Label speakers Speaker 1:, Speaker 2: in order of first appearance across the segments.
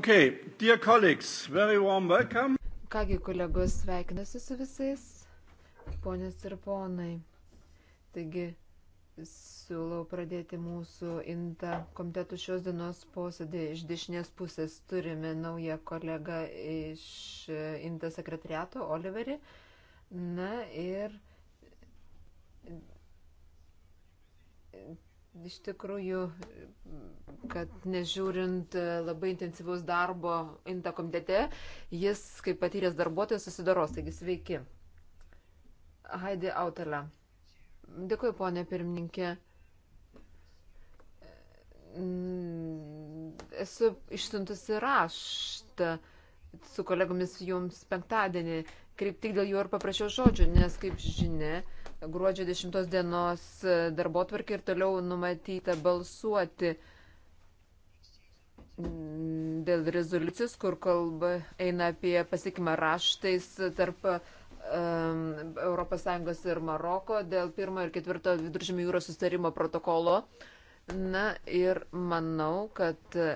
Speaker 1: Okay, dear colleagues, very warm welcome.
Speaker 2: Kągi kolegos, sveikinasi su visais, ponės ir ponai. Taigi, siūlau pradėti mūsų INTA komitetų šios dienos posėdį. Iš dešinės pusės turime naują kolegą iš INTA sekretariato, Oliverį. Na ir Iš tikrųjų, kad nežiūrint labai intensyvaus darbo INTA komitete, jis kaip patyręs darbuotojas susidaros, taigi sveiki. Haidi Autelė. Dėkuoju, ponė pirmininkė. Esu išsiuntusi raštą su kolegomis jums penktadienį, kaip tik dėl jų ir paprašiau žodžių, nes, kaip žinia, gruodžio 10 dienos e, darbo tvarkį ir toliau numatyta balsuoti dėl rezoliucijos, kur kalba eina apie pasiekimą raštais tarp um, ES ir Maroko dėl pirmo ir ketvirto viduržymio jūros sustarimo protokolo. Na ir manau, kad e,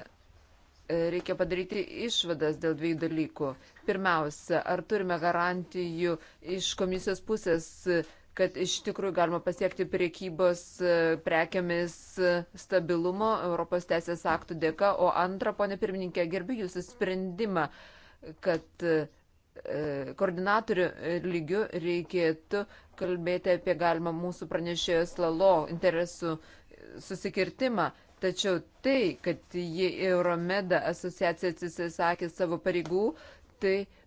Speaker 2: reikia padaryti išvadas dėl dviejų dalykų. Pirmiausia, ar turime garantijų iš komisijos pusės kad iš tikrųjų galima pasiekti priekybos e, prekiamis e, stabilumo Europos teisės aktų dėka. O antra, ponė pirmininkė, gerbiu jūsų sprendimą, kad e, koordinatorių lygių reikėtų kalbėti apie galimą mūsų pranešėjos lalo interesų susikirtimą. Tačiau tai, kad ji Euromeda asociacija atsisakė savo pareigų, tai uh,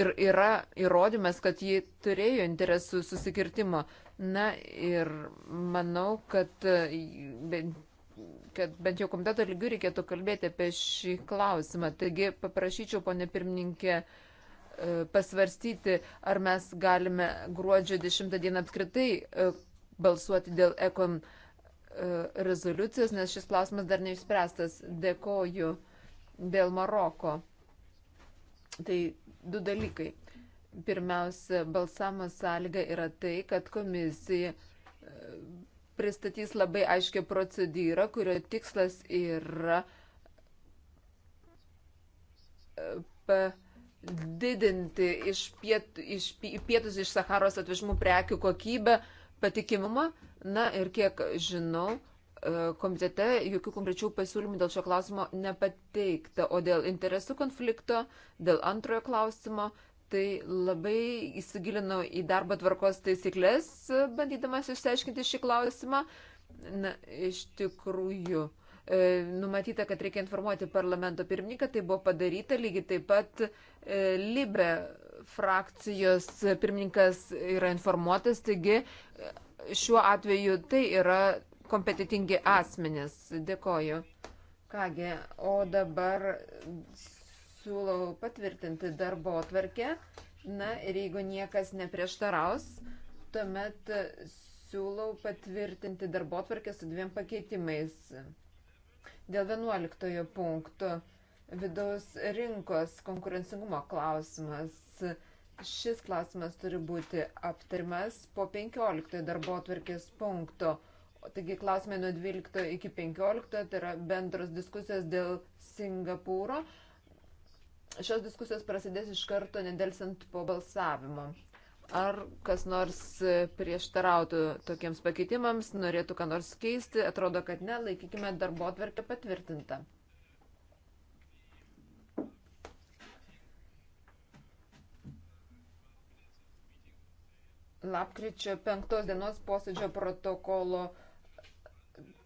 Speaker 2: ir yra įrodymas, kad ji turėjo interesų susikirtimo. Na ir manau, kad, kad bent jau komiteto lygių reikėtų kalbėti apie šį klausimą. Taigi paprašyčiau, ponė pirmininkė, e, pasvarstyti, ar mes galime gruodžio 10 dieną apskritai e, balsuoti dėl ekon e, rezoliucijos, nes šis klausimas dar neišspręstas. Dėkoju dėl Maroko. Tai du dalykai. Pirmiausia, balsamo sąlyga yra tai, kad komisija e, pristatys labai aiškę procedūrą, kurio tikslas yra e, padidinti iš, piet, iš pietus iš Saharos atvežimų prekių kokybę, patikimumą. Na ir kiek žinau, E, komitete jokių konkrečių pasiūlymų dėl šio klausimo nepateikta, o dėl interesų konflikto, dėl antrojo klausimo, tai labai įsigilinau į darbo tvarkos taisyklės, bandydamas išsiaiškinti šį klausimą. Na, iš tikrųjų, e, numatyta, kad reikia informuoti parlamento pirmininką, tai buvo padaryta, lygiai taip pat e, Libe frakcijos pirmininkas yra informuotas, taigi e, šiuo atveju tai yra kompetitingi asmenės. Dėkoju. Kągi, o dabar siūlau patvirtinti darbo atvarkę. Na ir jeigu niekas neprieštaraus, tuomet siūlau patvirtinti darbo atvarkę su dviem pakeitimais. Dėl 11 punktų vidaus rinkos konkurencingumo klausimas. Šis klausimas turi būti aptarimas po 15 darbo atvarkės punkto Taigi klausimai nuo 12 iki 15, tai yra bendros diskusijos dėl Singapūro. Šios diskusijos prasidės iš karto nedelsant po balsavimo. Ar kas nors prieštarautų tokiems pakeitimams, norėtų ką nors keisti, atrodo, kad ne, laikykime darbo atverkę patvirtintą. Lapkričio 5 dienos posėdžio protokolo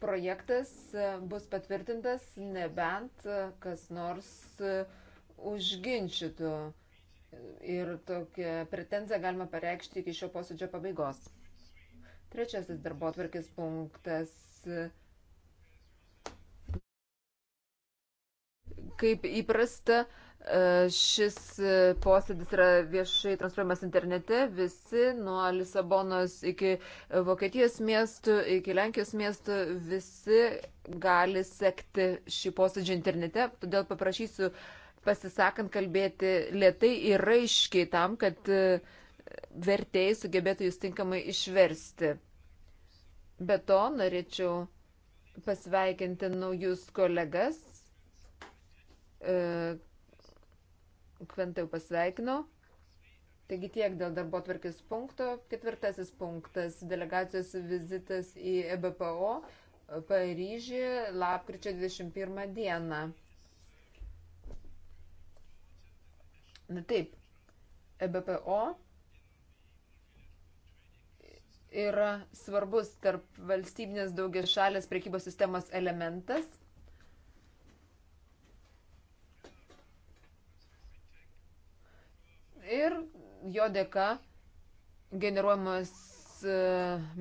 Speaker 2: projektas e, bus patvirtintas, nebent e, kas nors e, užginčytų. Ir tokią pretenziją galima pareikšti iki šio posėdžio pabaigos. Trečiasis darbo atvarkės punktas. Kaip įprasta, E, šis e, posėdis yra viešai transliuojamas internete. Visi nuo Lisabonos iki Vokietijos miestų, iki Lenkijos miestų, visi gali sekti šį posėdį internete. Todėl paprašysiu pasisakant kalbėti lietai ir raiškiai tam, kad e, vertėjai sugebėtų jūs tinkamai išversti. Be to norėčiau pasveikinti naujus kolegas Kventai pasveikinau. Taigi tiek dėl darbo tvarkės punkto. Ketvirtasis punktas - delegacijos vizitas į EBPO Paryžiuje lapkričio 21 dieną. Na taip, EBPO yra svarbus tarp valstybinės daugiašalės prekybos sistemos elementas – ir jo dėka generuojamas e,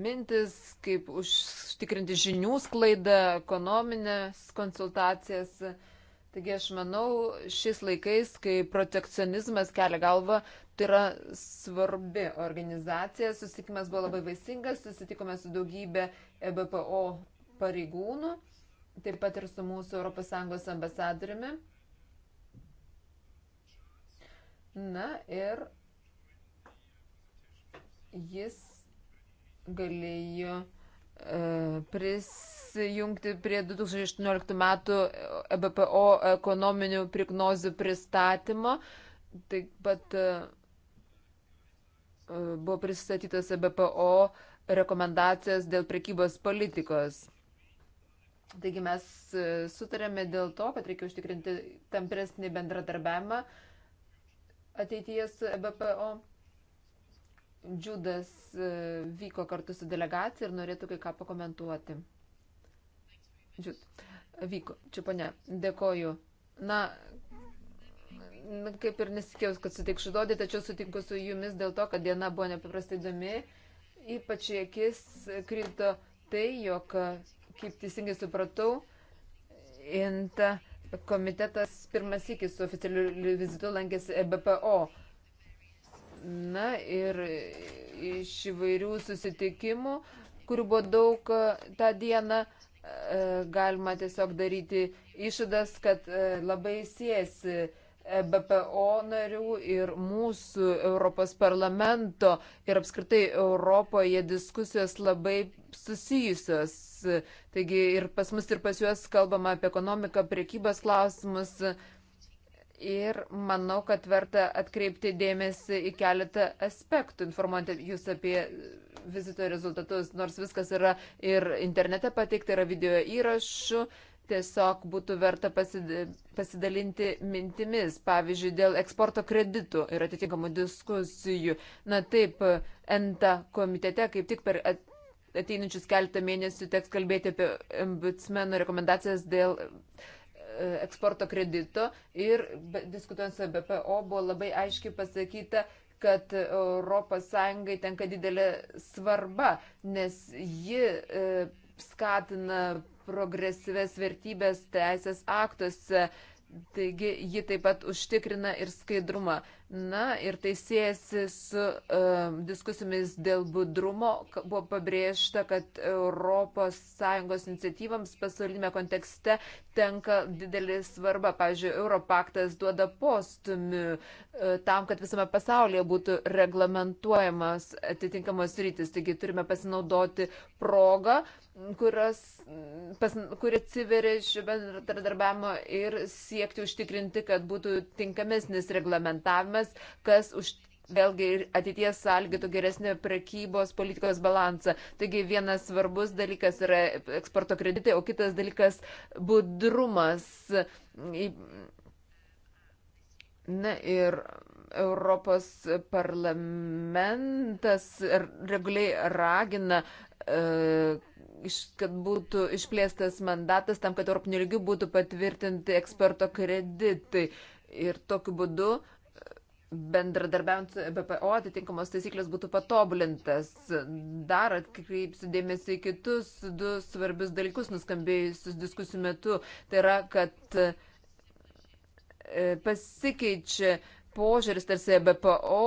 Speaker 2: mintis, kaip užtikrinti žinių sklaidą, ekonominės konsultacijas. Taigi aš manau, šiais laikais, kai protekcionizmas kelia galvą, tai yra svarbi organizacija. Susitikimas buvo labai vaisingas, susitikome su daugybė EBPO pareigūnų, taip pat ir su mūsų ES ambasadoriumi. Na ir jis galėjo e, prisijungti prie 2018 metų e BPO ekonominių prognozių pristatymo. Taip pat e, e buvo pristatytas e BPO rekomendacijas dėl prekybos politikos. Taigi mes sutarėme dėl to, kad reikia užtikrinti tampresnį bendradarbiavimą ateities BPO. Džudas e, vyko kartu su delegacija ir norėtų kai ką pakomentuoti. Džud, vyko, čia ponia, dėkoju. Na, kaip ir nesikėjus, kad sutikšiu žodį, tačiau sutinku su jumis dėl to, kad diena buvo nepaprastai įdomi. Ypač į akis krito tai, jog, kaip teisingai supratau, inta. Uh, komitetas pirmas iki su oficialiu vizitu lankėsi e BPO. Na ir iš įvairių susitikimų, kurių buvo daug e, tą dieną, e, galima tiesiog daryti išvadas, kad labai siesi BPO narių ir mūsų Europos parlamento ir apskritai Europoje diskusijos labai susijusios Taigi ir pas mus, ir pas juos kalbama apie ekonomiką, priekybos klausimus. Ir manau, kad verta atkreipti dėmesį į keletą aspektų, informuojant jūs apie vizito rezultatus, nors viskas yra ir internete pateikta, yra video įrašų tiesiog būtų verta pasidalinti mintimis, pavyzdžiui, dėl eksporto kreditų ir atitinkamų diskusijų. Na taip, ENTA komitete kaip tik per ateinančius keletą mėnesių teks kalbėti apie ombudsmeno rekomendacijas dėl e, eksporto kredito ir diskutuojant su BPO buvo labai aiškiai pasakyta, kad ES tenka didelė svarba, nes ji e, skatina progresyves vertybės teisės aktuose Taigi ji taip pat užtikrina ir skaidrumą. Na ir tai siejasi su uh, diskusijomis dėl budrumo. Buvo pabrėžta, kad ES iniciatyvams pasaulyme kontekste tenka didelį svarbą. Pavyzdžiui, Europaktas duoda postumių uh, e, tam, kad visame pasaulyje būtų reglamentuojamas atitinkamos rytis. Taigi turime pasinaudoti progą. Uh, kurios, mm, pas, kuri atsiveria šio bendradarbiavimo ir siekti užtikrinti, kad būtų tinkamesnis reglamentavimas, kas už, vėlgi ir ateities sąlygytų geresnį prekybos politikos balansą. Taigi vienas svarbus dalykas yra eksporto kreditai, o kitas dalykas budrumas. Na ir Europos parlamentas reguliai ragina e, kad būtų išplėstas mandatas tam, kad Europinių lygių būtų patvirtinti eksporto kreditai. Ir tokiu būdu e, bendradarbiaujant e BPO atitinkamos taisyklės būtų patobulintas. Dar atkreipsiu dėmesį į kitus du svarbius dalykus nuskambėjusius diskusijų metu. Tai yra, kad e, pasikeičia požiūris tarsi BPO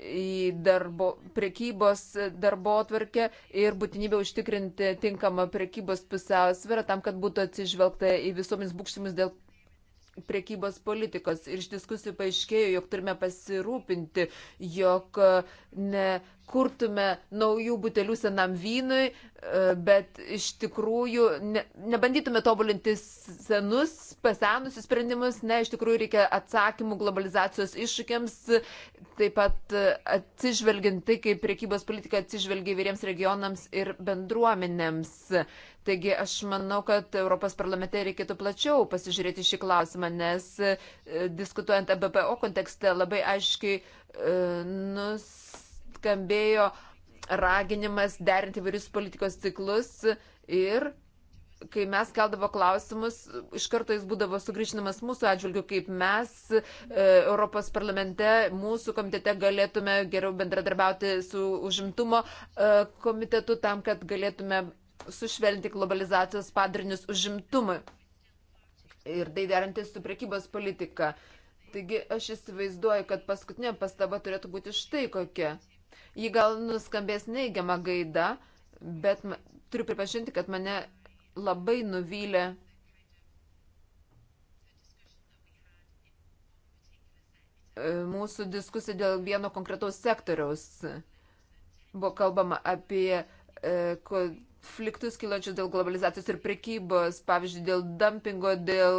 Speaker 2: į darbo, prekybos darbo atvarkę ir būtinybę užtikrinti tinkamą prekybos pusiausvyrą tam, kad būtų atsižvelgta į visuomis būkštimis dėl prekybos politikos. Ir iš diskusijų paaiškėjo, jog turime pasirūpinti, jog ne kurtume naujų butelių senam vynui, e, bet iš tikrųjų ne, nebandytume tobulinti senus, pasenusius sprendimus, ne, iš tikrųjų reikia atsakymų globalizacijos iššūkiams, taip pat e, atsižvelgiant tai, kaip priekybos politika atsižvelgia įvairiems regionams ir bendruomenėms. Taigi aš manau, kad Europos parlamente reikėtų plačiau pasižiūrėti šį klausimą, nes e, diskutuojant ABPO kontekste labai aiškiai nus skambėjo raginimas derinti vairius politikos ciklus ir kai mes keldavo klausimus, iš karto jis būdavo sugrįžinamas mūsų atžvilgiu, kaip mes e, Europos parlamente, mūsų komitete galėtume geriau bendradarbiauti su užimtumo e, komitetu tam, kad galėtume sušvelninti globalizacijos padarinius užimtumui ir tai derinti su prekybos politika. Taigi aš įsivaizduoju, kad paskutinė pastaba turėtų būti štai kokia. Ji gal nuskambės neigiamą gaidą, bet turiu pripažinti, kad mane labai nuvylė mūsų diskusija dėl vieno konkretaus sektoriaus. Buvo kalbama apie e, konfliktus kilančius dėl globalizacijos ir prekybos, pavyzdžiui, dėl dumpingo, dėl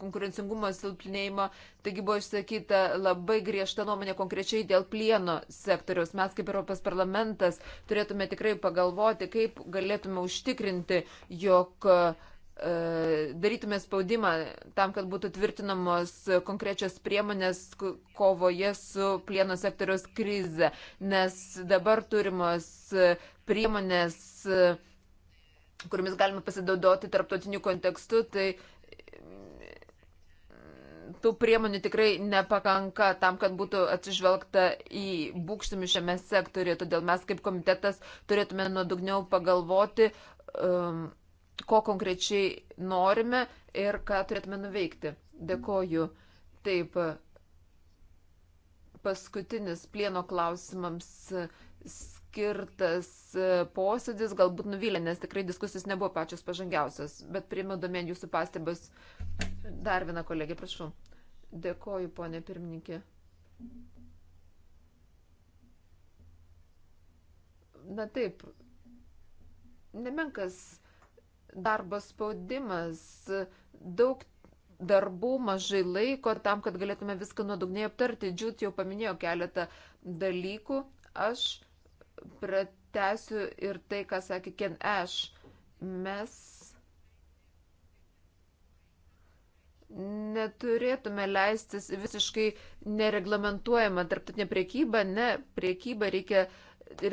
Speaker 2: konkurencingumo silpnėjimo. Taigi buvo išsakyta labai griežta nuomonė konkrečiai dėl plieno sektoriaus. Mes kaip Europos parlamentas turėtume tikrai pagalvoti, kaip galėtume užtikrinti, jog e, darytume spaudimą tam, kad būtų tvirtinamos konkrečios priemonės kovoje su plieno sektoriaus krize, nes dabar turimos priemonės kuriomis galime pasidodoti tarptautiniu kontekstu, tai mm, tų priemonių tikrai nepakanka tam, kad būtų atsižvelgta į būkštimių šiame sektoriuje. Todėl mes kaip komitetas turėtume nuodugniau pagalvoti, um, ko konkrečiai norime ir ką turėtume nuveikti. Dėkoju. Taip, paskutinis plieno klausimams skirtas e, posėdis galbūt nuvylė, nes tikrai diskusijos nebuvo pačios pažangiausios, bet priėmiau domen jūsų pastebas. Dar viena kolegė, prašau. Dėkoju, ponė pirmininkė. Na taip, nemenkas darbas spaudimas, daug darbų, mažai laiko tam, kad galėtume viską nuodugniai aptarti. Džiūt jau paminėjo keletą dalykų. Aš pratesiu ir tai, ką sakė Ken Ash. Mes neturėtume leistis visiškai nereglamentuojama tarptautinė priekyba, ne, priekyba reikia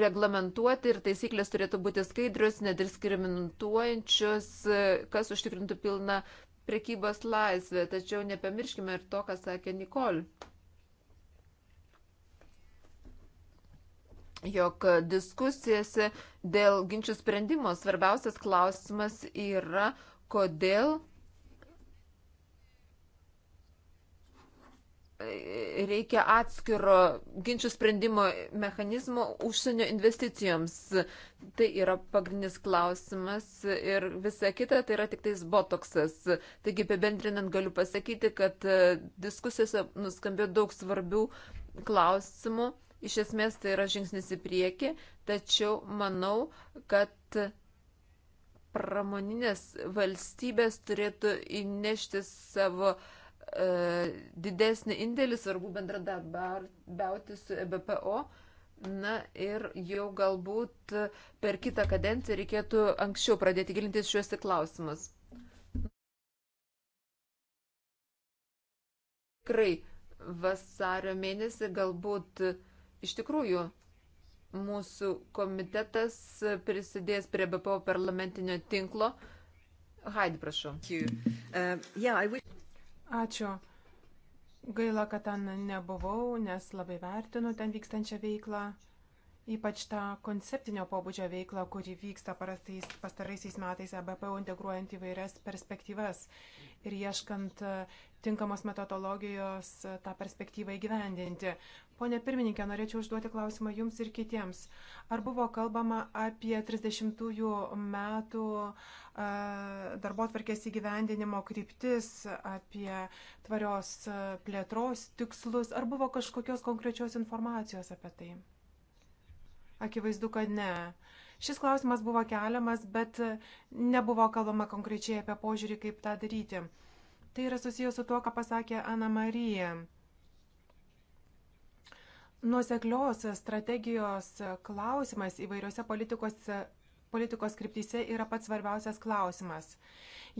Speaker 2: reglamentuoti ir taisyklės turėtų būti skaidrius, nediskriminuojančios, kas užtikrintų pilną priekybos laisvę. Tačiau nepamirškime ir to, ką sakė Nikol. jog diskusijose dėl ginčių sprendimo svarbiausias klausimas yra, kodėl reikia atskiro ginčių sprendimo mechanizmo užsienio investicijoms. Tai yra pagrindinis klausimas ir visa kita tai yra tik tais botoksas. Taigi, apibendrinant, galiu pasakyti, kad diskusijose nuskambėjo daug svarbių klausimų Iš esmės tai yra žingsnis į priekį, tačiau manau, kad pramoninės valstybės turėtų įnešti savo e, didesnį indėlį, svarbu bendradarbiauti su EBPO. Na ir jau galbūt per kitą kadenciją reikėtų anksčiau pradėti gilintis šiuos klausimus. Tikrai vasario mėnesį galbūt Iš tikrųjų, mūsų komitetas prisidės prie BPO parlamentinio tinklo. Haidi, prašau. Uh, Ačiū.
Speaker 3: Gaila, kad ten nebuvau, nes labai vertinu ten vykstančią veiklą, ypač tą konceptinio pobūdžio veiklą, kuri vyksta parastais, pastaraisiais metais ABPO e integruojant įvairias perspektyvas ir ieškant tinkamos metodologijos e, tą perspektyvą įgyvendinti. Pone pirmininkė, norėčiau užduoti klausimą jums ir kitiems. Ar buvo kalbama apie 30-ųjų metų e, darbo atvarkės įgyvendinimo kryptis, apie tvarios e, plėtros tikslus, ar buvo kažkokios konkrečios informacijos apie tai? Akivaizdu, kad ne. Šis klausimas buvo keliamas, bet nebuvo kalbama konkrečiai apie požiūrį, kaip tą daryti. Tai yra susijęs su tuo, ką pasakė Ana Marija. Nuoseklios strategijos klausimas įvairiose politikos, politikos kryptyse yra pats svarbiausias klausimas.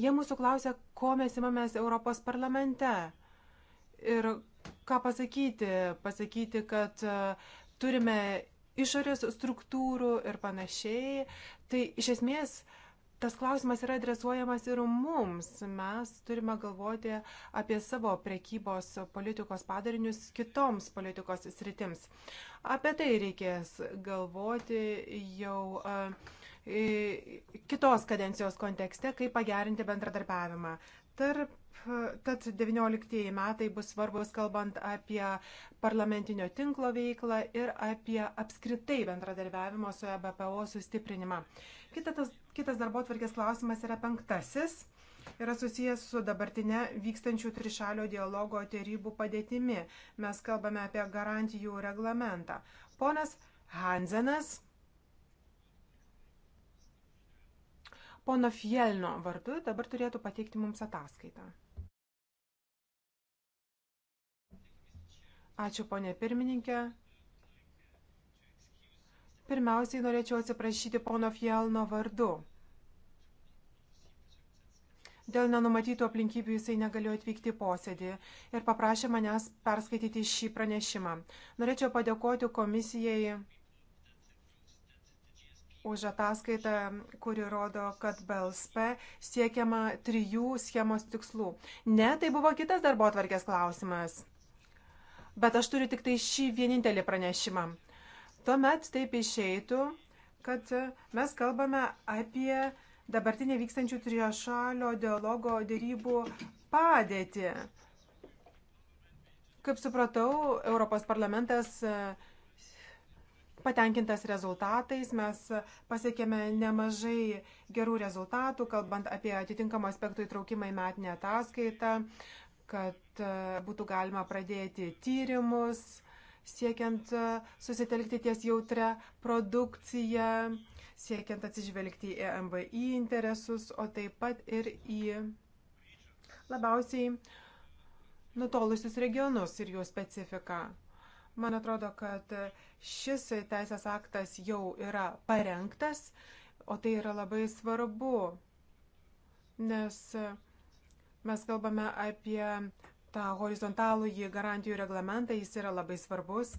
Speaker 3: Jie mūsų klausia, ko mes imamės Europos parlamente. Ir ką pasakyti? Pasakyti, kad e, turime išorės struktūrų ir panašiai. Tai iš esmės uh, tas klausimas yra adresuojamas ir mums. Mes turime galvoti apie savo prekybos politikos padarinius kitoms politikos sritims. Apie tai reikės galvoti jau e, e, kitos kadencijos kontekste, kaip pagerinti bendradarbiavimą. Tarp, tad 19 metai bus svarbus kalbant apie parlamentinio tinklo veiklą ir apie apskritai bendradarbiavimo su EBPO sustiprinimą. Kitas, kitas darbo tvarkės klausimas yra penktasis. Yra susijęs su dabartinė vykstančių trišalio dialogo tarybų padėtimi. Mes kalbame apie garantijų reglamentą. Ponas Hansenas pono Fielno vardu dabar turėtų pateikti mums ataskaitą. Ačiū, ponė pirmininkė. Pirmiausiai norėčiau atsiprašyti pono Fielno vardu. Dėl nenumatytų aplinkybių jisai negalėjo atvykti į posėdį ir paprašė manęs perskaityti šį pranešimą. Norėčiau padėkoti komisijai už ataskaitą, kuri rodo, kad BLSP siekiama trijų schemos tikslų. Ne, tai buvo kitas darbo atvarkės klausimas. Bet aš turiu tik tai šį vienintelį pranešimą. Tuomet taip išeitų, kad mes kalbame apie dabartinę vykstančių triešalio dialogo dėrybų padėtį. Kaip supratau, Europos parlamentas uh, patenkintas rezultatais, mes pasiekėme nemažai gerų rezultatų, kalbant apie atitinkamą aspektų įtraukimą į metinę ataskaitą, kad e, būtų galima pradėti tyrimus, siekiant e, susitelkti ties jautrę produkciją, siekiant atsižvelgti į e MVI interesus, o taip pat ir į labiausiai nutolusius regionus ir jų specifiką. Man atrodo, kad šis teisės aktas jau yra parengtas, o tai yra labai svarbu, nes mes kalbame apie tą horizontalų į garantijų reglamentą, jis yra labai svarbus.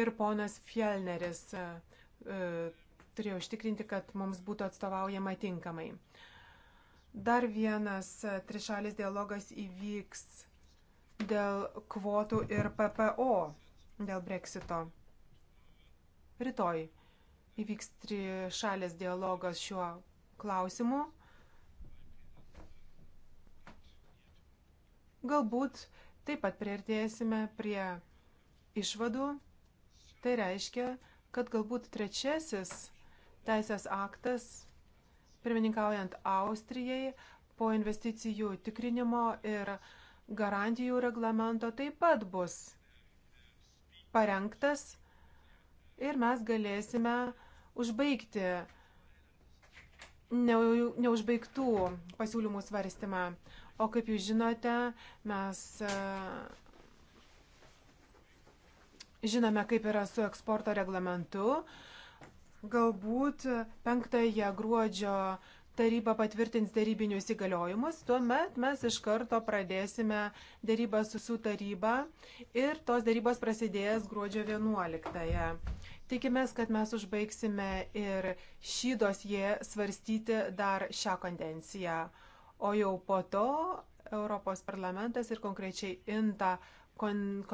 Speaker 3: Ir ponas Fjellneris e, turėjo užtikrinti, kad mums būtų atstovaujama tinkamai. Dar vienas e, trišalis dialogas įvyks dėl kvotų ir PPO dėl breksito. Rytoj įvyks tri šalės dialogas šiuo klausimu. Galbūt taip pat prieartėsime prie išvadų. Tai reiškia, kad galbūt trečiasis teisės aktas, pirmininkaujant Austrijai, po investicijų tikrinimo ir uh, garantijų reglamento taip pat bus parengtas ir mes galėsime užbaigti neužbaigtų pasiūlymų svarstymą. O kaip jūs žinote, mes e, žinome, kaip yra su eksporto reglamentu. Galbūt 5 gruodžio taryba patvirtins darybinius įgaliojimus, tuomet mes iš karto pradėsime darybą su su taryba ir tos darybos prasidės gruodžio 11-ąją. Tikimės, kad mes užbaigsime ir šį dosiją svarstyti dar šią kondenciją, o jau po to Europos parlamentas ir konkrečiai INTA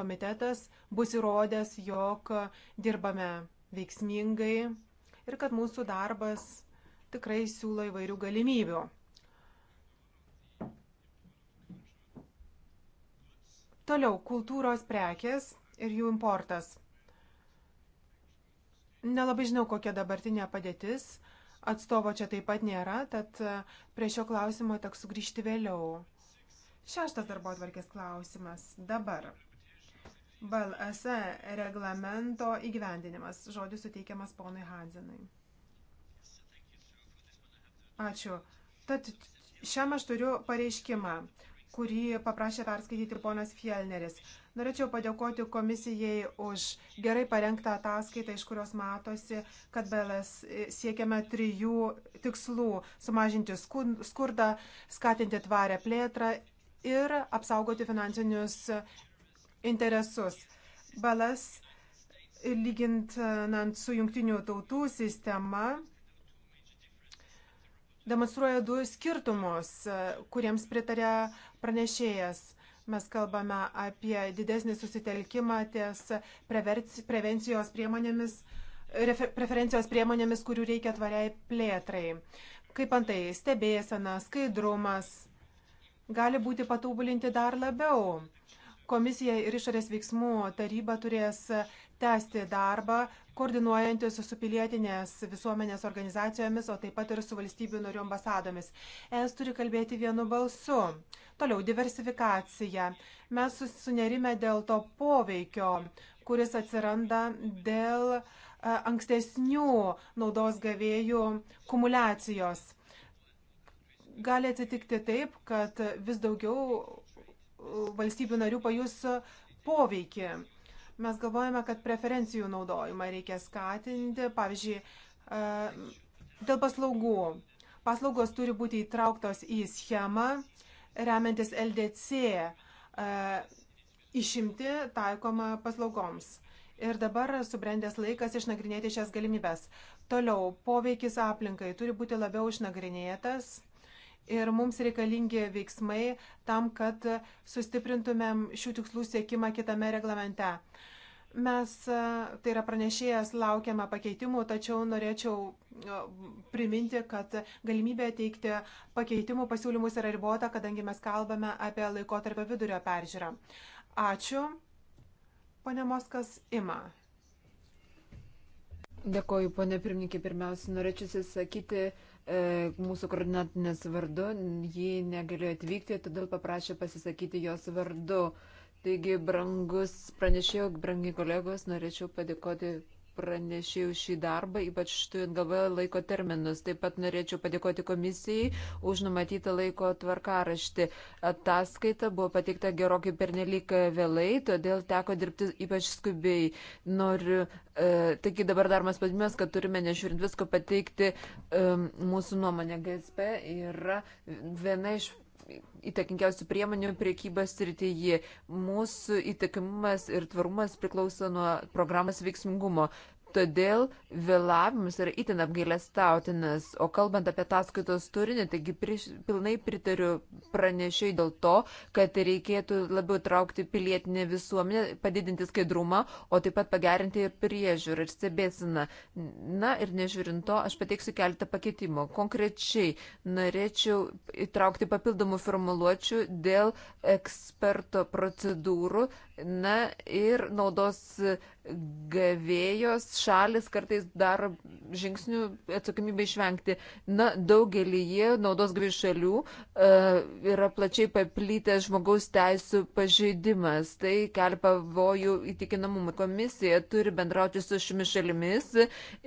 Speaker 3: komitetas bus įrodęs, jog dirbame veiksmingai ir kad mūsų darbas tikrai siūlo įvairių galimybių. Toliau kultūros prekės ir jų importas. Nelabai žinau, kokia dabartinė padėtis. Atstovo čia taip pat nėra, tad e, prie šio klausimo teks sugrįžti vėliau. Šeštas darbo atvarkės klausimas. Dabar. BLS e reglamento įgyvendinimas. Žodis suteikiamas ponui Hanzinui. Ačiū. Tad šiam aš turiu pareiškimą, kurį paprašė perskaityti ponas Fielneris. Norėčiau padėkoti komisijai už gerai parengtą ataskaitą, iš kurios matosi, kad BLS siekiame trijų tikslų - sumažinti skurdą, skatinti tvarę plėtrą ir apsaugoti finansinius interesus. BLS lygintant su jungtinių tautų sistema demonstruoja du skirtumus, e, kuriems pritarė pranešėjas. Mes kalbame apie didesnį susitelkimą ties prevencijos priemonėmis, preferencijos priemonėmis, kurių reikia tvariai plėtrai. Kaip antai, stebėsena, skaidrumas gali būti patobulinti dar labiau. Komisija ir išorės veiksmų taryba turės tęsti darbą, koordinuojantis su pilietinės visuomenės organizacijomis, o taip pat ir su valstybių narių ambasadomis. Es turi kalbėti vienu balsu. Toliau diversifikacija. Mes sunerime dėl to poveikio, kuris atsiranda dėl e, ankstesnių naudos gavėjų kumulacijos. Gali atsitikti taip, kad vis daugiau e, valstybių narių pajus poveikį Mes galvojame, kad preferencijų naudojimą reikia skatinti, pavyzdžiui, e, dėl paslaugų. Paslaugos turi būti įtrauktos į schemą, remiantis LDC e, išimti taikoma paslaugoms. Ir dabar subrendęs laikas išnagrinėti šias galimybes. Toliau, poveikis aplinkai turi būti labiau išnagrinėtas ir mums reikalingi veiksmai tam, kad sustiprintumėm šių tikslų siekimą kitame reglamente. Mes, e, tai yra pranešėjas, laukiame pakeitimų, tačiau norėčiau e, priminti, kad galimybė teikti pakeitimų pasiūlymus yra ribota, kadangi mes kalbame apie laikotarpio vidurio peržiūrą. Ačiū. Pone Moskas ima.
Speaker 2: Dėkoju, ponė pirmininkė. Pirmiausia, norėčiau atsisakyti uh, E, mūsų koordinatinės vardu, ji negalėjo atvykti, todėl paprašė pasisakyti jos vardu. Taigi, brangus pranešėjau, brangi kolegos, norėčiau padėkoti pranešėjų šį darbą, ypač turint galvoje laiko terminus. Taip pat norėčiau padėkoti komisijai už numatytą laiko tvarkaraštį. Ataskaita buvo pateikta gerokai pernelyg vėlai, todėl teko dirbti ypač skubiai. Noriu, e, taigi dabar daromas padimės, kad turime nežiūrint visko pateikti e, mūsų nuomonę GSP yra viena iš įtakingiausių priemonių priekybos srityje. Mūsų įtakimumas ir tvarumas priklauso nuo programos veiksmingumo. Todėl vėlavimas yra itin apgailestautinas. O kalbant apie ataskaitos turinį, taigi prieš, pilnai pritariu pranešiai dėl to, kad reikėtų labiau traukti pilietinę visuomenę, padidinti skaidrumą, o taip pat pagerinti ir priežiūrą ir stebėsiną. Na ir nežiūrint to, aš pateiksiu keletą pakeitimų. Konkrečiai norėčiau įtraukti papildomų formuluočių dėl eksperto procedūrų Na ir naudos gavėjos šalis kartais daro žingsnių atsakomybę išvengti. Na, daugelį jie naudos gavėjų šalių e, yra plačiai paplytęs žmogaus teisų pažeidimas. Tai kelia pavojų įtikinamumą. Komisija turi bendrauti su šiomis šalimis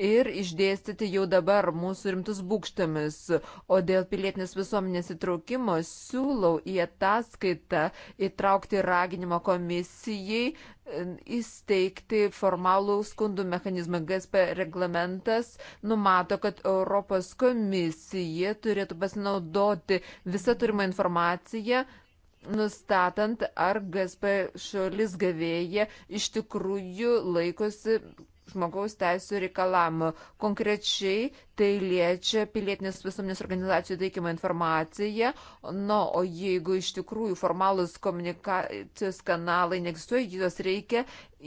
Speaker 2: ir išdėstyti jau dabar mūsų rimtus būkštamis. O dėl pilietinės visuomenės įtraukimo siūlau į ataskaitą įtraukti raginimo komisiją komisijai e, įsteigti formalų skundų mechanizmą. GSP reglamentas numato, kad Europos komisija turėtų pasinaudoti visą turimą informaciją, nustatant, ar GSP šalis gavėja iš tikrųjų laikosi žmogaus teisų reikalavimų. Konkrečiai tai liečia pilietinės visuomenės organizacijų teikimą informaciją, nu, o jeigu iš tikrųjų formalus komunikacijos kanalai neegzistuoja, juos reikia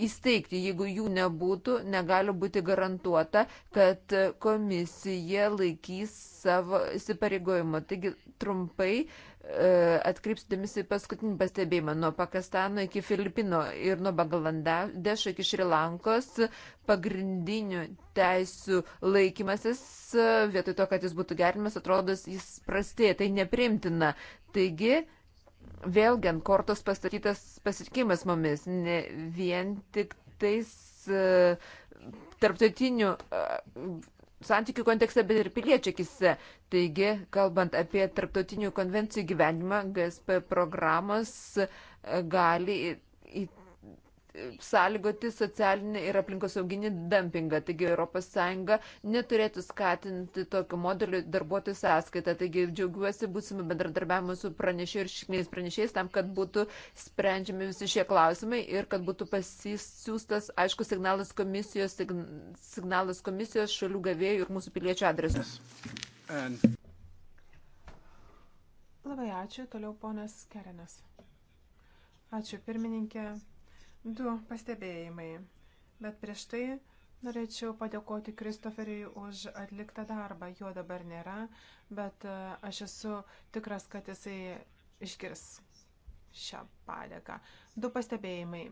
Speaker 2: įsteigti. Jeigu jų nebūtų, negali būti garantuota, kad komisija laikys savo įsipareigojimą. Taigi trumpai E, atkreipsiu dėmesį paskutinį pastebėjimą. Nuo Pakistano iki Filipino ir nuo Bangladešo iki Šrilankos pagrindinių teisų laikymasis, e, vietoj to, kad jis būtų gerimas, atrodo, jis prastėja. Tai neprimtina. Taigi, vėlgi ant kortos pastatytas pasitikimas mumis. Ne vien tik tais e, tarptautinių santykių kontekste, bet ir piliečių akise. Taigi, kalbant apie tarptautinių konvencijų gyvenimą, GSP programos gali sąlygoti socialinį ir aplinkosauginį dumpingą. Taigi ES neturėtų skatinti tokio modelio darbuotojų sąskaitą. Taigi džiaugiuosi būsimi bendradarbiavimu su pranešėjais ir šikniais pranešėjais tam, kad būtų sprendžiami visi šie klausimai ir kad būtų pasisiųstas aišku signalas komisijos, sign, signalas komisijos šalių gavėjų ir mūsų piliečių adresu. And...
Speaker 3: Labai ačiū. Toliau ponas Kerenas. Ačiū pirmininkė. Du pastebėjimai. Bet prieš tai norėčiau padėkoti Kristoferiui už atliktą darbą. Jo dabar nėra, bet e, aš esu tikras, kad jisai išgirs šią padėką. Du pastebėjimai.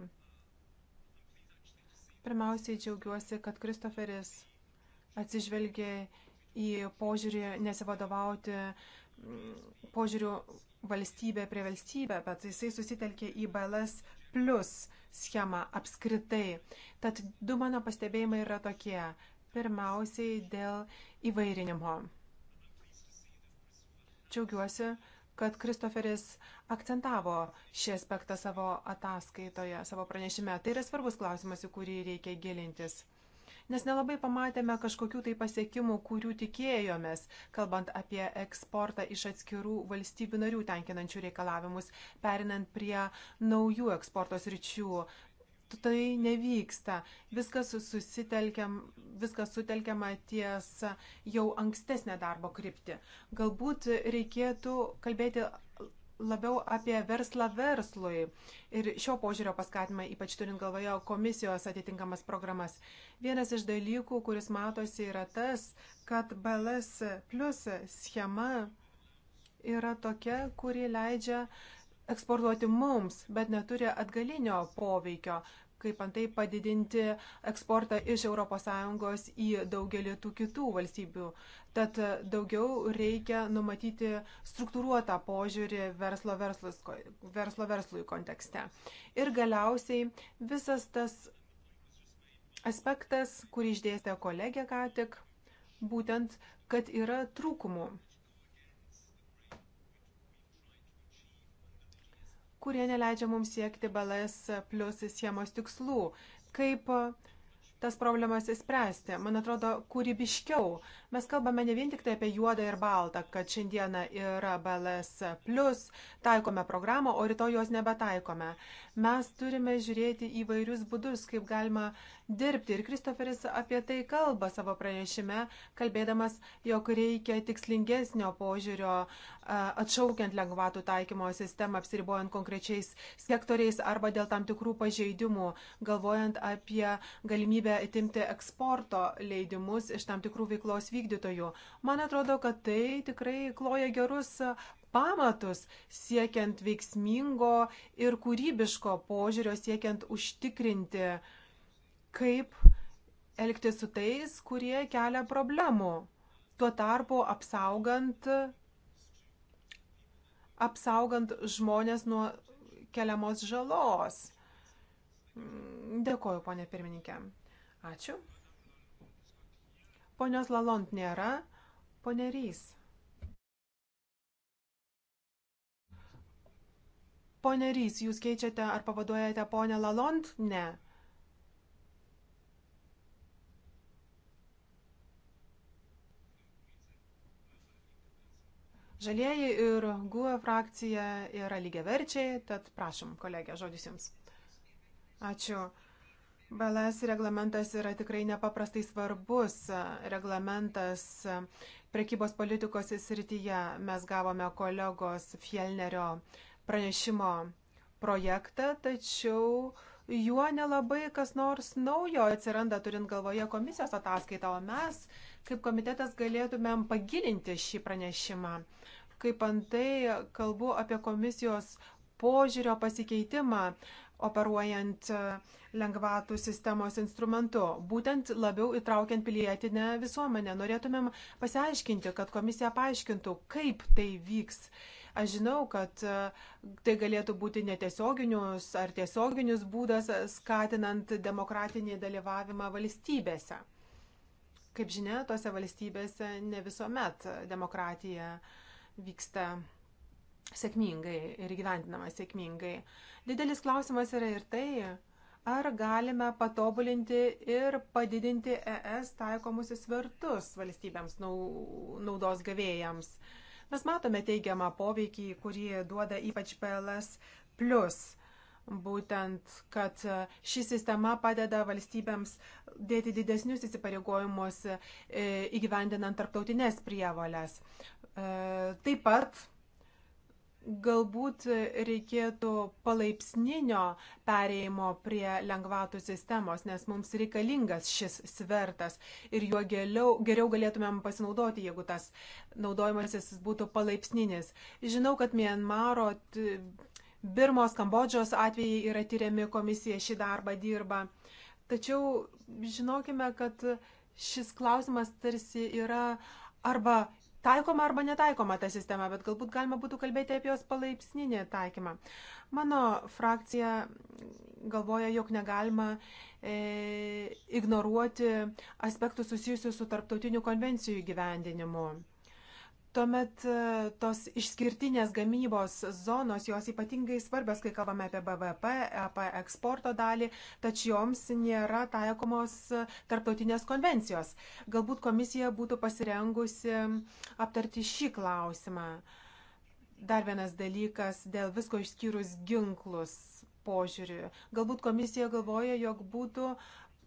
Speaker 3: Pirmiausiai džiaugiuosi, kad Kristoferis atsižvelgė į požiūrį nesivadovauti mm, požiūriu valstybė prie valstybė, bet jisai susitelkė į BLS plus schemą apskritai. Tad du mano pastebėjimai yra tokie. Pirmiausiai dėl įvairinimo. Džiaugiuosi, kad Kristoferis akcentavo šį aspektą savo ataskaitoje, savo pranešime. Tai yra svarbus klausimas, į kurį reikia gilintis nes nelabai pamatėme kažkokių tai pasiekimų, kurių tikėjomės, kalbant apie eksportą iš atskirų valstybių narių tenkinančių reikalavimus, perinant prie naujų eksportos ryčių. Tai nevyksta. Viskas susitelkiam, viskas sutelkiama ties jau ankstesnė darbo krypti. Galbūt reikėtų kalbėti labiau apie verslą verslui ir šio požiūrio paskatimą, ypač turint galvoje komisijos atitinkamas programas. Vienas iš dalykų, kuris matosi, yra tas, kad BLS plus schema yra tokia, kuri leidžia eksportuoti mums, bet neturi atgalinio poveikio kaip antai padidinti eksportą iš ES į daugelį tų kitų valstybių. Tad daugiau reikia numatyti struktūruotą požiūrį verslo, verslus, verslo verslui kontekste. Ir galiausiai visas tas aspektas, kurį išdėstė kolegė ką tik, būtent, kad yra trūkumų kurie neleidžia mums siekti BLS plus schemos tikslų. Kaip e, tas problemas įspręsti. Man atrodo, kūrybiškiau. Mes kalbame ne vien tik tai apie juodą ir baltą, kad šiandieną yra BLS, plus, taikome programą, o rytoj jos nebetaikome. Mes turime žiūrėti įvairius būdus, kaip galima dirbti. Ir Kristoferis apie tai kalba savo pranešime, kalbėdamas, jog reikia tikslingesnio požiūrio atšaukiant lengvatų taikymo sistemą, apsiribojant konkrečiais sektoriais arba dėl tam tikrų pažeidimų, galvojant apie galimybę atimti eksporto leidimus iš tam tikrų veiklos vykdytojų. Man atrodo, kad tai tikrai kloja gerus pamatus siekiant veiksmingo ir kūrybiško požiūrio, siekiant užtikrinti uh, kaip elgtis su tais, kurie kelia problemų. Tuo tarpu apsaugant, apsaugant žmonės nuo keliamos žalos. Dėkoju, ponė pirmininkė. Ačiū. Ponios Lalont nėra, ponė Rys. Pone Rys, jūs keičiate ar pavaduojate ponę Lalont? Ne. Žalieji ir GUE frakcija yra lygiaverčiai, tad prašom, kolegė, žodis jums. Ačiū. BLS reglamentas yra tikrai nepaprastai svarbus reglamentas prekybos politikos srityje. Mes gavome kolegos Fielnerio pranešimo projektą, tačiau juo nelabai kas nors naujo atsiranda, turint galvoje komisijos ataskaitą, o mes kaip komitetas galėtumėm pagilinti šį pranešimą. Kaip antai kalbu apie komisijos požiūrio pasikeitimą operuojant e, lengvatų sistemos instrumentu, būtent labiau įtraukiant pilietinę visuomenę. Norėtumėm pasiaiškinti, kad komisija paaiškintų, kaip tai vyks. Aš žinau, kad e, tai galėtų būti netiesioginius ar tiesioginius būdas e, skatinant demokratinį dalyvavimą valstybėse. Kaip žinia, tose valstybėse ne visuomet demokratija vyksta sėkmingai ir gyventinama sėkmingai. Didelis klausimas yra ir tai, ar galime patobulinti ir padidinti ES taikomus įsvertus valstybėms naudos gavėjams. Mes matome teigiamą poveikį, kurį duoda ypač PLS. Plus būtent, kad ši sistema padeda valstybėms dėti didesnius įsipareigojimus e, įgyvendinant tarptautinės prievalės. E, taip pat galbūt reikėtų palaipsninio pereimo prie lengvatų sistemos, nes mums reikalingas šis svertas ir juo geriau, geriau galėtumėm pasinaudoti, jeigu tas naudojimasis būtų palaipsninis. Žinau, kad Mienmaro, Birmos, Kambodžos atvejai yra tyriami, komisija šį darbą dirba. Uh, Tačiau žinokime, kad šis klausimas tarsi yra arba taikoma arba netaikoma ta sistema, bet galbūt galima būtų kalbėti apie jos palaipsninį taikymą. Mano frakcija galvoja, jog negalima e, ignoruoti aspektų susijusių su tarptautiniu konvencijų gyvendinimu. Tuomet e, tos išskirtinės gamybos zonos, jos ypatingai svarbios, kai kalbame apie BVP, apie eksporto dalį, tačiau joms nėra taikomos e, tarptautinės konvencijos. Galbūt komisija būtų pasirengusi aptarti šį klausimą. Dar vienas dalykas dėl visko išskyrus ginklus požiūrį. Galbūt komisija galvoja, jog būtų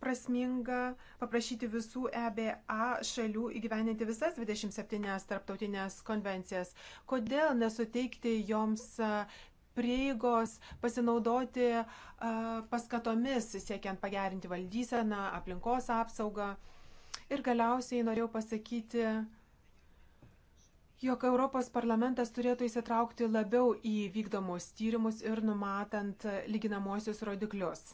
Speaker 3: prasminga paprašyti visų EBA šalių įgyveninti visas 27 tarptautinės konvencijas. Kodėl nesuteikti joms prieigos pasinaudoti paskatomis, siekiant pagerinti valdyseną, aplinkos apsaugą. Ir galiausiai norėjau pasakyti, jog Europos parlamentas turėtų įsitraukti labiau į vykdomus tyrimus ir numatant lyginamosius rodiklius.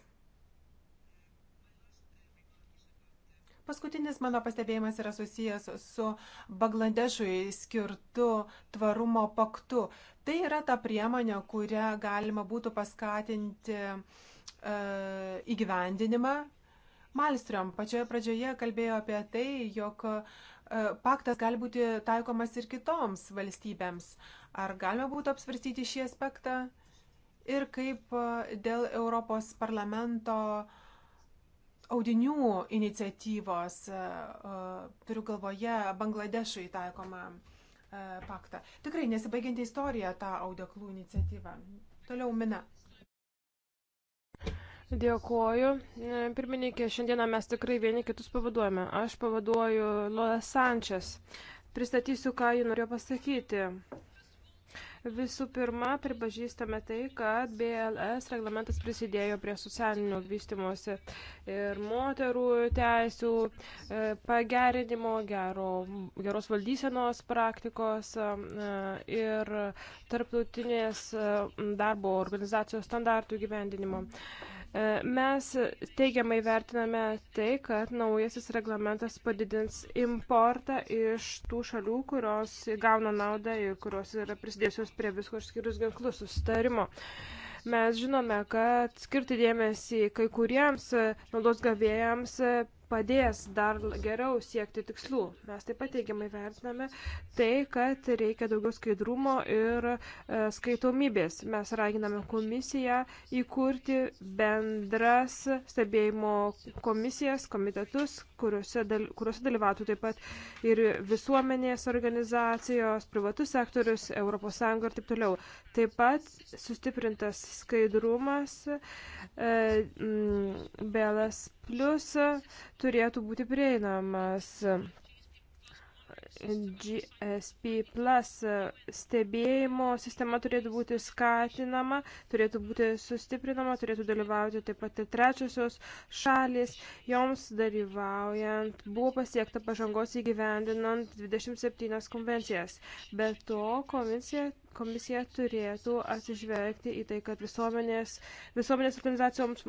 Speaker 3: Paskutinis mano pastebėjimas yra susijęs su Bangladešui skirtu tvarumo paktu. Tai yra ta priemonė, kurią galima būtų paskatinti e, įgyvendinimą. Malstrom pačioje pradžioje kalbėjo apie tai, jog e, paktas gali būti taikomas ir kitoms valstybėms. Ar galima būtų apsvarstyti šį aspektą? Ir kaip e, dėl Europos parlamento e, audinių iniciatyvos, e, e, turiu galvoje, Bangladešui taikomą e, paktą. Tikrai nesibaigianti istorija ta audeklų iniciatyva. Toliau mina.
Speaker 4: Dėkuoju. Pirmininkė, šiandieną mes tikrai vieni kitus pavaduojame. Aš pavaduoju Lola Sančias. Pristatysiu, ką ji norėjo pasakyti. Visų pirma, pripažįstame tai, kad BLS reglamentas prisidėjo prie socialinio vystimosi ir moterų teisų e, pagerinimo, gero, geros valdysenos praktikos e, ir tarptautinės e, darbo organizacijos standartų gyvendinimo. Mm. E, mes teigiamai vertiname tai, kad naujasis reglamentas padidins importą iš tų šalių, kurios gauna naudą ir kurios yra prisidėjusios prie visko išskyrus ginklus susitarimo. Mes žinome, kad skirti dėmesį kai kuriems naudos gavėjams padės dar geriau siekti tikslų. Mes taip pat teigiamai vertiname tai, kad reikia daugiau skaidrumo ir e, skaitomybės. Mes raginame komisiją įkurti bendras stebėjimo komisijas, komitetus, kuriuose, dal, kuriuose dalyvautų taip pat ir visuomenės organizacijos, privatus sektorius, ES ir taip toliau. Taip pat sustiprintas skaidrumas, e, m, belas Plus turėtų būti prieinamas. GSP plus stebėjimo sistema turėtų būti skatinama, turėtų būti sustiprinama, turėtų dalyvauti taip pat ir trečiosios šalis. Joms dalyvaujant buvo pasiekta pažangos įgyvendinant 27 konvencijas. Be to, komisija komisija turėtų atsižvelgti į tai, kad visuomenės, visuomenės organizacijoms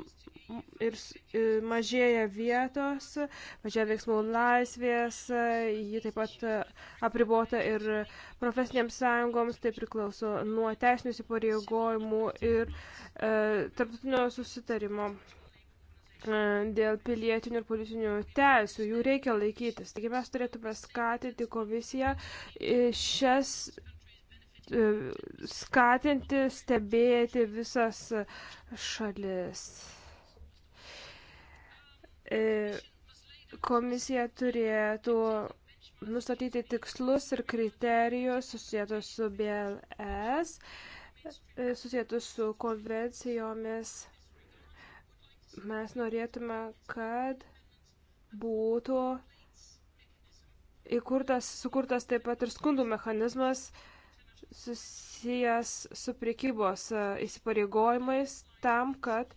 Speaker 4: ir, ir mažėja vietos, mažėja veiksmų laisvės, ji taip pat apribota ir profesinėms sąjungoms, tai priklauso nuo teisinių įsipareigojimų ir e, tarptautinio susitarimo e, dėl pilietinių ir politinių teisų, jų reikia laikytis. Taigi mes turėtume skatinti komisiją e, šias E, skatinti, stebėti visas šalis. E, komisija turėtų nustatyti tikslus ir kriterijus susijęs su BLS, e, susijęs su konvencijomis. Mes norėtume, kad būtų įkurtas, sukurtas taip pat ir skundų mechanizmas, susijęs su priekybos e, įsipareigojimais tam, kad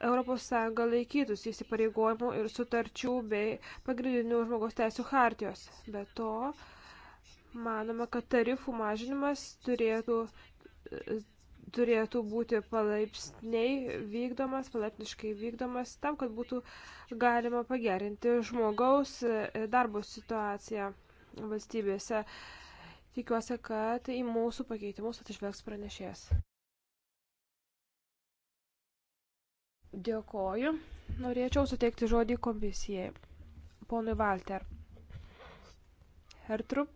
Speaker 4: ES laikytųsi įsipareigojimų ir sutarčių bei pagrindinių žmogaus teisų hartijos. Be to, manoma, kad tarifų mažinimas turėtų, e, turėtų būti palaipsniai vykdomas, palaipsniškai vykdomas, tam, kad būtų galima pagerinti žmogaus e, darbo situaciją valstybėse Tikiuosi, kad į mūsų pakeitimus atsižvelgs pranešėjas. Dėkoju. Norėčiau suteikti žodį komisijai. Ponui Walter. Hertrup.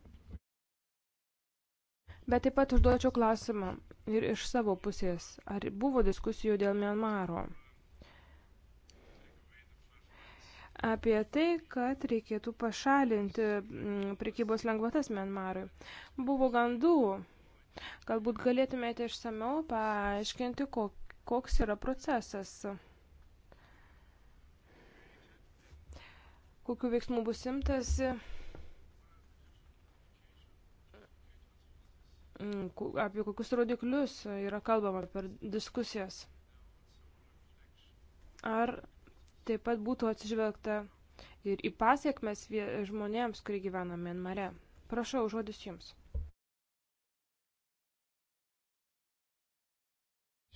Speaker 4: Bet taip pat užduočiau klausimą ir iš savo pusės. Ar buvo diskusijų dėl Mianmaro? apie tai, kad reikėtų pašalinti mm, prekybos lengvatas Mianmarui. Buvo gandų. Galbūt galėtumėte išsameu paaiškinti, koks yra procesas. Kokiu veiksmu bus imtasi. Mm, apie kokius rodiklius yra kalbama per diskusijas. Ar taip pat būtų atsižvelgta ir į pasiekmes žmonėms, kurie gyvena Mienmare. Prašau, žodis jums.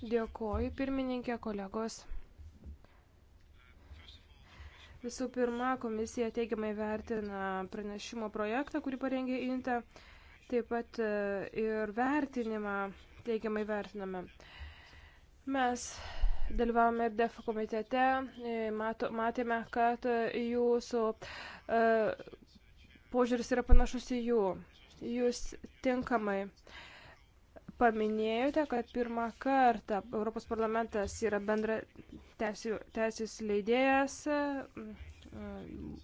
Speaker 4: Dėkoju, pirmininkė, kolegos. Visų pirma, komisija teigiamai vertina pranešimo projektą, kurį parengė INTA, taip pat e, ir vertinimą teigiamai vertiname. Mes dalyvavome ir DEF komitete, e, mato, matėme, kad e, jūsų e, požiūris yra panašus į jų. Jūs tinkamai paminėjote, kad pirmą kartą Europos parlamentas yra bendra teisės leidėjas mm,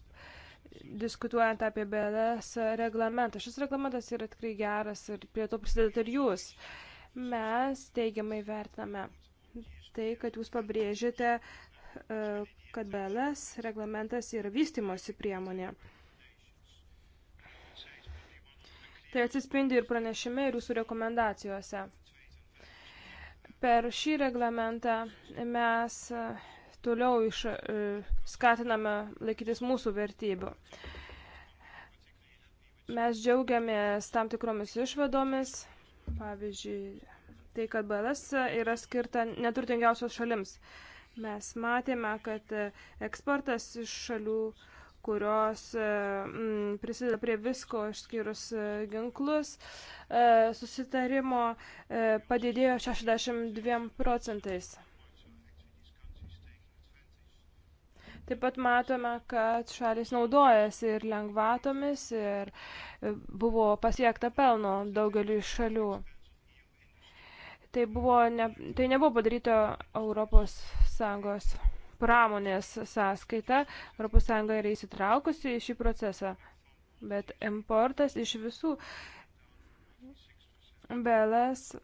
Speaker 4: diskutuojant apie BLS reglamentą. Šis reglamentas yra tikrai geras ir prie to prisidedate ir jūs. Mes teigiamai vertiname tai, kad jūs pabrėžite, e, kad BLS reglamentas yra vystimosi priemonė. Tai atsispindi ir pranešime, ir jūsų rekomendacijose. Per šį reglamentą mes e, toliau iš, e, skatiname laikytis mūsų vertybių. Mes džiaugiamės tam tikromis išvadomis, pavyzdžiui, tai, kad BLS yra skirta neturtingiausios šalims. Mes matėme, kad e, eksportas iš šalių, kurios mm, prisideda prie visko išskyrus e, ginklus, susitarimo padidėjo 62 procentais. Taip pat matome, kad šalis naudojasi ir lengvatomis, ir buvo pasiekta pelno daugeliu šalių. Tai, buvo ne, tai nebuvo padaryta Europos Sąjungos pramonės sąskaita. Europos Sąjunga yra įsitraukusi į šį procesą. Bet importas iš visų belas e,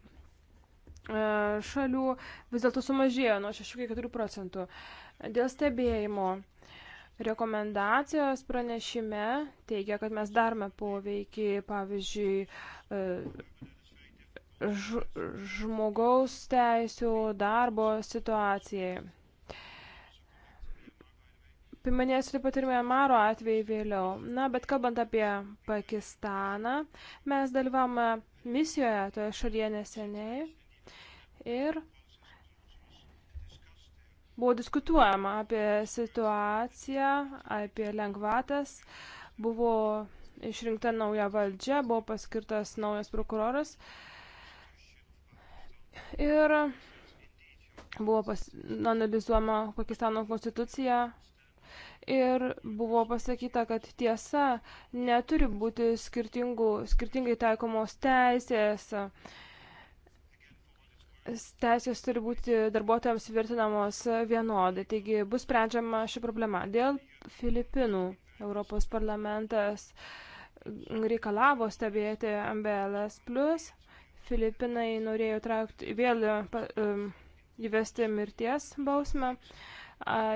Speaker 4: šalių vis dėlto sumažėjo nuo 6-4 procentų. Dėl stebėjimo rekomendacijos pranešime teigia, kad mes darome poveikį, pavyzdžiui, e, žmogaus teisų darbo situacijai. Piminėsiu taip pat ir Mianmaro atvejį vėliau. Na, bet kalbant apie Pakistaną, mes dalyvavome misijoje toje šalyje neseniai ir buvo diskutuojama apie situaciją, apie lengvatas, buvo išrinkta nauja valdžia, buvo paskirtas naujas prokuroras. Uh, Ir buvo pas, analizuojama Pakistano konstitucija ir buvo pasakyta, kad tiesa neturi būti skirtingai taikomos teisės. Teisės turi būti darbuotojams vertinamos vienodai. Taigi bus sprendžiama ši problema. Dėl Filipinų Europos parlamentas reikalavo stebėti MBLS. Filipinai norėjo traukti, vėl įvesti mirties bausmę.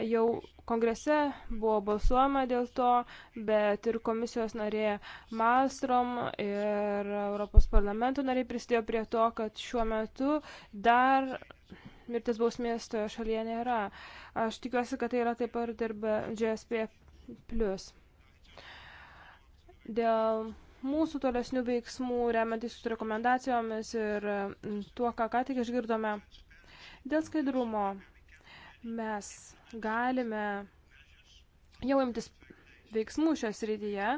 Speaker 4: Jau kongrese buvo balsuojama dėl to, bet ir komisijos narė Malstrom ir Europos parlamento nariai prisidėjo prie to, kad šiuo metu dar mirties bausmės toje šalyje nėra. Aš tikiuosi, kad tai yra taip pat dirba GSP. Dėl mūsų tolesnių veiksmų, remiantis jūsų rekomendacijomis ir mm, tuo, ką ką tik išgirdome. Dėl skaidrumo mes galime jau imtis veiksmų šios rydyje,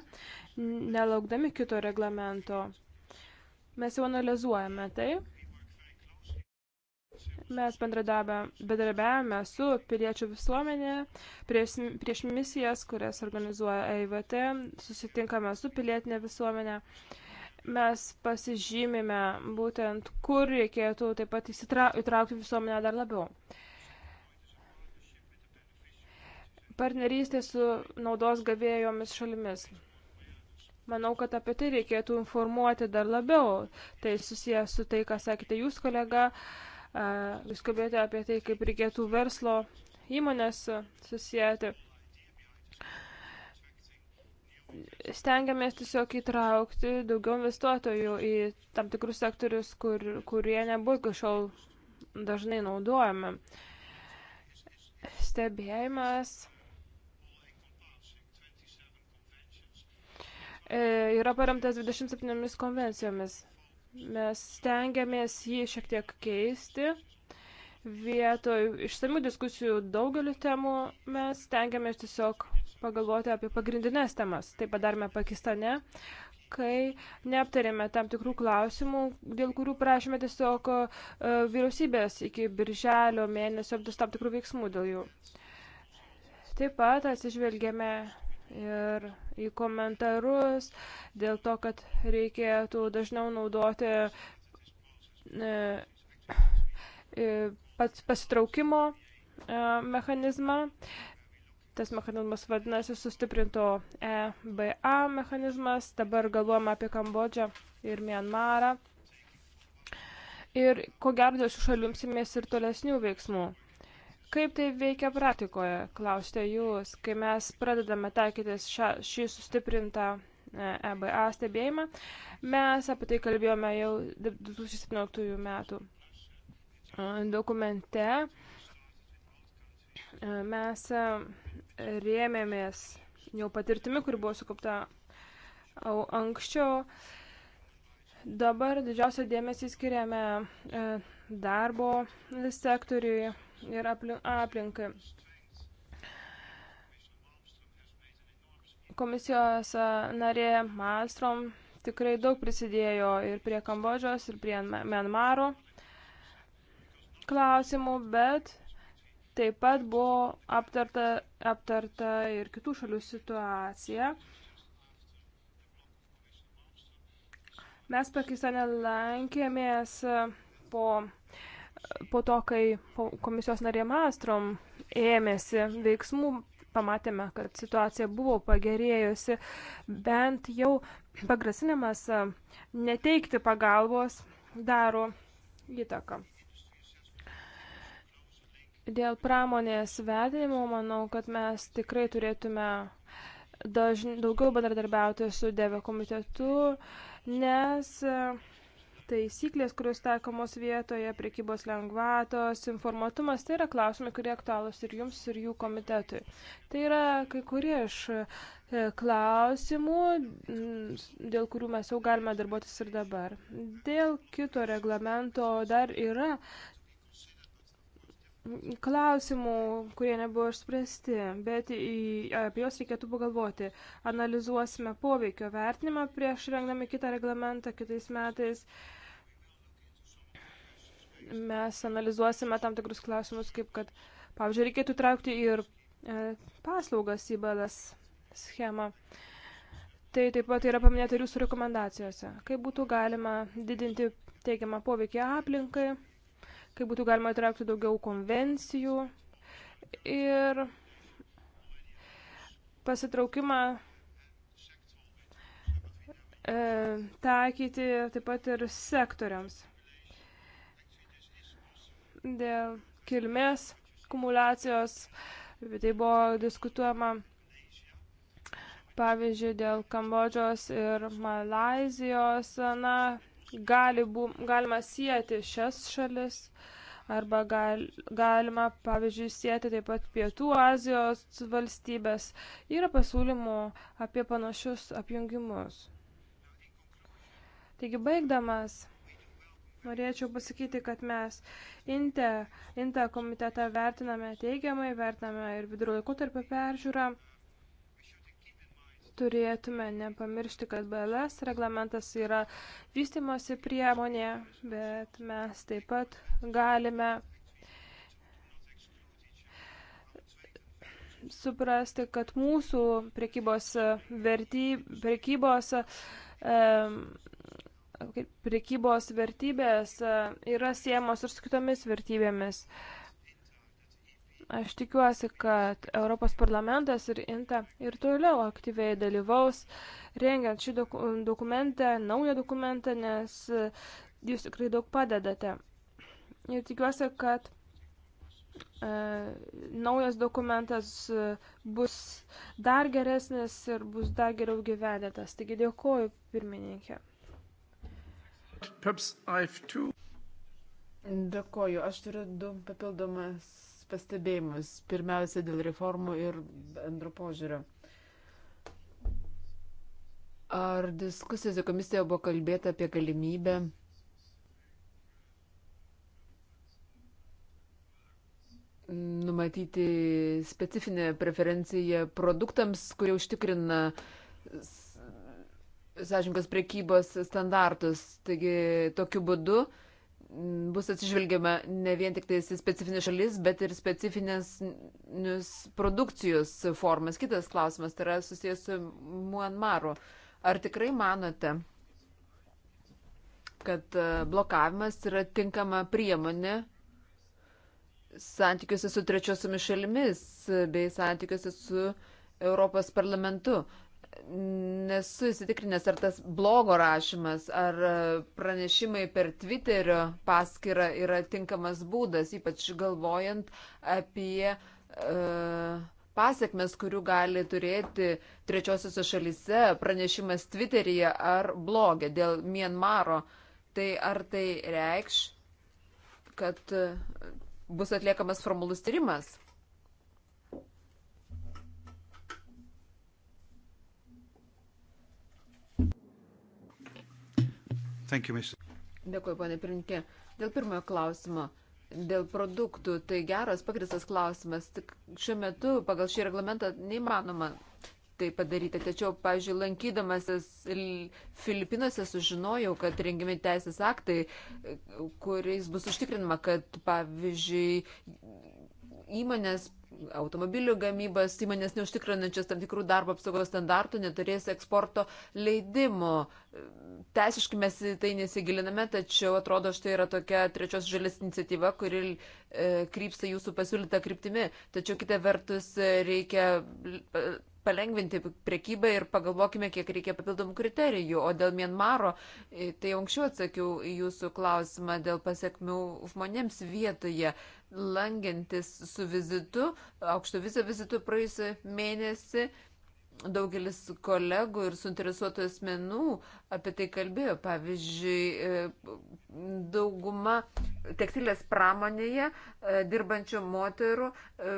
Speaker 4: nelaukdami kito reglamento. Mes jau analizuojame tai Mes bendradarbiavame su piliečių visuomenė prieš, prieš misijas, kurias organizuoja EIVT, susitinkame su pilietinė visuomenė. Mes pasižymime būtent, kur reikėtų taip pat įtraukti visuomenę dar labiau. Partnerystė su naudos gavėjomis šalimis. Manau, kad apie tai reikėtų informuoti dar labiau. Tai susijęs su tai, ką sakėte jūs, kolega. Uh, Jūs kalbėjote apie tai, kaip reikėtų verslo įmonės susijęti. Stengiamės tiesiog įtraukti daugiau investuotojų į tam tikrus sektorius, kur, kurie nebuvo iki šiol dažnai naudojami. Stebėjimas e, yra paremtas 27 konvencijomis. Mes stengiamės jį šiek tiek keisti. Vietoj išsamių diskusijų daugeliu temų mes stengiamės tiesiog pagalvoti apie pagrindinės temas. Tai padarėme Pakistane, kai neaptarėme tam tikrų klausimų, dėl kurių prašėme tiesiog e, vyriausybės iki birželio mėnesio imtis tam tikrų veiksmų dėl jų. Taip pat atsižvelgėme ir į komentarus dėl to, kad reikėtų dažniau naudoti e, e, pats pasitraukimo e, mechanizmą. Tas mechanizmas vadinasi sustiprinto EBA mechanizmas. Dabar galvojame apie Kambodžą ir Mianmarą. Ir ko gero dėl šių šalių imsimės ir tolesnių veiksmų. Kaip tai veikia praktikoje, klausite jūs, kai mes pradedame taikytis šią, šį sustiprintą EBA e stebėjimą, mes apie tai kalbėjome jau 2017 metų e, dokumente. E, mes rėmėmės jau patirtimi, kuri buvo sukaupta anksčiau. Dabar didžiausią dėmesį skiriame darbo sektoriui ir aplinkai. Komisijos narė Malstrom tikrai daug prisidėjo ir prie Kambodžos, ir prie Mianmaro klausimų, bet taip pat buvo aptarta, aptarta ir kitų šalių situacija. Mes Pakistane lankėmės po po to, kai komisijos narė Mastrom ėmėsi veiksmų, pamatėme, kad situacija buvo pagerėjusi, bent jau pagrasinimas neteikti pagalbos daro įtaką. Dėl pramonės vedinimo manau, kad mes tikrai turėtume dažn, daugiau bendradarbiauti su DEVE komitetu, nes uh, taisyklės, kurios taikomos vietoje, prekybos lengvatos, informatumas, tai yra klausimai, kurie aktualūs ir jums, ir jų komitetui. Tai yra kai kurie iš e, klausimų, dėl kurių mes jau galime darbuotis ir dabar. Dėl kito reglamento dar yra klausimų, kurie nebuvo išspręsti, bet į, apie juos reikėtų pagalvoti. Analizuosime poveikio vertinimą prieš rengdami kitą reglamentą kitais metais. E, mes analizuosime tam tikrus klausimus, kaip kad, pavyzdžiui, reikėtų traukti ir e, paslaugas į balas schemą. Tai taip pat yra paminėta ir jūsų rekomendacijose. Kaip būtų galima didinti teigiamą poveikį aplinkai, kaip būtų galima įtraukti daugiau konvencijų ir pasitraukimą e, taikyti taip pat ir sektoriams dėl kilmės kumulacijos, apie tai buvo diskutuojama, pavyzdžiui, dėl Kambodžos ir Malazijos, na, gali bu, galima sieti šias šalis. Arba gal, galima, pavyzdžiui, sėti taip pat Pietų Azijos valstybės. Yra pasiūlymų apie panašius apjungimus. Taigi, baigdamas Norėčiau pasakyti, kad mes INTE, INTE komitetą vertiname teigiamai, vertiname ir vidurio laikotarpio peržiūrą. Turėtume nepamiršti, kad BLS reglamentas yra vystimosi priemonė, bet mes taip pat galime suprasti, kad mūsų prekybos verty, prekybos e, prekybos vertybės e, yra siejamos ir su kitomis vertybėmis. Aš tikiuosi, kad Europos parlamentas ir INTA ir toliau aktyviai dalyvaus, rengiant šį doku dokumentą, naują dokumentą, nes e, jūs tikrai daug padedate. Ir tikiuosi, kad e, naujas dokumentas e, bus dar geresnis ir bus dar geriau gyvenėtas. Taigi dėkoju pirmininkė.
Speaker 2: Dėkoju, aš turiu du papildomas pastebėjimus. Pirmiausia, dėl reformų ir bendro požiūrio. Ar diskusijose komisijoje buvo kalbėta apie galimybę numatyti specifinę preferenciją produktams, kurie užtikrina sąžingos prekybos standartus. Taigi tokiu būdu bus atsižvelgiama ne vien tik tais specifinės šalis, bet ir specifinės produkcijos formas. Kitas klausimas tai yra susijęs su Muanmaru. Ar tikrai manote, kad e, blokavimas yra tinkama priemonė santykiuose su trečiosiomis šalimis bei santykiuose su Europos parlamentu? nesu įsitikrinęs, ar tas blogo rašymas, ar e, pranešimai per Twitterio paskirą yra tinkamas būdas, ypač galvojant apie e, pasiekmes, kurių gali turėti trečiosiuose šalise pranešimas Twitteryje ar blogė dėl Mienmaro. Tai ar tai reikš, kad e, bus atliekamas formalus tyrimas?
Speaker 1: Dėkuoju,
Speaker 2: ponė Pirinkė. Dėl pirmojo klausimo. Dėl produktų, tai geras pagristas klausimas. Tik šiuo metu pagal šį reglamentą neįmanoma tai padaryti. Tačiau, pažiūrėjau, lankydamasis Filipinuose sužinojau, kad rengiami teisės aktai, kuriais bus užtikrinama, kad, pavyzdžiui, įmonės automobilių gamybas, įmonės neužtikrinančias tam tikrų darbo apsaugos standartų neturės eksporto leidimo. Teisiškai mes į tai nesigiliname, tačiau atrodo, štai yra tokia trečios žalės iniciatyva, kuri e, krypsta jūsų pasiūlytą kryptimi. Tačiau kitą vertus reikia palengvinti prekybą ir pagalvokime, kiek reikia papildomų kriterijų. O dėl Mienmaro, e, tai anksčiau atsakiau jūsų klausimą dėl pasiekmių žmonėms vietoje. Langiantis su vizitu, aukšto viso vizitu praėjusią mėnesį, daugelis kolegų ir suinteresuotų asmenų apie tai kalbėjo. Pavyzdžiui, e, dauguma tekstilės pramonėje e, dirbančių moterų e,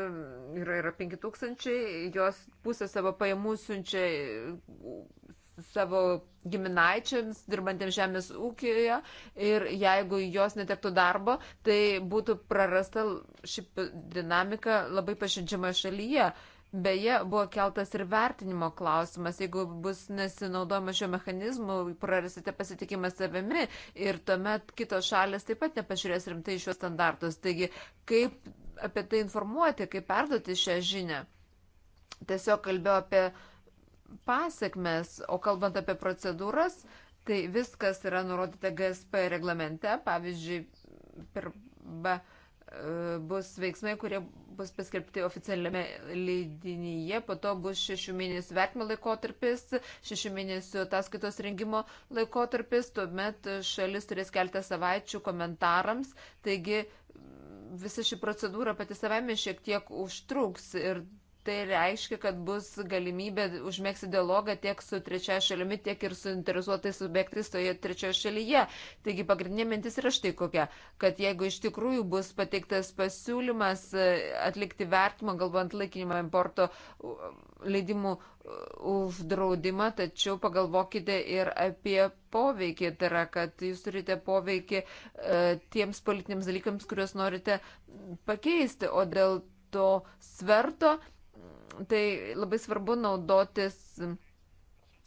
Speaker 2: yra, yra 5000, jos pusę savo pajamų siunčia savo giminaičiams, dirbantiems žemės ūkijoje ir jeigu jos netektų darbo, tai būtų prarasta ši dinamika labai pažydžiama šalyje. Beje, buvo keltas ir vertinimo klausimas, jeigu bus nesinaudojama šio mechanizmu, prarasite pasitikimą savimi ir tuomet kitos šalis taip pat nepažiūrės rimtai šios standartus. Taigi, kaip apie tai informuoti, kaip perduoti šią žinią? Tiesiog kalbėjau apie pasiekmes, o kalbant apie procedūras, tai viskas yra nurodyta GSP reglamente, pavyzdžiui, per. Ba, bus veiksmai, kurie bus paskelbti oficialiame leidinyje, po to bus šešių mėnesių vertimo laikotarpis, šešių mėnesių ataskaitos rengimo laikotarpis, tuomet šalis turės keltą savaičių komentarams, taigi visa ši procedūra pati savame šiek tiek užtruks ir tai reiškia, kad bus galimybė užmėgsti dialogą tiek su trečia šalimi, tiek ir su interesuotais subjektais toje trečioje šalyje. Taigi pagrindinė mintis yra štai kokia, kad jeigu iš tikrųjų bus pateiktas pasiūlymas e, atlikti vertimą, galvant laikinimą importo leidimų e, uždraudimą, tačiau pagalvokite ir apie poveikį. Tai yra, kad jūs turite poveikį e, tiems politiniams dalykams, kuriuos norite pakeisti. O dėl to sverto Tai labai svarbu naudotis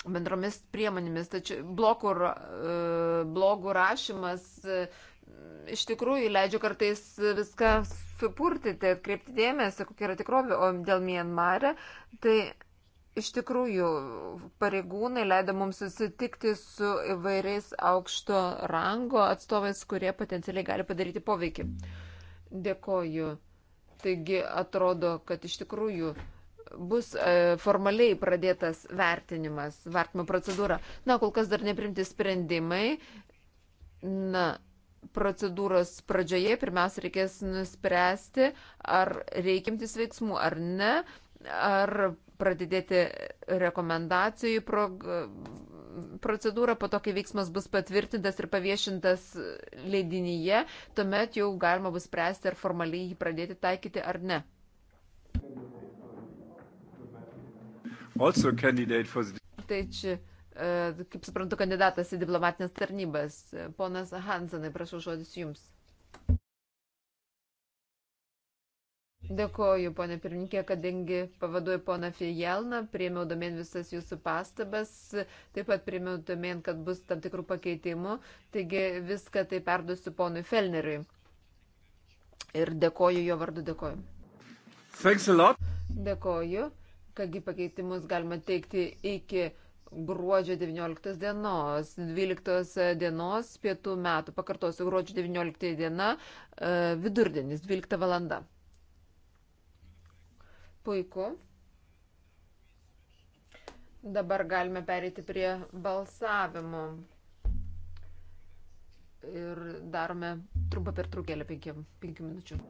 Speaker 2: bendromis priemonėmis, tačiau blokų, e, blogų rašymas e, iš tikrųjų leidžia kartais viską supurtyti, atkreipti dėmesį, kokia yra tikrovė, o dėl Mienmarė, tai iš tikrųjų pareigūnai leido mums susitikti su įvairiais aukšto rango atstovais, kurie potencialiai gali padaryti poveikį. Dėkoju. Taigi atrodo, kad iš tikrųjų bus e, formaliai pradėtas vertinimas, vertimo procedūra. Na, kol kas dar neprimti sprendimai. Na, procedūros pradžioje pirmiausia reikės nuspręsti, ar reikimtis veiksmų ar ne, ar pradėti rekomendacijų procedūrą, po to, kai veiksmas bus patvirtintas ir paviešintas leidinyje, tuomet jau galima bus spręsti, ar formaliai jį pradėti taikyti ar ne.
Speaker 1: also candidate for the...
Speaker 2: Tai čia, e, kaip suprantu, kandidatas į diplomatinės tarnybas. Ponas Hansenai, prašau žodis jums. Dėkoju, ponė pirmininkė, kadangi pavaduoju poną Fijelną, priemiau domen visas jūsų pastabas, taip pat priemiau domen, kad bus tam tikrų pakeitimų, taigi viską tai perduosiu ponui Felneriui. Ir dėkoju jo vardu, dėkoju. Dėkoju. Kągi pakeitimus galima teikti iki gruodžio 19 dienos, 12 dienos pietų metų, pakartosiu, gruodžio 19 diena, e, vidurdienis, 12 valanda. Puiku. Dabar galime perėti prie balsavimo. Ir darome trumpą pertraukėlę 5 minučių.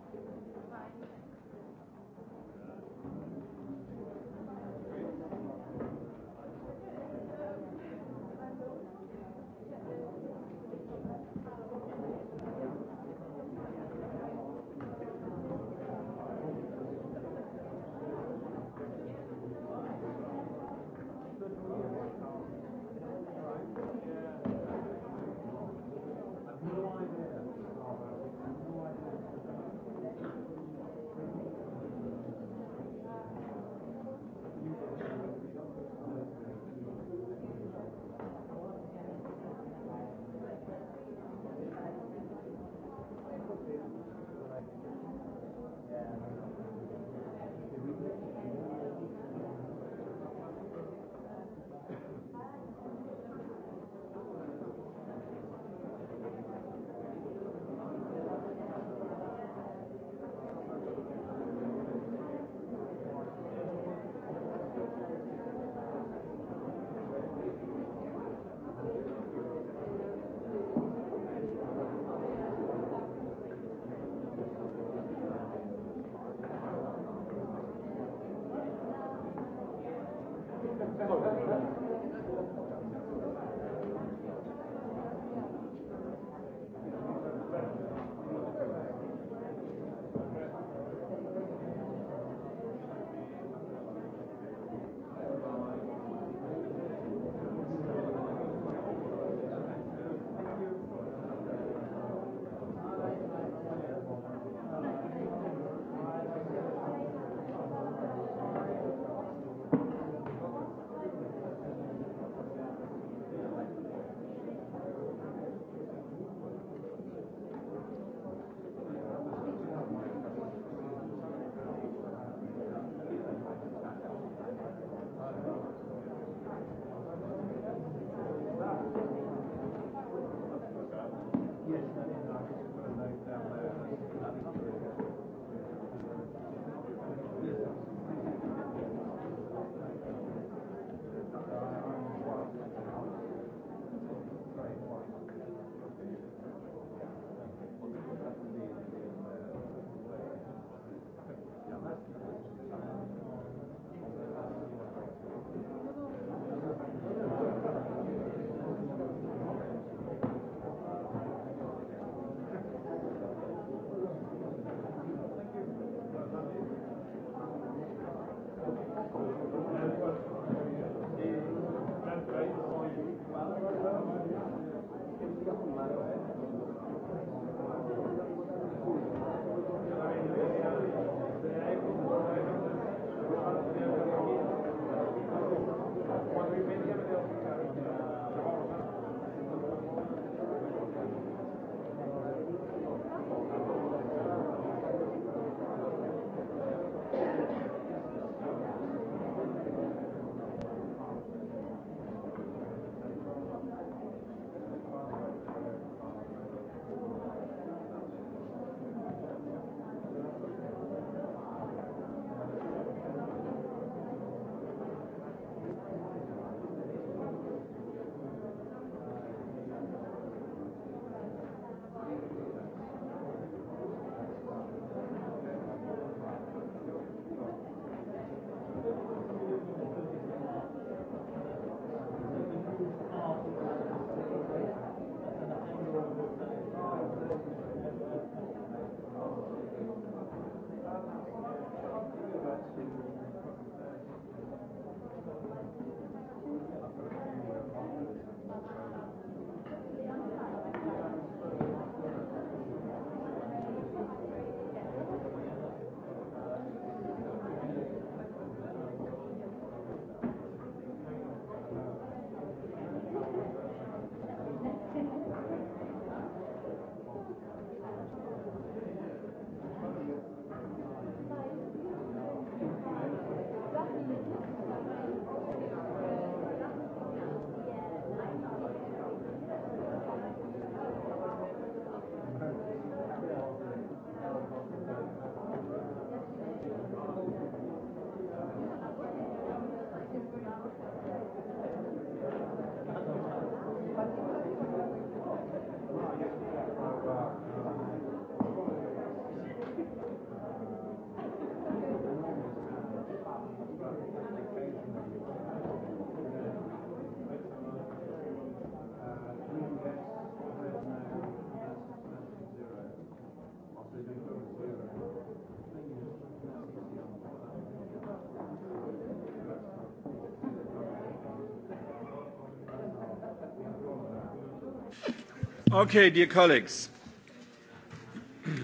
Speaker 1: Okay, dear colleagues.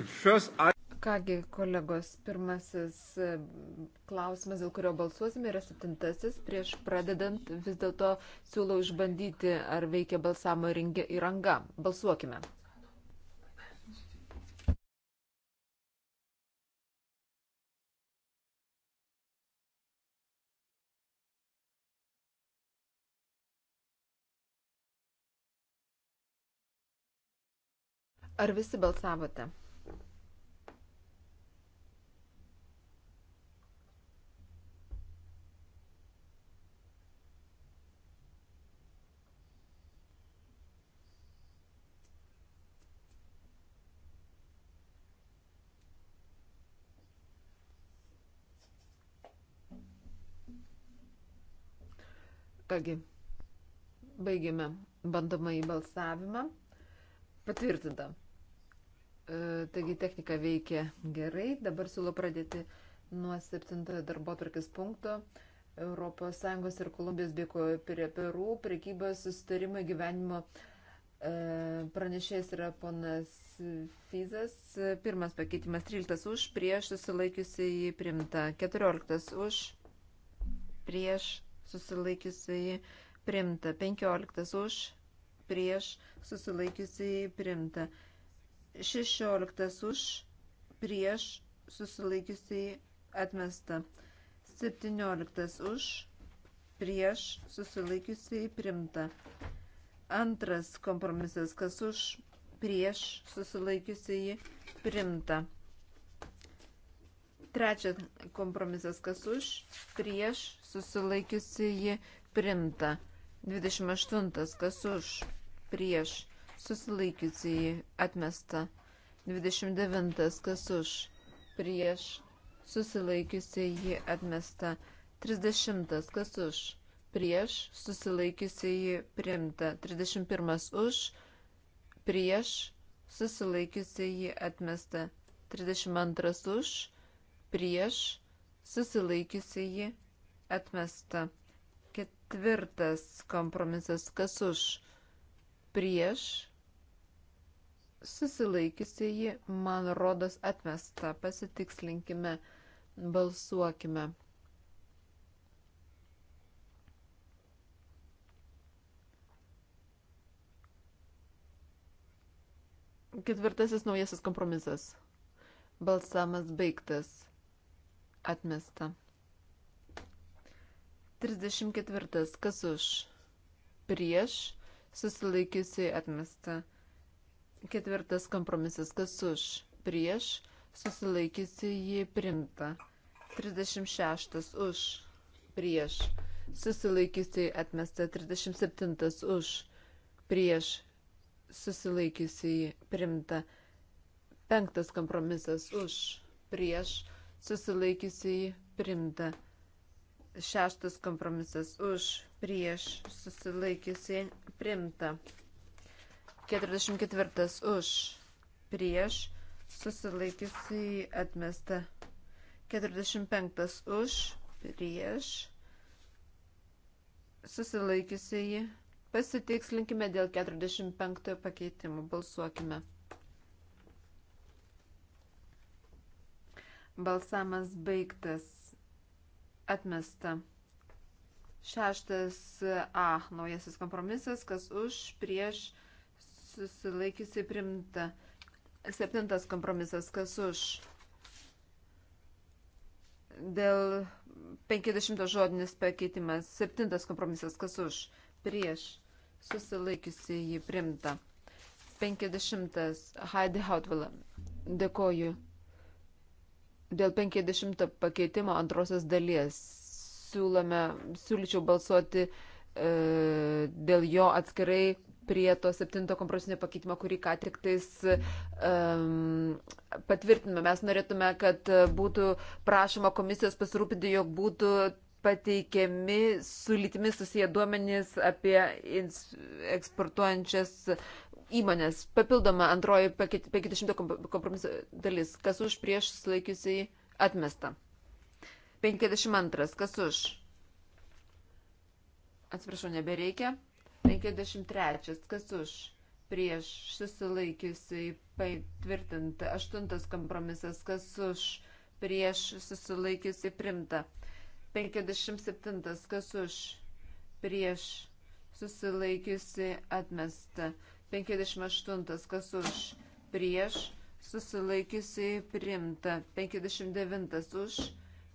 Speaker 2: First, I... Kągi, kolegos, pirmasis e, klausimas, dėl kurio balsuosime, yra septintasis. Prieš pradedant, vis dėlto siūlau išbandyti, ar veikia balsamo įranga. Balsuokime. Ar visi balsavote? Kągi, baigėme bandomąjį balsavimą. Patvirtinta. Taigi technika veikia gerai. Dabar siūlau pradėti nuo septintojo darbo tvarkės punkto. ES ir Kolumbijos bei prie Perų prekybos sustarimo gyvenimo e, pranešėjas yra ponas Fizas. Pirmas pakeitimas 13 už, prieš susilaikiusiai primta. 14 už, prieš susilaikiusiai primta. 15 už, prieš susilaikiusiai primta. 15 16 už, prieš, susilaikiusiai atmesta. 17 už, prieš, susilaikiusiai primta. Antras kompromisas, kas už, prieš, susilaikiusiai primta. Trečias kompromisas, kas už, prieš, susilaikiusiai primta. 28 kas už, prieš, susilaikiusiai atmesta. 29. Kas už, prieš, susilaikiusiai jį atmesta. 30. Kas už, prieš, susilaikiusiai jį primta. 31. Už, prieš, susilaikiusiai jį atmesta. 32. Už, prieš, susilaikiusiai jį atmesta. Ketvirtas kompromisas. Kas už? prieš susilaikiusieji, man rodos, atmesta. Pasitikslinkime, balsuokime. Ketvirtasis naujasis kompromisas. Balsamas baigtas. Atmesta. 34. Kas už? Prieš susilaikiusiai atmesta. Ketvirtas kompromisas, kas už, prieš, susilaikiusiai primta. 36 už, prieš, susilaikiusiai atmesta. 37 už, prieš, susilaikiusiai primta. Penktas kompromisas už, prieš, susilaikiusiai primta. Šeštas kompromisas už, prieš susilaikiusi primta. 44 už prieš susilaikiusi atmesta. 45 už prieš susilaikiusi jį. Pasitikslinkime dėl 45 pakeitimo. Balsuokime. Balsamas baigtas. Atmesta. Šeštas A, naujasis kompromisas, kas už, prieš, susilaikysi primta. Septintas kompromisas, kas už. Dėl 50 žodinis pakeitimas. Septintas kompromisas, kas už, prieš, susilaikysi jį primta. 50 Heidi Houtvilla. Dėkoju. Dėl 50 pakeitimo antrosios dalies siūlome, siūlyčiau balsuoti e, dėl jo atskirai prie to septinto kompromisinio pakeitimo, kurį ką tik tais um, patvirtinome. Mes norėtume, kad būtų prašoma komisijos pasirūpinti, jog būtų pateikiami su lytimi susiję duomenys apie eksportuojančias įmonės. Papildoma antroji 50 kompromiso dalis. Kas už prieš sulaikiusiai atmesta. 52. Kas už? Atsiprašau, nebereikia. 53. Kas už? Prieš susilaikiusiai patvirtinta. 8. Kompromisas. Kas už? Prieš susilaikiusiai primta. 57. Kas už? Prieš susilaikiusi atmesta. 58. Kas už? Prieš susilaikiusi primta. 59. Už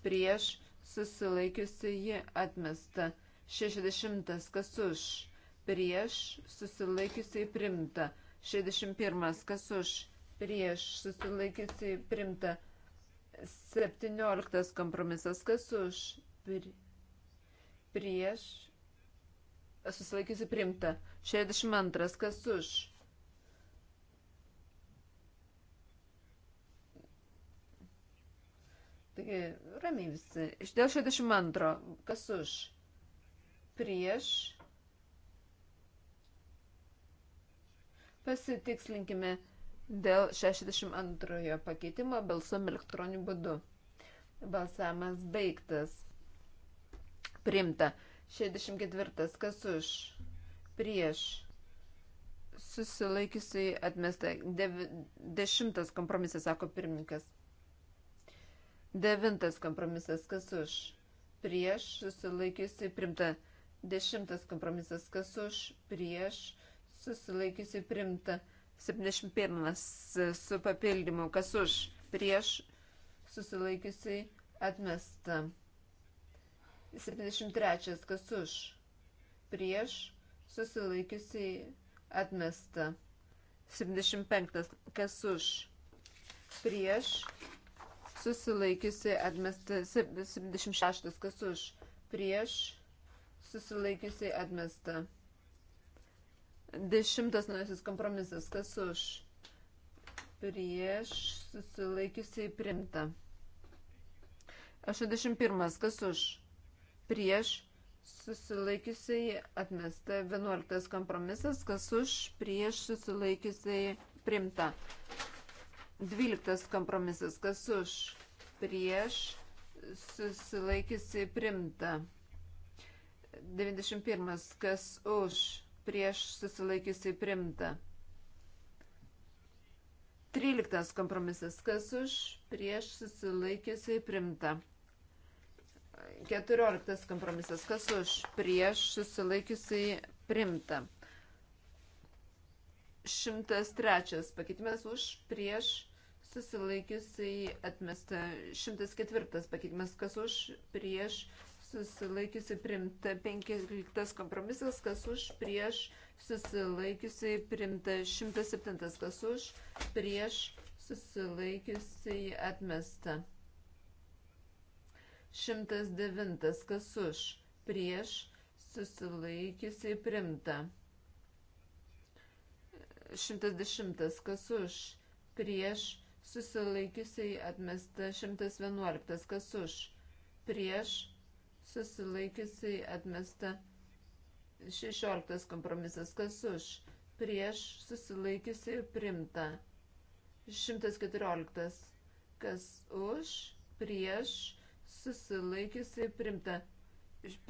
Speaker 2: prieš susilaikiusi atmesta. 60. Kas už? Prieš susilaikiusi primta. 61. Kas už? Prieš susilaikiusi primta. 17. Kompromisas. Kas už? Prieš susilaikiusi primta. 62. Kas už? Taigi, ramiai visi. Iš dėl 62. Kas už? Prieš. Pasitikslinkime dėl 62 pakeitimo balsuom elektroniniu būdu. Balsavimas baigtas. Primta. 64. Kas už? Prieš. Susilaikysiai atmesta. Dev... Dešimtas kompromisas, sako pirmininkas. Devintas kompromisas, kas už, prieš, susilaikiusi, primta. Dešimtas kompromisas, kas už, prieš, susilaikiusi, primta. 71 su papildymu, kas už, prieš, susilaikiusi, atmesta. 73 kas už, prieš, susilaikiusi, atmesta. 75 kas už, prieš, susilaikiusi atmesta 76, kas už, prieš, susilaikiusi atmesta. Dešimtas naujasis kompromisas, kas už, prieš, susilaikiusi primta. 81, kas už, prieš, susilaikiusiai atmesta 11 kompromisas, kas už prieš susilaikiusiai primta. 12 kompromisas, kas už, prieš, susilaikysi primta. 91, kas už, prieš, susilaikysi primta. 13 kompromisas, kas už, prieš, susilaikysi primta. 14 kompromisas, kas už, prieš, susilaikysi primta. 103 pakeitimas už, prieš, susilaikiusiai atmesta 104 pakeitimas, kas už prieš susilaikiusiai primta 15 kompromisas, kas už prieš susilaikiusiai primta 107, kas už prieš susilaikiusiai atmesta 109, kas už prieš susilaikiusiai primta 110, kas už prieš susilaikiusiai atmesta 111, kas už, prieš, susilaikiusiai atmesta 16 kompromisas, kas už, prieš, susilaikiusiai primta 114, kas už, prieš, susilaikiusiai primta.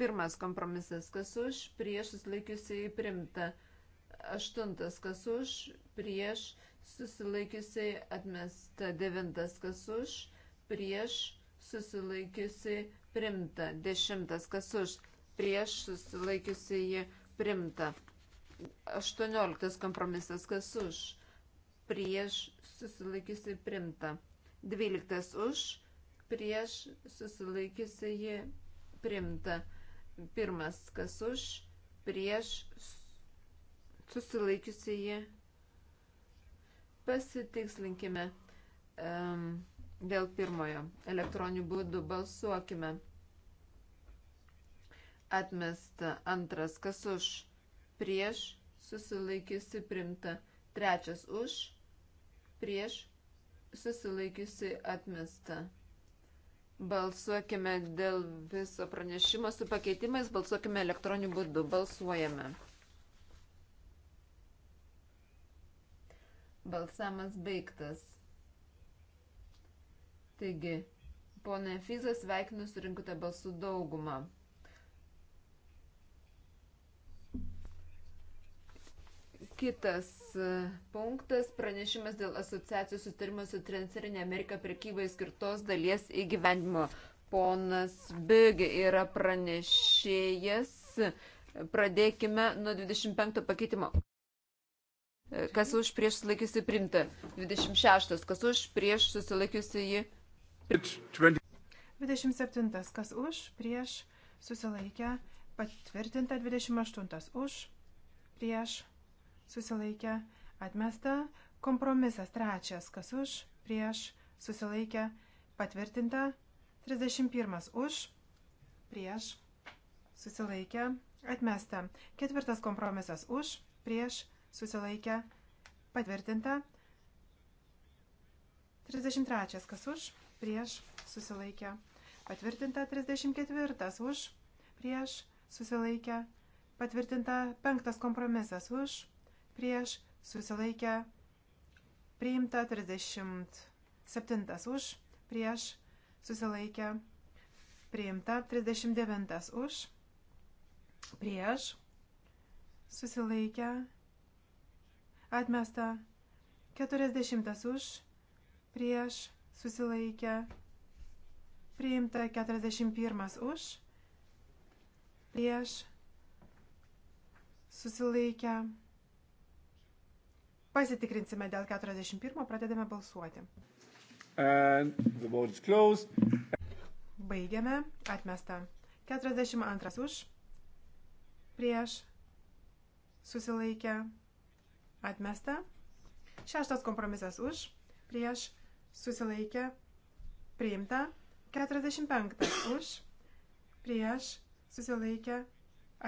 Speaker 2: Pirmas kompromisas, kas už, prieš, susilaikiusiai primta. Aštuntas, kas už, prieš, susilaikiusiai atmesta, devintas kas už, prieš susilaikiusiai primta, dešimtas kas už, prieš susilaikiusiai primta, aštuonioliktas kompromisas kas už, prieš susilaikiusiai primta, dvyliktas už, prieš susilaikiusiai primta, pirmas kas už, prieš susilaikiusiai primta Pasitikslinkime um, dėl pirmojo. Elektroniniu būdu balsuokime. Atmesta antras, kas už, prieš, susilaikiusi primta. Trečias už, prieš, susilaikiusi atmesta. Balsuokime dėl viso pranešimo su pakeitimais, balsuokime elektroniniu būdu, balsuojame. Balsamas baigtas. Taigi, ponė Fizas, sveikinu surinkutę balsų daugumą. Kitas e, punktas - pranešimas dėl asociacijos sutarimo su Transerinė Amerika prekybai skirtos dalies įgyvendimo. Ponas Bigi yra pranešėjas. Pradėkime nuo 25 pakeitimo. Kas už prieš susilaikiusi primta? 26. Kas už prieš susilaikiusi jį?
Speaker 1: 27.
Speaker 2: Kas už prieš susilaikę? Patvirtinta
Speaker 3: 28. Už prieš susilaikę? Atmesta kompromisas trečias. Kas už prieš susilaikę? Patvirtinta 31. Už prieš susilaikę? Atmesta ketvirtas kompromisas už prieš susilaikę? susilaikė, patvirtinta. 33. Kas už, prieš, susilaikė, patvirtinta. 34. Už, prieš, susilaikė, patvirtinta. 5. Kompromisas už, prieš, susilaikė, priimta. 37. Už, prieš, susilaikė, priimta. 39. Už, prieš, susilaikė, atmesta. 40 už, prieš, susilaikę, priimta. 41 už, prieš, susilaikę. Pasitikrinsime dėl 41, pradedame balsuoti. Baigiame, atmesta. 42 už, prieš, susilaikę atmesta. Šeštas kompromisas už, prieš, susilaikė, priimta. 45 už, prieš, susilaikė,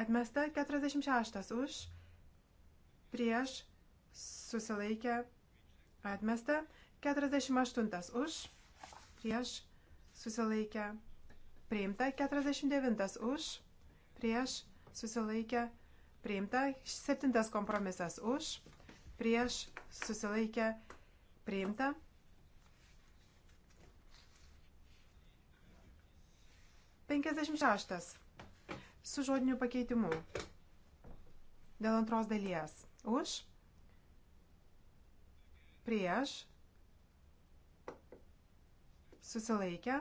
Speaker 3: atmesta. 46 už, prieš, susilaikė, atmesta. 48 už, prieš, susilaikė, priimta. 49 už, prieš, susilaikė, priimta. 7 kompromisas už, prieš, susilaikė, priimta prieš susilaikę priimta. Penkiasdešimt šeštas su žodiniu pakeitimu dėl antros dalies. Už, prieš, susilaikę.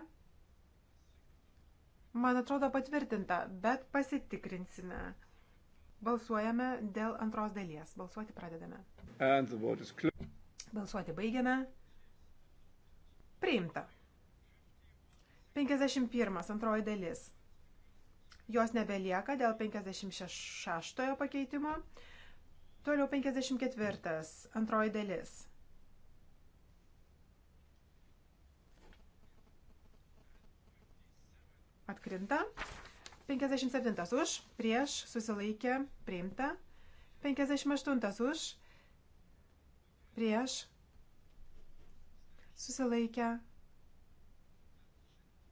Speaker 3: Man atrodo patvirtinta, bet pasitikrinsime. Balsuojame dėl antros dalies. Balsuoti pradedame. Balsuoti baigiame. Priimta. 51. Antroji dalis. Jos nebelieka dėl 56 pakeitimo. Toliau 54. Antroji dalis. Atkrinta. 57 už, prieš, susilaikė, priimta. 58 už, prieš, susilaikė.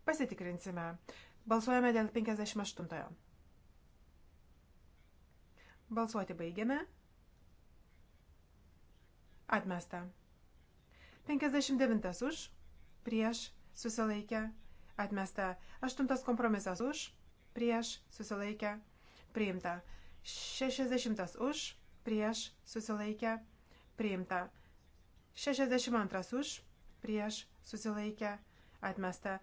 Speaker 3: Pasitikrinsime. Balsuojame dėl 58. Balsuoti baigiame. Atmesta. 59 už, prieš, susilaikė, atmesta. 8 kompromisas už, prieš susilaikę priimta. 60 už prieš susilaikę priimta. 62 už prieš susilaikę atmesta.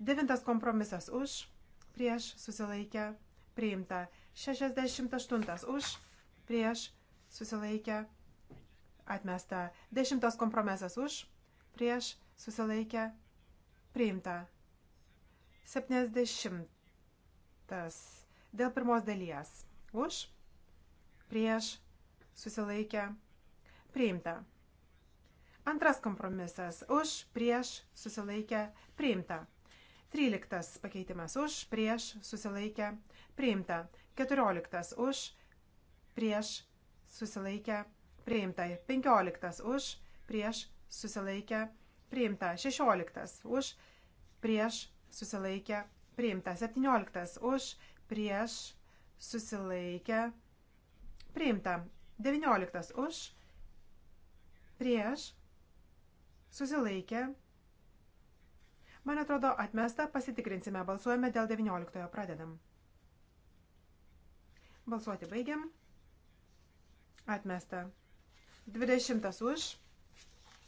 Speaker 3: 9 kompromisas už prieš susilaikę priimta. 68 už prieš susilaikę atmesta. 10 kompromisas už prieš susilaikę priimta. 70 Dėl pirmos dalies. Už, prieš, susilaikę, priimta. Antras kompromisas. Už, prieš, susilaikę, priimta. Tryliktas pakeitimas. Už, prieš, susilaikę, priimta. Keturioliktas. Už, prieš, susilaikę, priimta. Penkioliktas. Už, prieš, susilaikę, priimta. Šešioliktas. Už, prieš, susilaikę, priimta priimta. 17 už, prieš, susilaikę, priimta. 19 už, prieš, susilaikę. Man atrodo, atmesta, pasitikrinsime, balsuojame dėl 19, pradedam. Balsuoti baigiam. Atmesta. 20 už,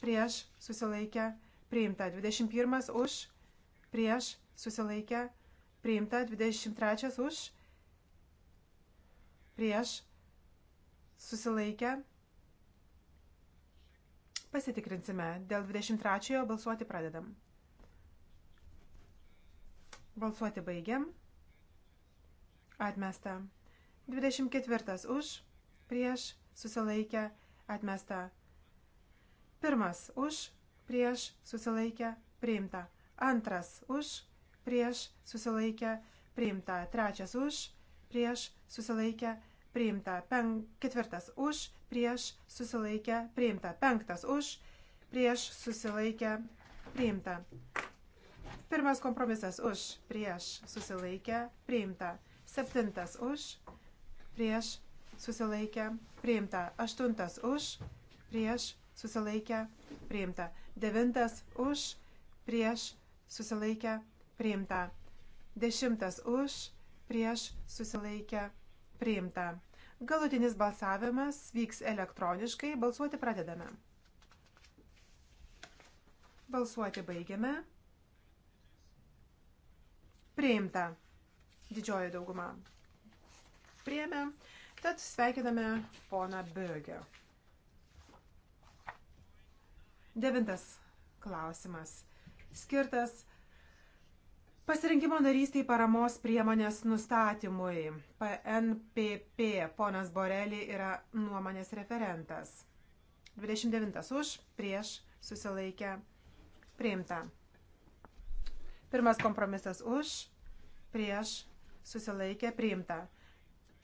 Speaker 3: prieš, susilaikę, priimta. 21 už, prieš, susilaikę, priimta, 23 už, prieš, susilaikę. Pasitikrinsime, dėl 23 balsuoti pradedam. Balsuoti baigiam. Atmesta. 24 už, prieš, susilaikę, atmesta. Pirmas už, prieš, susilaikę, priimta. Antras už, prieš susilaikę priimta. Trečias už, prieš susilaikę priimta. Pen, ketvirtas už, prieš susilaikę priimta. Penktas už, prieš susilaikę priimta. Pirmas kompromisas už, prieš susilaikę priimta. Septintas už, prieš susilaikę priimta. Aštuntas už, prieš susilaikę priimta. Devintas už, prieš susilaikę priimta priimta. Dešimtas už, prieš susilaikę priimta. Galutinis balsavimas vyks elektroniškai, balsuoti pradedame. Balsuoti baigiame. Priimta didžioji dauguma. Priėmė, tad sveikiname poną Bögę. Devintas klausimas skirtas Pasirinkimo narystiai paramos priemonės nustatymui. PNPP ponas Borelį yra nuomonės referentas. 29 už, prieš, susilaikę, priimta. Pirmas kompromisas už, prieš, susilaikę, priimta.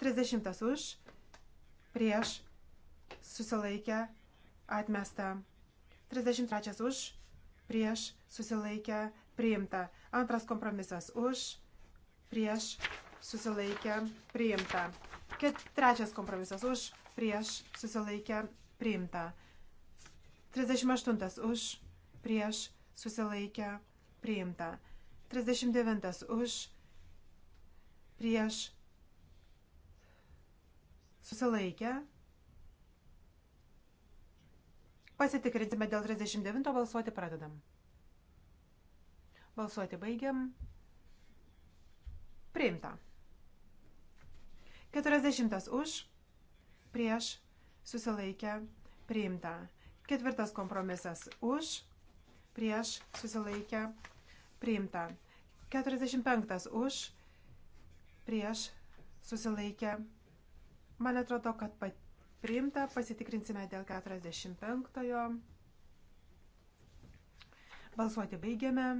Speaker 3: 30 už, prieš, susilaikę, atmesta. 33 už, prieš, susilaikę, priimta. Antras kompromisas už, prieš, susilaikę, priimta. Ket, trečias kompromisas už, prieš, susilaikę, priimta. 38 už, prieš, susilaikę, priimta. 39 už, prieš, susilaikę. Pasitikrinsime dėl 39 balsuoti pradedam. Balsuoti baigiam. Priimta. 40 už, prieš, susilaikę, priimta. Ketvirtas kompromisas už, prieš, susilaikę, priimta. 45 už, prieš, susilaikę. Man atrodo, kad pat, priimta, pasitikrinsime dėl 45. -ojo. Balsuoti baigiame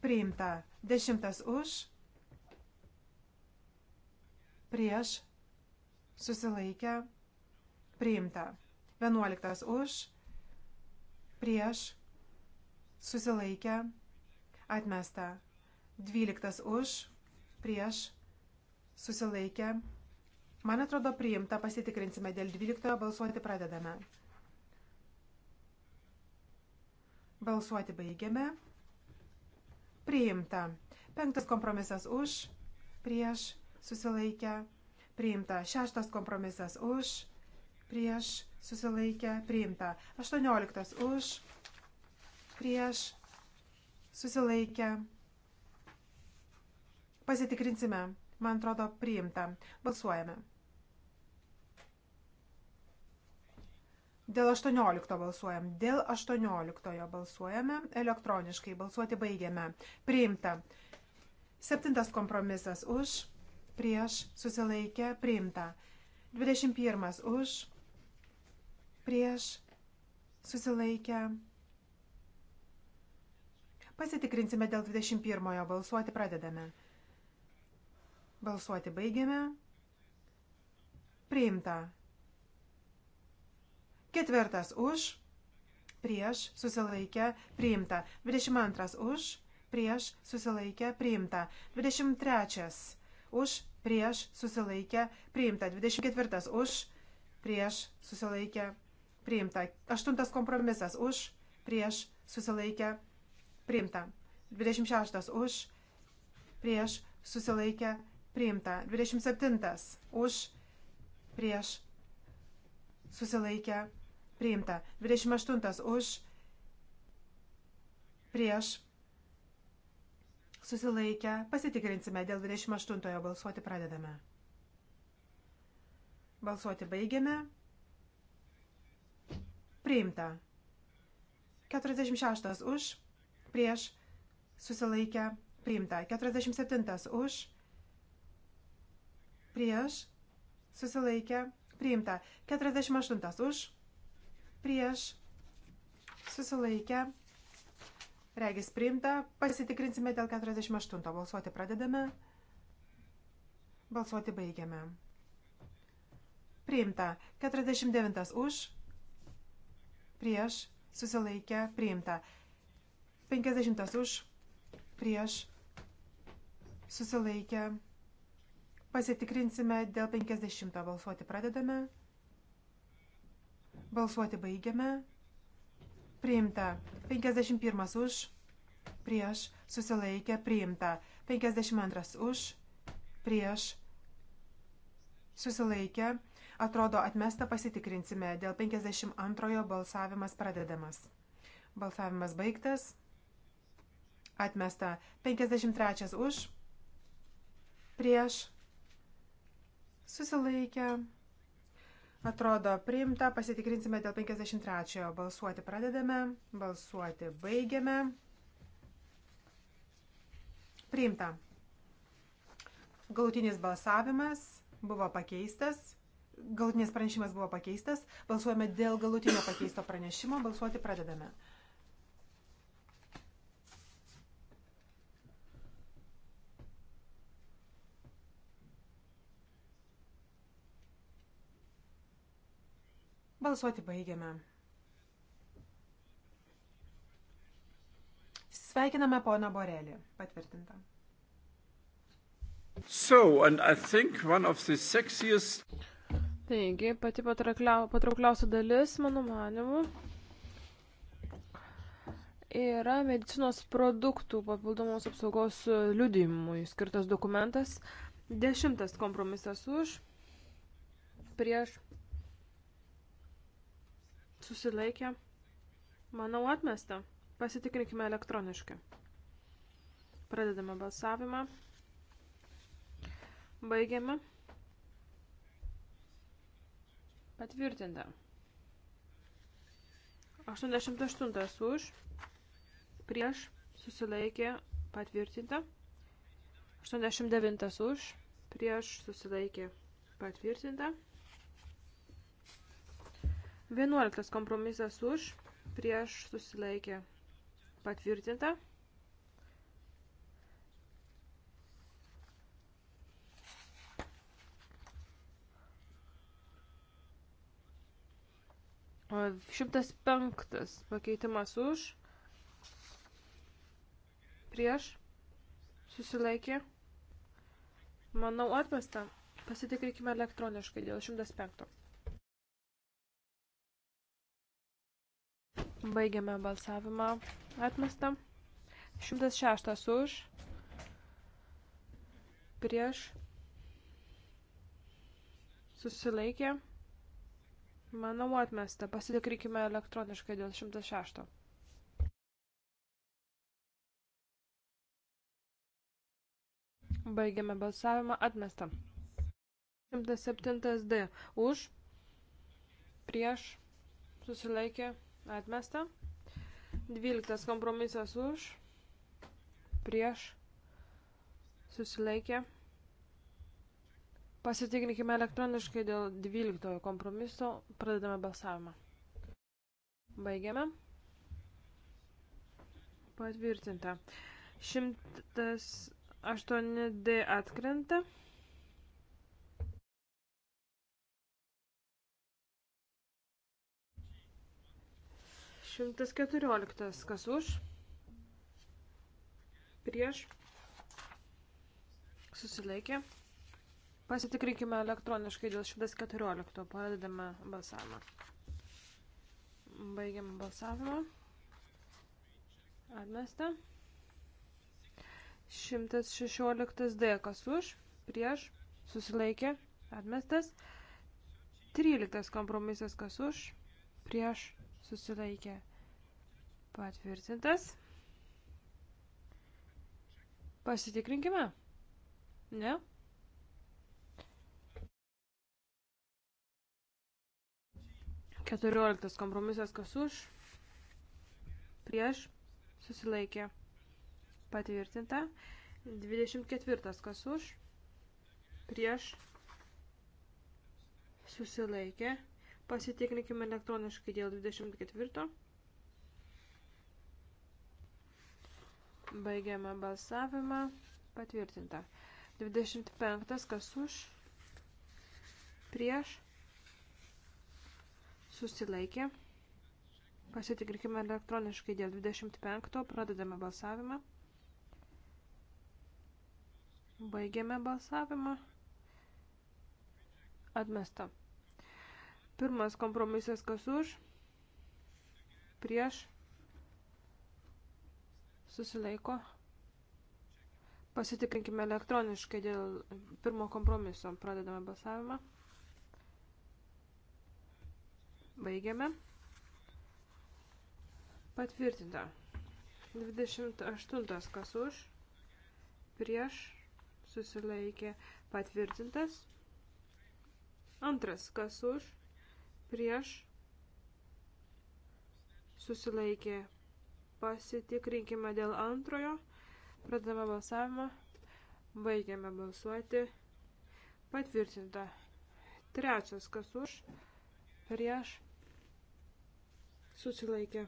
Speaker 3: priimta. Dešimtas už, prieš, susilaikę, priimta. Vienuoliktas už, prieš, susilaikę, atmesta. Dvyliktas už, prieš, susilaikę. Man atrodo priimta, pasitikrinsime dėl dvyliktojo, balsuoti pradedame. Balsuoti baigiame priimta. Penktas kompromisas už, prieš, susilaikę, priimta. Šeštas kompromisas už, prieš, susilaikę, priimta. Aštuonioliktas už, prieš, susilaikę. Pasitikrinsime. Man atrodo, priimta. Balsuojame. Dėl 18 balsuojam. Dėl 18 balsuojame elektroniškai. Balsuoti baigiame. Priimta. Septintas kompromisas už, prieš, susilaikė, priimta. 21 už, prieš, susilaikė. Pasitikrinsime dėl 21 balsuoti pradedame. Balsuoti baigiame. Priimta. Ketvirtas už, prieš susilaikę priimta. 22 už, prieš susilaikę priimta. 23 už, prieš susilaikę priimta. 24 už, prieš susilaikę priimta. 8 kompromisas už, prieš susilaikę priimta. 26 už, prieš susilaikę priimta. 27 už, prieš susilaikę priimta priimta. 28 už, prieš, susilaikę, pasitikrinsime dėl 28 balsuoti pradedame. Balsuoti baigiame. Priimta. 46 už, prieš, susilaikę, priimta. 47 už, prieš, susilaikę, priimta. 48 už, prieš susilaikę, regis priimta, pasitikrinsime dėl 48. Balsuoti pradedame, balsuoti baigiame. Priimta, 49 už, prieš susilaikę, priimta, 50 už, prieš susilaikę, priimta. Pasitikrinsime dėl 50 balsuoti pradedame. Balsuoti baigiame. Priimta. 51 už. Prieš. Susilaikė. Priimta. 52 už. Prieš. Susilaikė. Atrodo atmesta pasitikrinsime. Dėl 52 balsavimas pradedamas. Balsavimas baigtas. Atmesta. 53 už. Prieš. Susilaikė. Atrodo priimta, pasitikrinsime dėl 53-ojo. Balsuoti pradedame, balsuoti baigiame. Priimta. Galutinis balsavimas buvo pakeistas. Galutinis pranešimas buvo pakeistas. Balsuojame dėl galutinio pakeisto pranešimo. Balsuoti pradedame. Balsuoti baigiame. Sveikiname poną
Speaker 4: Borelį. Patvirtinta.
Speaker 1: So, and I think one of the sexiest...
Speaker 4: Taigi, pati patraukliausia dalis, mano manimu, yra medicinos produktų papildomos apsaugos liudijimui skirtas dokumentas. Dešimtas kompromisas už, prieš, susilaikė, manau atmesta. Pasitikrinkime elektroniškai. Pradedame balsavimą. Baigiame. Patvirtinta. 88 už, prieš, susilaikė, patvirtinta. 89 už, prieš, susilaikė, patvirtinta. 11 kompromisas už, prieš susilaikė patvirtinta. O 105 pakeitimas už, prieš susilaikė. Manau atmesta. Pasitikrinkime elektroniškai dėl 105. Baigiame balsavimą. Atmesta. 106 už. Prieš. Susilaikė. Manau atmesta. Pasitikrinkime elektroniškai dėl 106. Baigiame balsavimą. Atmesta. 107D. Už. Prieš. Susilaikė. Atmesta. 12 kompromisas už. Prieš. Susilaikė. Pasitikrinkime elektroniškai dėl 12 kompromiso. Pradedame balsavimą. Baigiame. Patvirtinta. 108D atkrenta. 114. Kas už? Prieš. Susilaikė. Pasitikrinkime elektroniškai dėl 114. Pradedame balsavimą. Baigiam balsavimą. Atmesta. 116 D. Kas už? Prieš. Susilaikė. Atmestas. 13 kompromisas. Kas už? Prieš susilaikė patvirtintas. Pasitikrinkime. Ne? Keturioliktas kompromisas kas už. Prieš susilaikė patvirtinta. Dvidešimt ketvirtas kas už. Prieš susilaikė patvirtinta Pasitikrinkime elektroniškai dėl 24. Baigiame balsavimą. Patvirtinta. 25. Kas už? Prieš? Susilaikė. Pasitikrinkime elektroniškai dėl 25. Pradedame balsavimą. Baigiame balsavimą. Atmesta. Pirmas kompromisas kas už, prieš, susilaiko. Pasitikrinkime elektroniškai dėl pirmo kompromiso. Pradedame balsavimą. Baigiame. Patvirtinta. 28 kas už, prieš, susilaikė, patvirtintas. Antras kas už, prieš susilaikė. Pasitikrinkime dėl antrojo. Pradame balsavimą. Baigiame balsuoti. Patvirtinta. Trečias, kas už, prieš, susilaikė.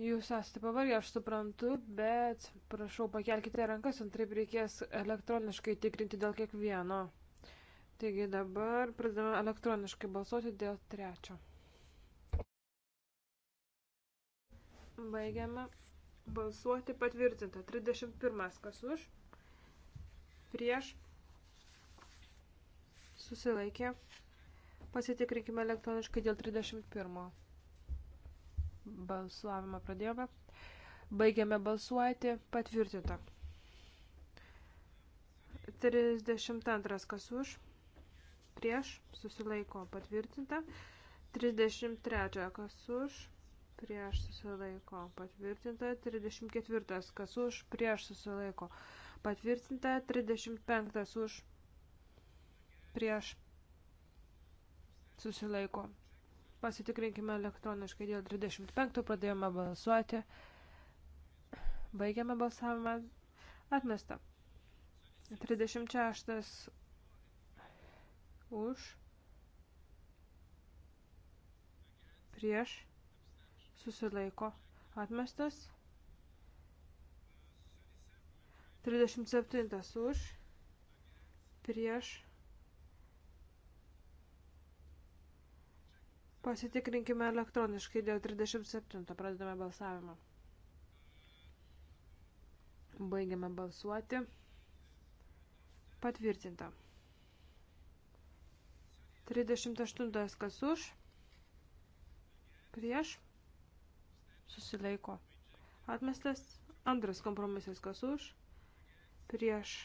Speaker 4: Jūs esate pavargę, aš suprantu, bet prašau pakelkite rankas, antraip reikės elektroniškai tikrinti dėl kiekvieno. Taigi dabar pradedame elektroniškai balsuoti dėl trečio. Baigiame balsuoti patvirtinta. 31. Kas už? Prieš. Susilaikė. Pasitikrinkime elektroniškai dėl 31. Balsuavimą pradėjome. Baigiame balsuoti. Patvirtinta. 32 kas už. Prieš. Susilaiko. Patvirtinta. 33 kas už. Prieš. Susilaiko. Patvirtinta. 34 kas už. Prieš. Susilaiko. Patvirtinta. 35 už. Prieš. Susilaiko Pasitikrinkime elektroniškai dėl 35, pradėjome balsuoti. Baigiame balsavimą. Atmesta. 36 už. Prieš. Susilaiko. Atmestas. 37 už. Prieš Pasitikrinkime elektroniškai dėl 37. Pradedame balsavimą. Baigiame balsuoti. Patvirtinta. 38. Kas už? Prieš? Susilaiko. Atmestas. Antras kompromisas. Kas už? Prieš?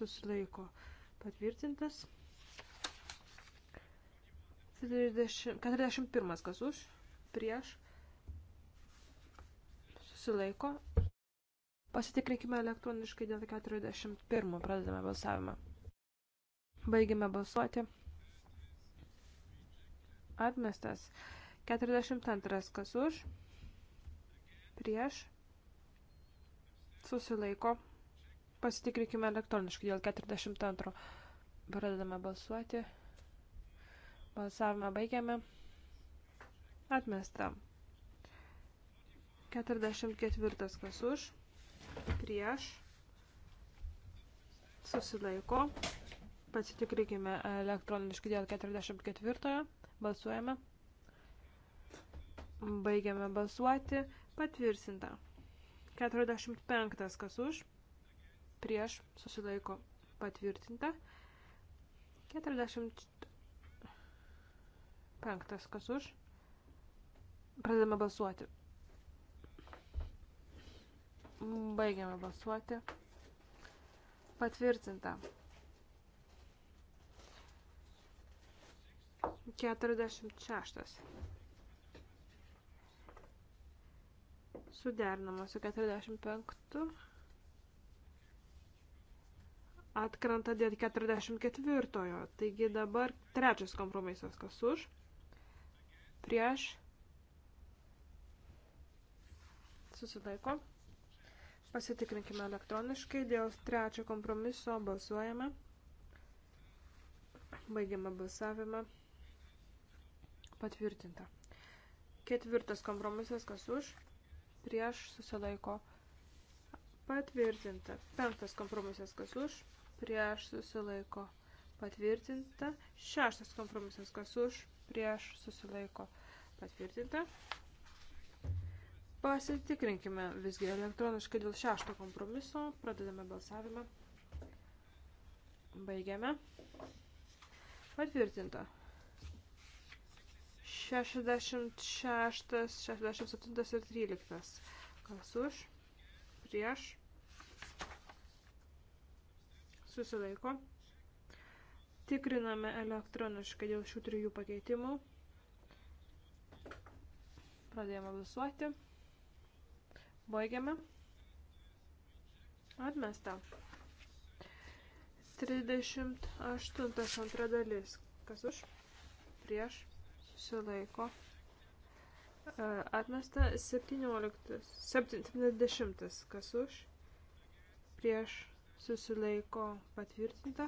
Speaker 4: Susilaiko. Patvirtintas. 40, 41 kas už, prieš, susilaiko. Pasitikrinkime elektroniškai dėl 41, pradedame balsavimą. Baigime balsuoti. Atmestas. 42 kas už, prieš, susilaiko. Pasitikrinkime elektroniškai dėl 42. Pradedame balsuoti. Balsavimą baigiame. Atmesta. 44 kas už, prieš, susilaiko. Pasitikrinkime elektroniškai dėl 44. Balsuojame. Baigiame balsuoti. Patvirtinta. 45 kas už, prieš, susilaiko. Patvirtinta. 46 Penktas, kas už? Pradedame balsuoti. Baigiame balsuoti. Patvirtinta. 46. Suderinama su 45. Atkrenta dėl 44. Taigi dabar trečias kompromisas, kas už prieš susilaiko. Pasitikrinkime elektroniškai. Dėl trečio kompromiso balsuojame. Baigiame balsavimą. Patvirtinta. Ketvirtas kompromisas, kas už, prieš susilaiko. Patvirtinta. Penktas kompromisas, kas už, prieš susilaiko. Patvirtinta. Šeštas kompromisas, kas už, prieš susilaiko. Patvirtinta. Pasitikrinkime visgi elektroniškai dėl šešto kompromiso. Pradedame balsavimą. Baigiame. Patvirtinta. 66, 67 ir 13. Kas už? Prieš. Susilaiko. Tikriname elektroniškai dėl šių trijų pakeitimų. Pradėjome balsuoti. Baigiame. Atmesta. 38 antra dalis. Kas už? Prieš. Susilaiko. E, atmesta 17. 70. Kas už? Prieš. Susilaiko. Patvirtinta.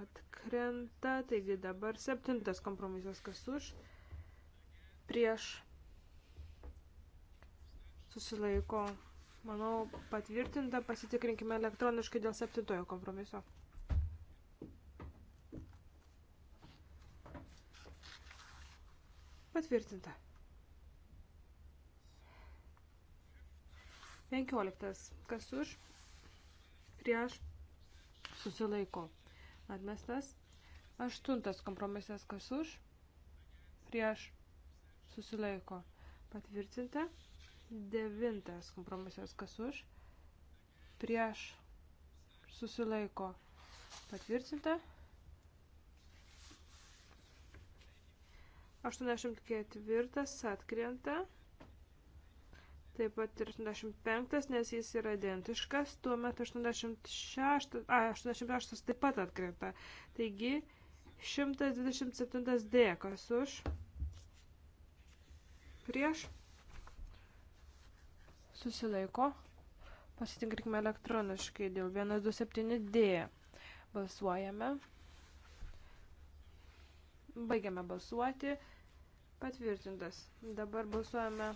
Speaker 4: Atkrenta. Taigi dabar septintas kompromisas. Kas už? Prieš prieš susilaiko. Manau, patvirtinta, pasitikrinkime elektroniškai dėl septintojo kompromiso. Patvirtinta. 15. Kas už? Prieš susilaiko. Atmestas. Aštuntas kompromisas kas už? Prieš susilaiko patvirtinta. Devintas kompromisas kas už, prieš susilaiko patvirtinta. 84 atkrenta. Taip pat ir 85, nes jis yra identiškas, tuomet 86, a, 86 taip pat atkrenta. Taigi 127 dėkas už prieš, susilaiko. Pasitikrinkime elektroniškai dėl 127D. Balsuojame. Baigiame balsuoti. Patvirtintas. Dabar balsuojame.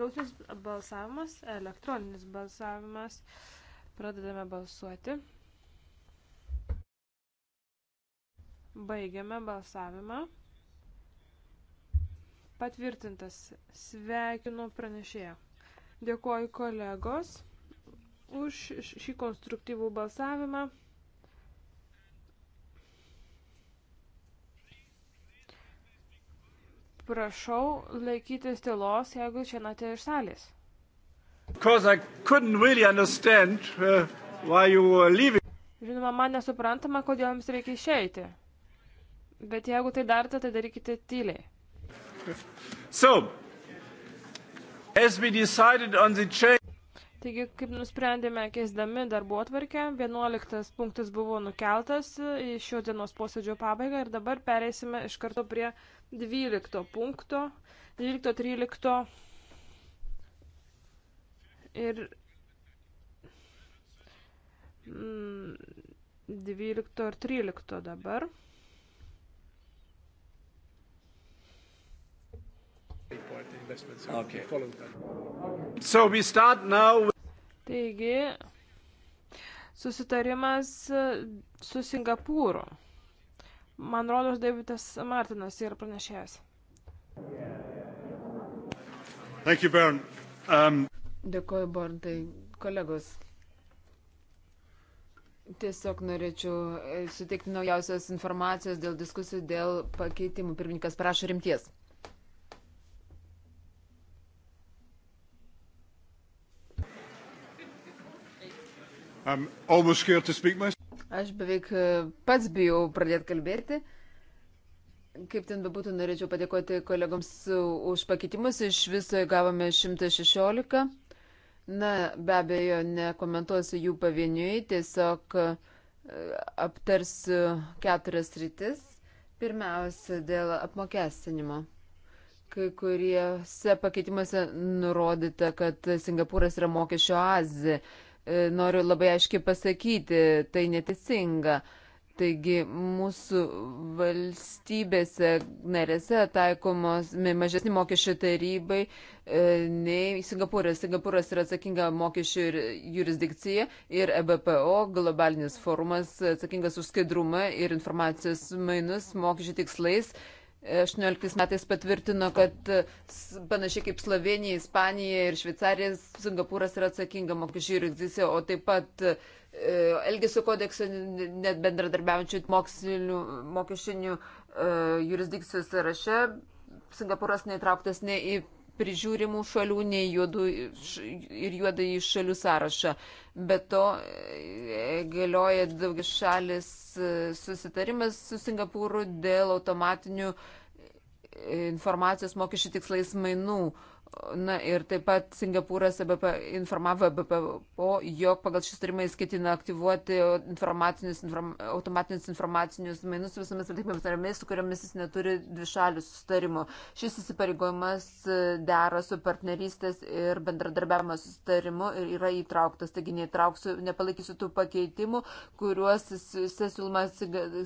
Speaker 4: Gausinis balsavimas, elektroninis balsavimas. Pradedame balsuoti. Baigiame balsavimą patvirtintas. Sveikinu pranešėją. Dėkuoju kolegos už šį konstruktyvų balsavimą. Prašau laikytis tylos, jeigu išėnate iš salės.
Speaker 1: Really uh,
Speaker 4: Žinoma, man nesuprantama, kodėl jums reikia išeiti. Bet jeigu tai darote, tai darykite tyliai.
Speaker 1: So, as we decided on the change.
Speaker 4: Taigi, kaip nusprendėme keisdami darbo atvarkę, 11 punktas buvo nukeltas į šio dienos posėdžio pabaigą ir dabar pereisime iš karto prie 12 punkto, 12-13 ir 12 mm, ir 13
Speaker 1: dabar. Okay. So we start now.
Speaker 4: Taigi, susitarimas e, su Singapūru. Man rodos, Davidas Martinas yra pranešėjas.
Speaker 1: Thank you, Bern. Um...
Speaker 2: Dėkuoju, Berntai. Kolegos, Tiesiog norėčiau e, suteikti naujausios informacijos dėl diskusijų, dėl pakeitimų. Pirmininkas prašo rimties.
Speaker 1: Aš
Speaker 2: beveik e, pats bijau pradėti kalbėti. Kaip ten bebūtų, norėčiau padėkoti kolegoms už pakeitimus. Iš viso gavome 116. Na, be abejo, nekomentuosiu jų pavieniui, tiesiog e, aptarsiu keturias rytis. Pirmiausia, dėl apmokestinimo. Kai kuriuose pakeitimuose nurodyta, kad Singapūras yra mokesčio azija. E, noriu labai aiškiai pasakyti, tai neteisinga. Taigi mūsų valstybėse narėse taikomos mažesni mokesčių tarybai e, nei Singapūras. Singapūras yra atsakinga mokesčių ir jurisdikcija ir EBPO, globalinis forumas, atsakingas už skaidrumą ir informacijos mainus mokesčių tikslais 18 metais patvirtino, kad e, panašiai kaip Slovenija, Ispanija ir Šveicarija, Singapūras yra atsakinga mokesčių jurisdikcija, o taip pat e, Elgesio kodekso net bendradarbiaujančių mokslinių mokesčių e, jurisdikcijų sąraše Singapūras neįtrauktas ne į prižiūrimų šalių, nei juodų ir juodai šalių sąrašą. Be to e, galioja daugia šalis e, susitarimas su Singapūru dėl automatinių e, informacijos mokesčių tikslais mainų. Uh, Na ir taip pat Singapūras BP, informavo BPO, jog pagal šis tarimais ketina aktyvuoti informacinius, inform, automatinius informacinius mainus visomis valstybėmis narėmis, su kuriamis jis neturi dvišalių sustarimų. Šis įsipareigojimas e, dera su partnerystės ir bendradarbiavimo sustarimu ir yra įtrauktas. Taigi neįtrauksiu, nepalaikysiu tų pakeitimų, kuriuos sesiūloma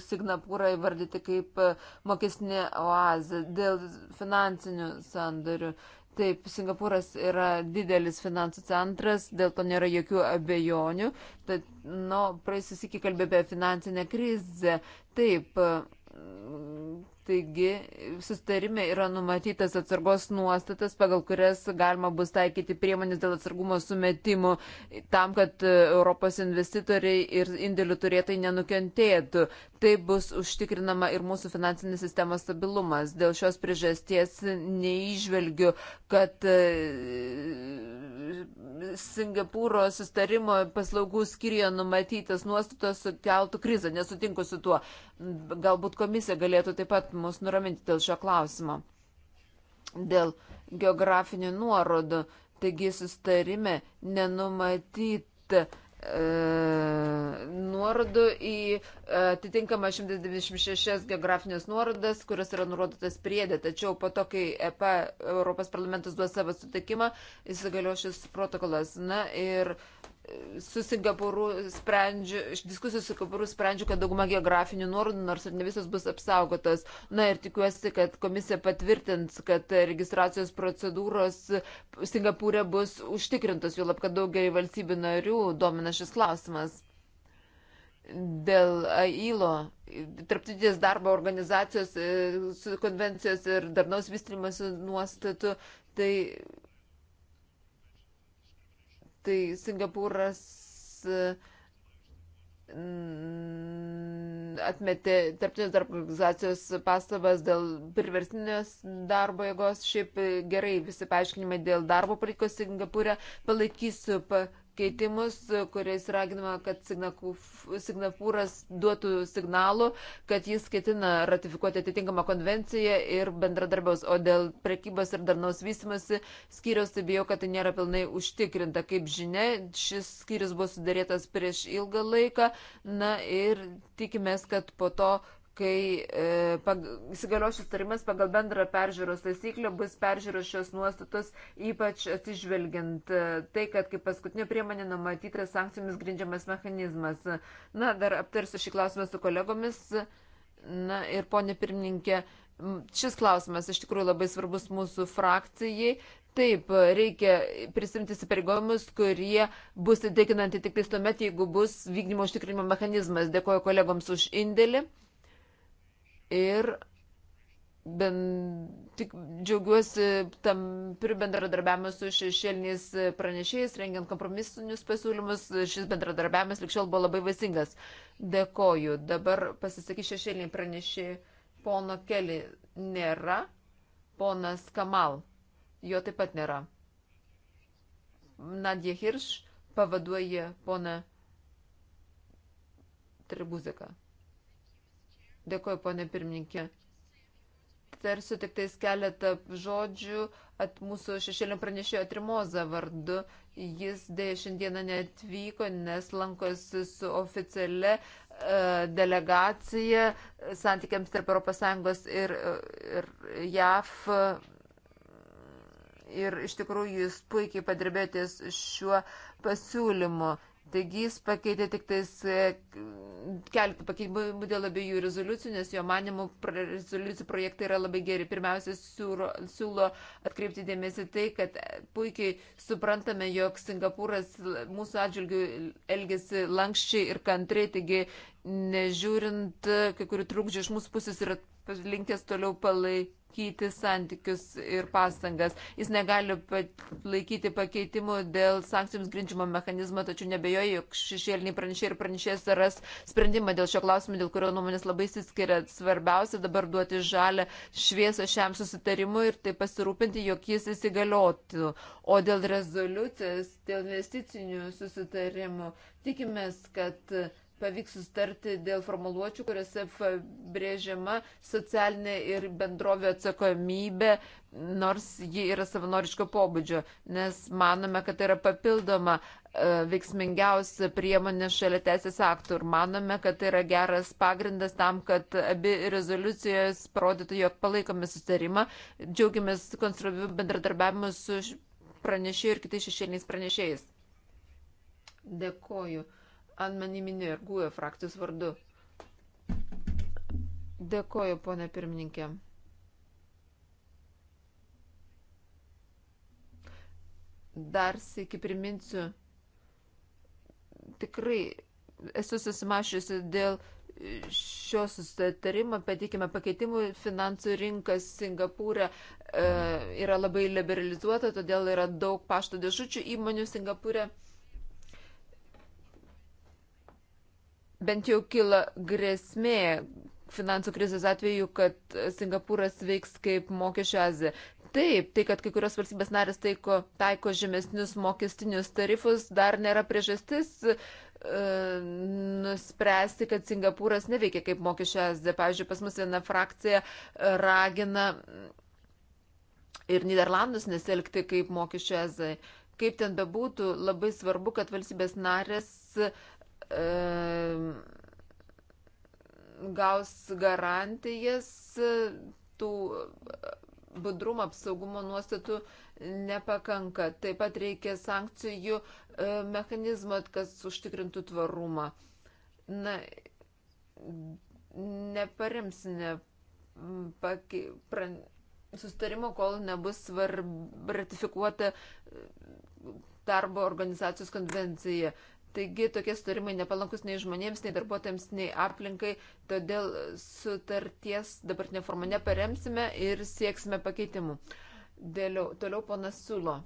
Speaker 2: Singapūrą įvardyti kaip e, mokesnė oazė dėl finansinių sandorių. Taip, Singapūras yra didelis finansų centras, dėl to nėra jokių abejonių. Tad, nu, praeisis iki kalbė apie finansinę krizę. Taip, Taigi, sustarime yra numatytas atsargos nuostatas, pagal kurias galima bus taikyti priemonės dėl atsargumo sumetimų tam, kad e, Europos investitoriai ir indėlių turėtai nenukentėtų. Tai bus užtikrinama ir mūsų finansinės sistemos stabilumas. Dėl šios priežasties neižvelgiu, kad e, Singapūro sustarimo paslaugų skyriuje numatytas nuostatos sukeltų krizę. Nesutinku su tuo. Galbūt komisija galėtų taip pat mus nuraminti dėl šio klausimo. Dėl geografinių nuorodų, taigi sustarime nenumatyti e, nuorodų į e, atitinkamą 196 geografinės nuorodas, kurios yra nurodytas priedė. Tačiau po to, kai EP, Europos parlamentas duos savo sutikimą, įsigalios šis protokolas. Na ir su Singapūru sprendžiu, iš diskusijų su Singapūru sprendžiu, kad dauguma geografinių nuorodų, nors ir ne visos bus apsaugotos. Na ir tikiuosi, kad komisija patvirtins, kad registracijos procedūros Singapūrė bus užtikrintos, jau lab, kad daugelį valstybių narių domina šis klausimas. Dėl AILO, tarptautinės darbo organizacijos e, konvencijos ir darnaus vystymas nuostatų, tai tai Singapūras e, atmetė tarptautinės darbo organizacijos pastabas dėl priverstinės darbo jėgos. Šiaip gerai visi paaiškinimai dėl darbo politikos Singapūrė palaikysiu. Pa, pakeitimus, kuriais raginama, kad Singapūras duotų signalų, kad jis ketina ratifikuoti atitinkamą konvenciją ir bendradarbiaus. O dėl prekybos ir darnaus vystimasi skyriaus, tai bijau, kad tai nėra pilnai užtikrinta. Kaip žinia, šis skyrius buvo sudarytas prieš ilgą laiką. Na ir tikimės, kad po to kai e, įsigalios šis tarimas pagal bendrą peržiūros taisyklę bus peržiūros šios nuostatos, ypač atsižvelgiant e, tai, kad kaip paskutinė priemonė numatytas sankcijomis grindžiamas mechanizmas. Na, dar aptarsiu šį klausimą su kolegomis. Na ir ponė pirmininkė, šis klausimas iš tikrųjų labai svarbus mūsų frakcijai. Taip, reikia prisimti įsipareigojimus, kurie bus įtikinanti tik tais tuomet, jeigu bus vykdymo užtikrinimo mechanizmas. Dėkoju kolegoms už indėlį ir ben, tik džiaugiuosi tam turiu bendradarbiavimą su šešėliniais pranešėjais, rengiant kompromisinius pasiūlymus. Šis bendradarbiavimas likščiau buvo labai vaisingas. Dėkoju. Dabar pasisakys šešėliniai pranešėjai. Pono Keli nėra. Ponas Kamal. Jo taip pat nėra. Nadie Hirš pavaduoja poną Tribuziką. Dėkuoju, ponė pirmininkė. Tarsiu tik tais keletą žodžių at mūsų šešėlio pranešėjo Trimoza vardu. Jis dėja šiandieną netvyko, nes lankosi su oficiale delegacija santykiams tarp ES ir, ir JAF ir iš tikrųjų jūs puikiai padirbėtės šiuo pasiūlymu. Taigi jis pakeitė tik tais e, keletą pakeitimų dėl abiejų rezoliucijų, nes jo manimų rezoliucijų projektai yra labai geri. Pirmiausia, siūlo atkreipti dėmesį tai, kad puikiai suprantame, jog Singapūras mūsų atžvilgių elgesi lankščiai ir kantriai, taigi nežiūrint e, kai kurių trūkdžių iš mūsų pusės yra linkęs toliau palaikyti santykius ir pastangas. Jis negali laikyti pakeitimų dėl sankcijoms grindžimo mechanizmo, tačiau nebejoju, jog šešėliniai pranešėjai ir pranešėjas ras sprendimą dėl šio klausimo, dėl kurio nuomonės labai įsiskiria. Svarbiausia dabar duoti žalę šviesą šiam susitarimui ir tai pasirūpinti, jog jis įsigaliotų. O dėl rezoliucijos, dėl investicinių susitarimų, tikimės, kad pavyks sustarti dėl formuluočių, kuriuose brėžiama socialinė ir bendrovė atsakomybė, nors ji yra savanoriško pobūdžio, nes manome, kad tai yra papildoma e, veiksmingiausia priemonė šalia teisės aktų ir manome, kad tai yra geras pagrindas tam, kad abi rezoliucijos parodytų, jog palaikome sustarimą, džiaugiamės konstruktyviu bendradarbiavimu su pranešėjų ir kitais šešėliniais pranešėjais. Dėkoju. Anmeni Minir, GUE frakcijos vardu. Dėkoju, ponė pirmininkė. Dar sėki priminsiu, tikrai esu susimašysi dėl šio susitarimo, pateikime pakeitimų, finansų rinkas Singapūrė e, yra labai liberalizuota, todėl yra daug pašto dėžučių įmonių Singapūrė. E, bent jau kila grėsmė finansų krizės atveju, kad Singapūras veiks kaip mokesčio azija. Taip, tai kad kai kurios valstybės narės taiko, taiko žemesnius mokestinius tarifus, dar nėra priežastis e, nuspręsti, kad Singapūras neveikia kaip mokesčio azija. Pavyzdžiui, pas mus viena frakcija ragina ir Niderlandus nesielgti kaip mokesčio azija. Kaip ten bebūtų, labai svarbu, kad valstybės narės gaus garantijas e, tų budrumo apsaugumo nuostatų nepakanka. Taip pat reikia sankcijų e, mechanizmo, kas užtikrintų tvarumą. Na, neparemsime pake, pran, sustarimo, kol nebus svarb, ratifikuota e, darbo organizacijos konvencija. Taigi tokie sutarimai nepalankus nei žmonėms, nei darbuotojams, nei aplinkai, todėl sutarties dabartinė forma neparemsime ir sieksime pakeitimų. Dėliau, toliau ponas Sulo.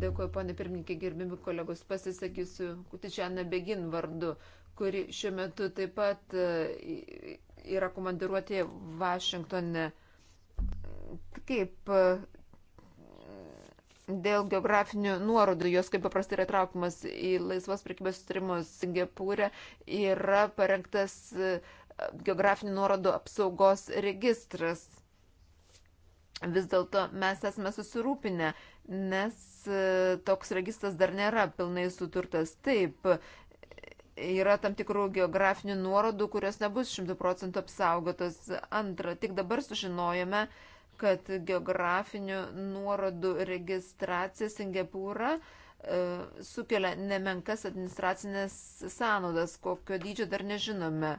Speaker 2: Dėkuoju, ponė pirmininkė, gerbimi kolegos, pasisakysiu Kutičiana Begin vardu, kuri šiuo metu taip pat e, yra komandiruotė Vašingtone. Kaip dėl geografinių nuorodų, jos kaip paprastai yra traukiamas į laisvos prekybos sutarimus Singapūrė, yra parengtas e, geografinių nuorodų apsaugos registras. Vis dėlto mes esame susirūpinę, nes e, toks registras dar nėra pilnai suturtas. Taip, yra tam tikrų geografinių nuorodų, kurios nebus 100 procentų apsaugotos. Antra, tik dabar sužinojame, uh, kad geografinių nuorodų registracija Singapūra e, sukelia nemenkas administracinės sąnaudas, kokio dydžio dar nežinome.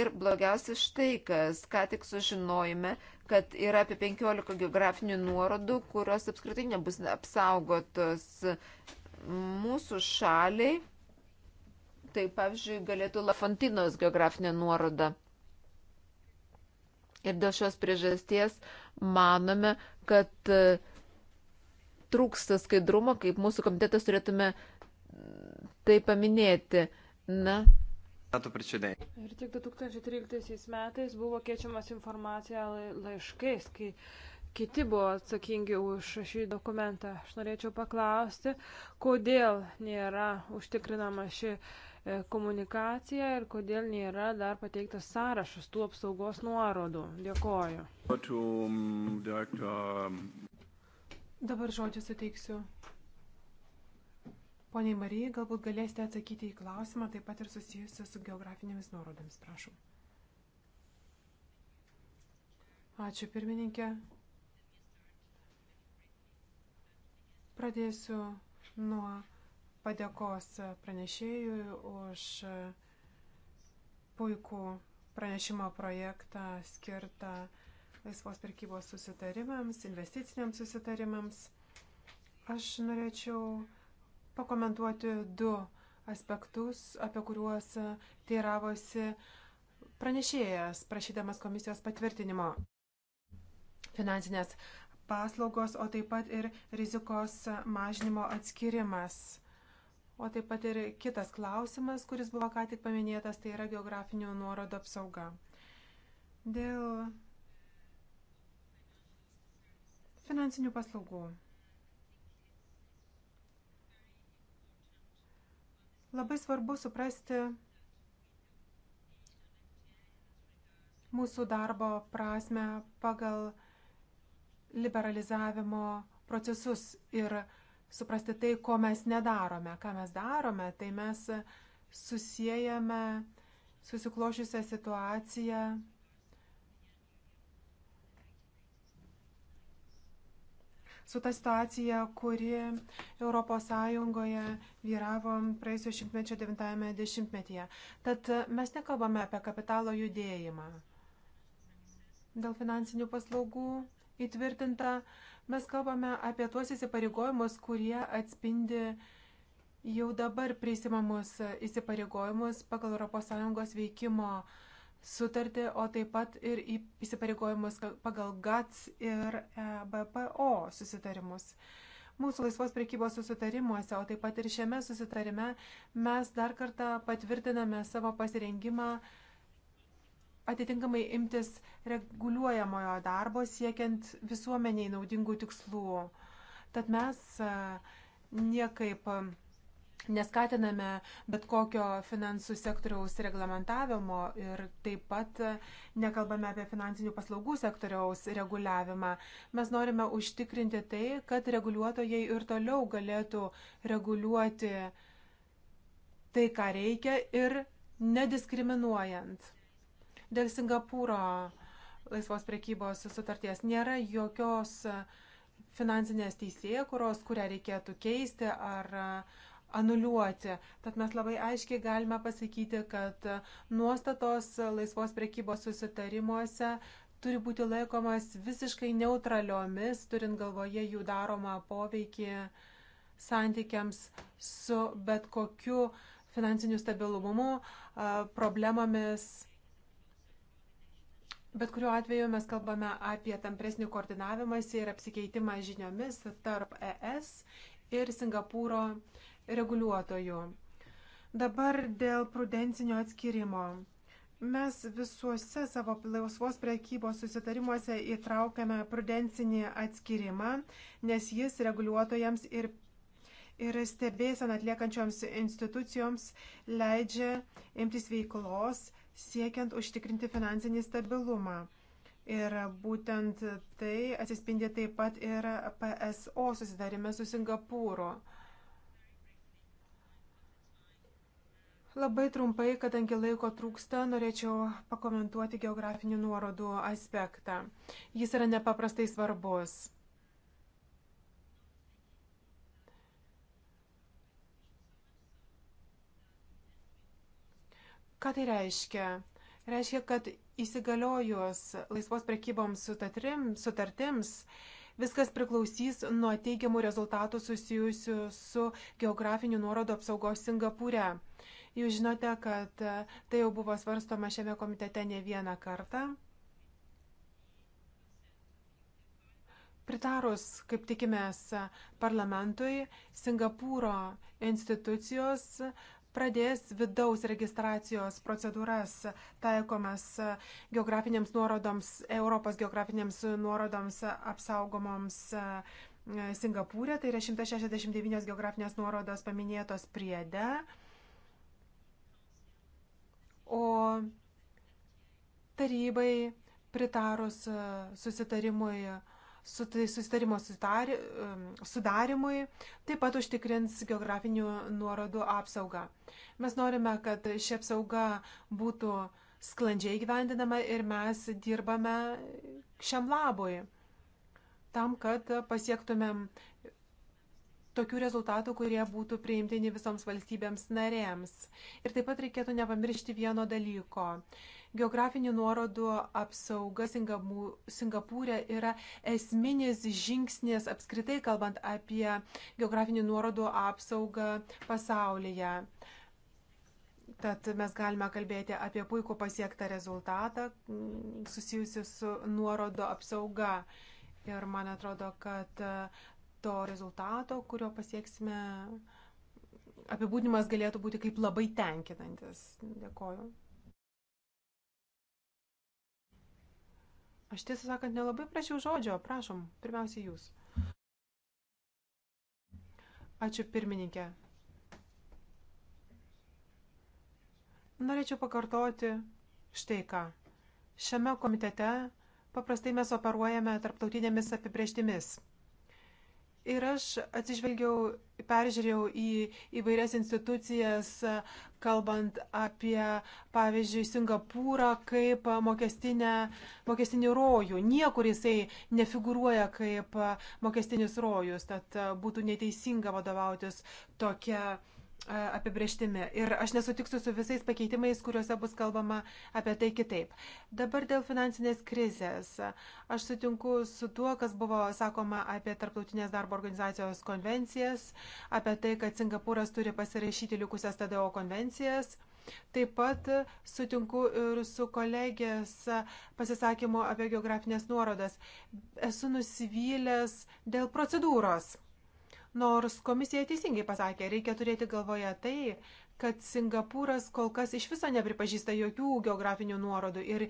Speaker 2: Ir blogiausia štai, kas ką tik sužinojome, kad yra apie 15 geografinių nuorodų, kurios apskritai nebus apsaugotos mūsų šaliai. Tai pavyzdžiui, galėtų Lafontinos geografinė nuoroda Ir dėl šios priežasties manome, kad e, trūksta skaidrumo, kaip mūsų komitetas turėtume tai paminėti. Na. Ir
Speaker 4: tik 2013 metais buvo keičiamas informacija laiškais, kai kiti buvo atsakingi už šį dokumentą. Aš norėčiau paklausti, kodėl nėra užtikrinama ši uh, E, komunikacija ir kodėl nėra dar pateiktas sąrašas tų apsaugos nuorodų. Dėkoju. Dabar žodžiu
Speaker 3: suteiksiu. Pone Marija, galbūt galėsite atsakyti į klausimą, taip pat ir susijusiu su geografinėmis nuorodėmis, prašom. Ačiū pirmininkė. Pradėsiu nuo padėkos pranešėjui už puikų pranešimo projektą skirtą laisvos prekybos susitarimams, investiciniams susitarimams. Aš norėčiau pakomentuoti du aspektus, apie kuriuos teiravosi pranešėjas, prašydamas komisijos patvirtinimo finansinės paslaugos, o taip pat ir rizikos mažinimo atskirimas. O taip pat ir kitas klausimas, kuris buvo ką tik paminėtas, tai yra geografinių nuorodų apsauga. Dėl finansinių paslaugų. Labai svarbu suprasti mūsų darbo prasme pagal liberalizavimo procesus ir procesus suprasti tai, ko mes nedarome. Ką mes darome, tai mes susijęjame susiklošiusią situaciją su ta situacija, kuri ES vyravo praėjusio šimtmečio 90-metyje. Tad mes nekalbame apie kapitalo judėjimą. Dėl finansinių paslaugų įtvirtinta, mes kalbame apie tuos įsipareigojimus, kurie atspindi jau dabar prisimamus įsipareigojimus pagal ES veikimo sutartį, o taip pat ir įsipareigojimus pagal GATS ir e BPO susitarimus mūsų laisvos prekybos susitarimuose, o taip pat ir šiame susitarime mes dar kartą patvirtiname savo pasirengimą atitinkamai imtis reguliuojamojo darbo siekiant visuomeniai naudingų tikslų. Tad mes e, niekaip e, neskatiname bet kokio finansų sektoriaus reglamentavimo ir taip pat e, nekalbame apie finansinių paslaugų sektoriaus reguliavimą. Mes norime užtikrinti tai, kad reguliuotojai ir toliau galėtų reguliuoti tai, ką reikia ir nediskriminuojant. Dėl Singapūro laisvos prekybos sutarties nėra jokios finansinės teisėje, kurios, kurią reikėtų keisti ar anuliuoti. Tad mes labai aiškiai galime pasakyti, kad nuostatos laisvos prekybos susitarimuose turi būti laikomas visiškai neutraliomis, turint galvoje jų daromą poveikį santykiams su bet kokiu finansiniu stabilumu, problemomis Bet kuriuo atveju mes kalbame apie tampresnį koordinavimąsi ir apsikeitimą žiniomis tarp ES ir Singapūro reguliuotojų. Dabar dėl prudencinio atskirimo. Mes visuose savo laisvos prekybos susitarimuose įtraukiame prudencinį atskirimą, nes jis reguliuotojams ir, ir stebėsen atliekančioms institucijoms leidžia imtis veiklos siekiant užtikrinti finansinį stabilumą. Ir būtent tai atsispindi taip pat ir PSO susidarime su Singapūru. Labai trumpai, kadangi laiko trūksta, norėčiau pakomentuoti geografinių nuorodų aspektą. Jis yra nepaprastai svarbus. Ką tai reiškia? Reiškia, kad įsigaliojus laisvos prekyboms sutartims, sutartims viskas priklausys nuo teigiamų rezultatų susijusių su geografiniu nuorodo apsaugos Singapūre. Jūs žinote, kad tai jau buvo svarstoma šiame komitete ne vieną kartą. Pritarus, kaip tikimės, parlamentui, Singapūro institucijos pradės vidaus registracijos procedūras taikomas geografinėms nuorodoms, Europos geografinėms nuorodoms apsaugomoms e, Singapūrė, tai yra 169 geografinės nuorodos paminėtos priede. O tarybai pritarus e, susitarimui Tai susitarimo sudarimui, taip pat užtikrins geografinių nuorodų apsaugą. Mes norime, kad ši apsauga būtų sklandžiai gyvendinama ir mes dirbame šiam labui, tam, kad pasiektumėm tokių rezultatų, kurie būtų priimtini visoms valstybėms narėms. Ir taip pat reikėtų nepamiršti vieno dalyko. Geografinių nuorodų apsauga Singapūrė yra esminis žingsnis apskritai kalbant apie geografinių nuorodų apsaugą pasaulyje. Tad mes galime kalbėti apie puikų pasiektą rezultatą mm, susijusiu su nuorodo apsauga. Ir man atrodo, kad e, to rezultato, kurio pasieksime, apibūdinimas galėtų būti kaip labai tenkinantis. Dėkoju. Aš tiesą sakant, nelabai prašiau žodžio. Prašom, pirmiausia jūs. Ačiū pirmininkė. Norėčiau pakartoti štai ką. Šiame komitete paprastai mes operuojame tarptautinėmis apibrieštimis. Ir aš atsižvelgiau, peržiūrėjau į įvairias institucijas, kalbant apie, pavyzdžiui, Singapūrą kaip mokestinį rojų. Niekur jisai nefigūruoja kaip mokestinis rojus, tad būtų neteisinga vadovautis tokia apibrieštimi. Ir aš nesutiksiu su visais pakeitimais, kuriuose bus kalbama apie tai kitaip. Dabar dėl finansinės krizės. Aš sutinku su tuo, kas buvo sakoma apie Tarptautinės darbo organizacijos konvencijas, apie tai, kad Singapūras turi pasirašyti likusias TDO konvencijas. Taip pat sutinku ir su kolegės pasisakymu apie geografinės nuorodas. Esu nusivylęs dėl procedūros Nors komisija teisingai pasakė, reikia turėti galvoje tai, kad Singapūras kol kas iš viso nepripažįsta jokių geografinių nuorodų ir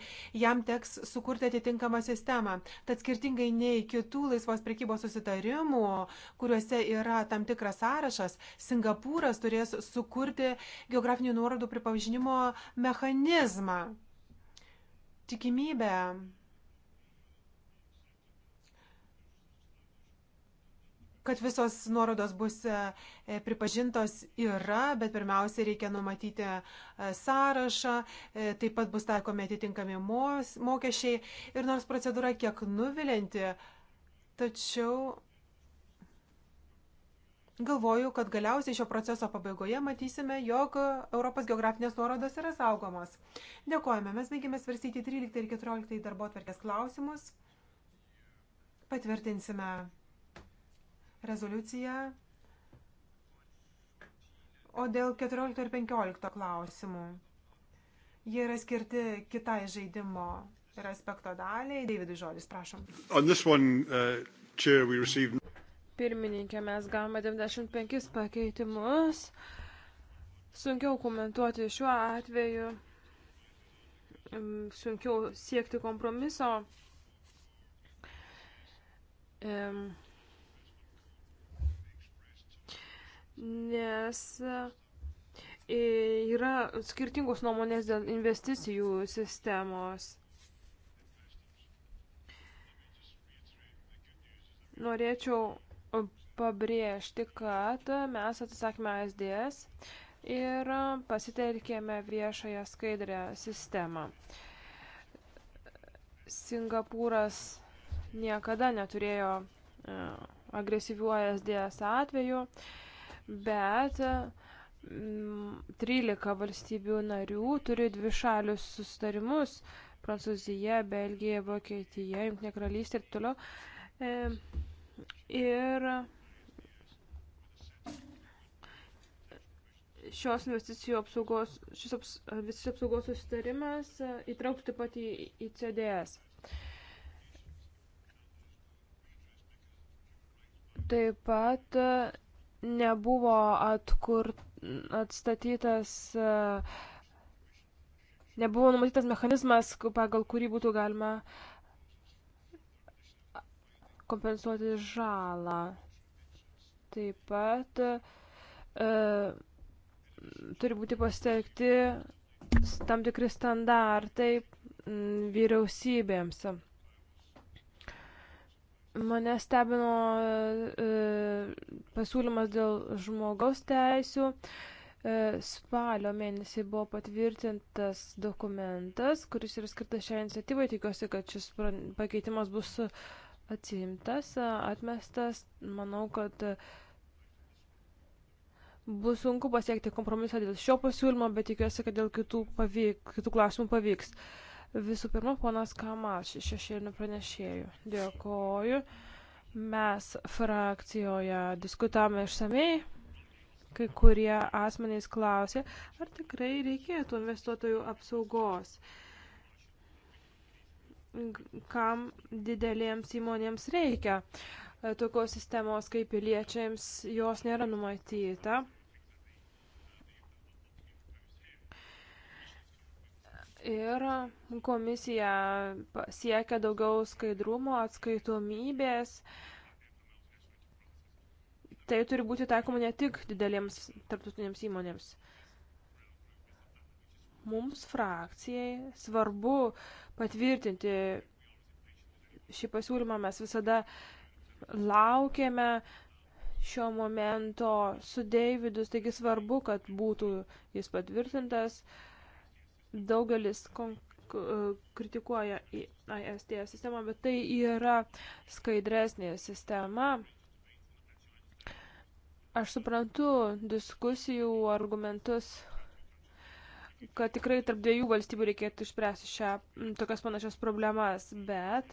Speaker 3: jam teks sukurti atitinkamą sistemą. Tad skirtingai nei kitų laisvos prekybos susitarimų, kuriuose yra tam tikras sąrašas, Singapūras turės sukurti geografinių nuorodų pripažinimo mechanizmą. Tikimybė kad visos nuorodos bus e, e, pripažintos yra, bet pirmiausia reikia numatyti e, sąrašą, taip pat bus taikomi atitinkami mokesčiai ir nors procedūra kiek nuvilinti, tačiau galvoju, kad galiausiai šio proceso pabaigoje matysime, jog Europos geografinės nuorodos yra saugomos. Dėkojame, mes baigėme svarstyti 13 ir 14 darbo tvarkės klausimus. Patvirtinsime rezoliuciją. O dėl 14 ir 15 klausimų. Jie yra skirti kitai žaidimo ir aspekto daliai.
Speaker 4: Davidai žodis, prašom.
Speaker 1: On this one, uh, chair, we received...
Speaker 4: Pirmininkė, mes gavome 95 pakeitimus. Sunkiau komentuoti šiuo atveju, mm, sunkiau siekti kompromiso. Um, nes e, yra skirtingos nuomonės dėl investicijų sistemos. Norėčiau pabrėžti, kad mes atsisakėme SDS ir pasitelkėme viešąją skaidrę sistemą. Singapūras niekada neturėjo e, agresyvių SDS atvejų. Uh, bet 13 mm, valstybių narių turi dvi šalius sustarimus - Prancūzija, Belgija, Vokietija, Junktinė karalystė ir toliau. E, ir šios investicijų apsaugos, šis aps, investicijų apsaugos susitarimas e, įtrauks taip pat į, į CDS. Taip pat nebuvo atkur, atstatytas, nebuvo numatytas mechanizmas, pagal kurį būtų galima kompensuoti žalą. Taip pat e, turi būti pasitelkti tam tikri standartai vyriausybėms. Mane stebino e, pasiūlymas dėl žmogaus teisių. E, spalio mėnesį buvo patvirtintas dokumentas, kuris yra skirtas šią iniciatyvą. Tikiuosi, kad šis pakeitimas bus atsiimtas, e, atmestas. Manau, kad e, bus sunku pasiekti kompromisą dėl šio pasiūlymo, bet tikiuosi, kad dėl kitų, pavyk, kitų klausimų pavyks. E, Visų pirma, ponas Kamas iš šešėlinių pranešėjų. Dėkoju. Mes frakcijoje diskutavome išsamei. Kai kurie asmenys klausė, ar tikrai reikėtų investuotojų apsaugos kam didelėms įmonėms reikia. Tokios sistemos kaip piliečiams jos nėra numatyta. ir komisija siekia daugiau skaidrumo, atskaitomybės. Tai turi būti taikoma ne tik didelėms tarptautinėms įmonėms. Mums frakcijai svarbu patvirtinti šį pasiūlymą. Mes visada laukėme šio momento su Deividus, taigi svarbu, kad būtų jis patvirtintas. Uh, Daugelis e, kritikuoja IST sistemą, bet tai yra skaidresnė sistema. Aš suprantu diskusijų argumentus, kad tikrai tarp dviejų valstybių reikėtų išspręsti šią tokias panašias problemas, bet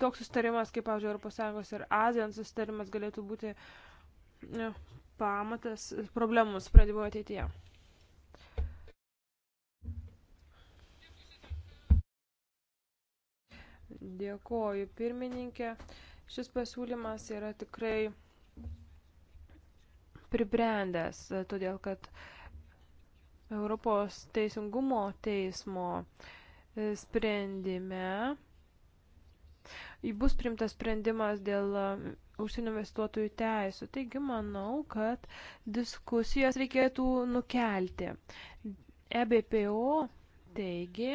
Speaker 4: toks sustarimas, kaip, pavyzdžiui, ES ir ASEAN sustarimas galėtų būti e, pamatas problemų sprendimo ateityje. Dėkoju pirmininkė. Šis pasiūlymas yra tikrai pribrendęs, todėl kad Europos teisingumo teismo sprendime bus primtas sprendimas dėl užsienio investuotojų teisų. Taigi manau, kad diskusijas reikėtų nukelti. EBPO teigi,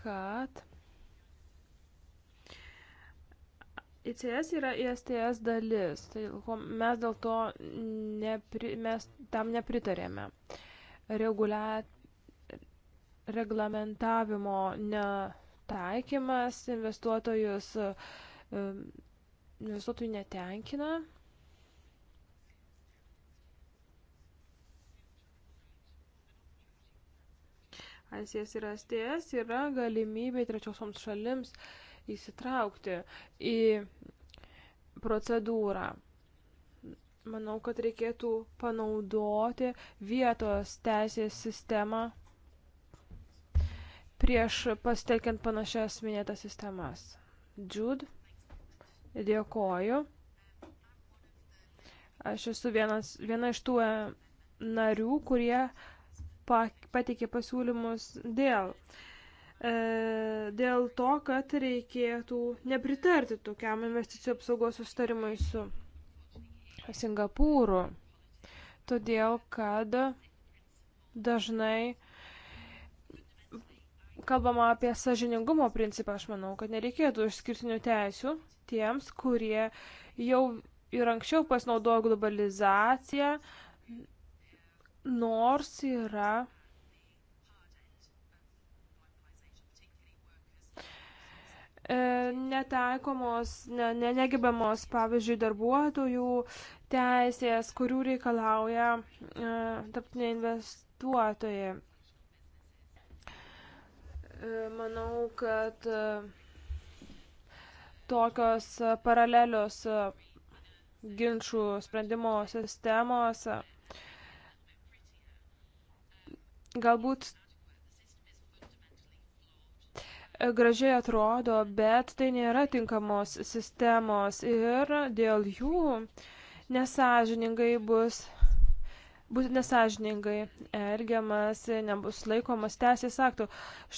Speaker 4: kad ICS yra ISTS dalis, tai mes dėl to nepri, mes tam nepritarėme. Regulia, reglamentavimo netaikymas investuotojus investuotojų netenkina. ICS ir STS yra galimybė trečiosioms šalims uh, įsitraukti į procedūrą. Manau, kad reikėtų panaudoti vietos teisės sistemą prieš pastelkiant panašias minėtas sistemas. Džud, dėkoju. Aš esu vienas, viena iš tų e, narių, kurie pateikė pasiūlymus dėl uh, E, dėl to, kad reikėtų nepritarti tokiam investicijų apsaugos sustarimui su Singapūru. Todėl, kad dažnai kalbama apie sažiningumo principą, aš manau, kad nereikėtų išskirtinių teisių tiems, kurie jau ir anksčiau pasinaudojo globalizaciją, nors yra E, netaikomos, ne, negebamos, pavyzdžiui, darbuotojų teisės, kurių reikalauja e, tarptiniai investuotojai. E, manau, kad tokios paralelios ginčių sprendimo sistemos galbūt gražiai atrodo, bet tai nėra tinkamos sistemos ir dėl jų nesažiningai bus, bus nesažiningai elgiamas, nebus laikomas teisės aktų.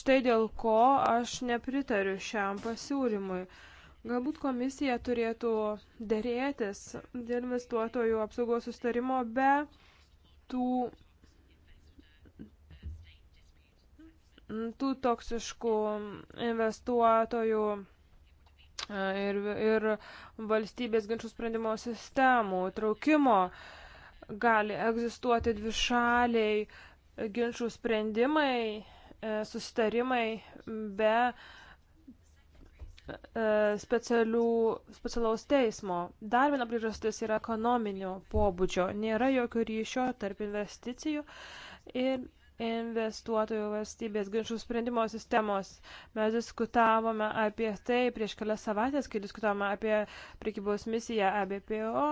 Speaker 4: Štai dėl ko aš nepritariu šiam pasiūlymui. Galbūt komisija turėtų dėrėtis dėl investuotojų apsaugos sustarimo be tų tų toksiškų investuotojų e, ir, ir valstybės ginčių sprendimo sistemų traukimo gali egzistuoti dvišaliai ginčių sprendimai, e, susitarimai be e, specialių, specialaus teismo. Dar viena priežastis yra ekonominio pobūdžio. Nėra jokio ryšio tarp investicijų ir investuotojų valstybės ginčių sprendimo sistemos. Mes diskutavome apie tai prieš kelias savaitės, kai diskutavome apie prekybos misiją ABPO.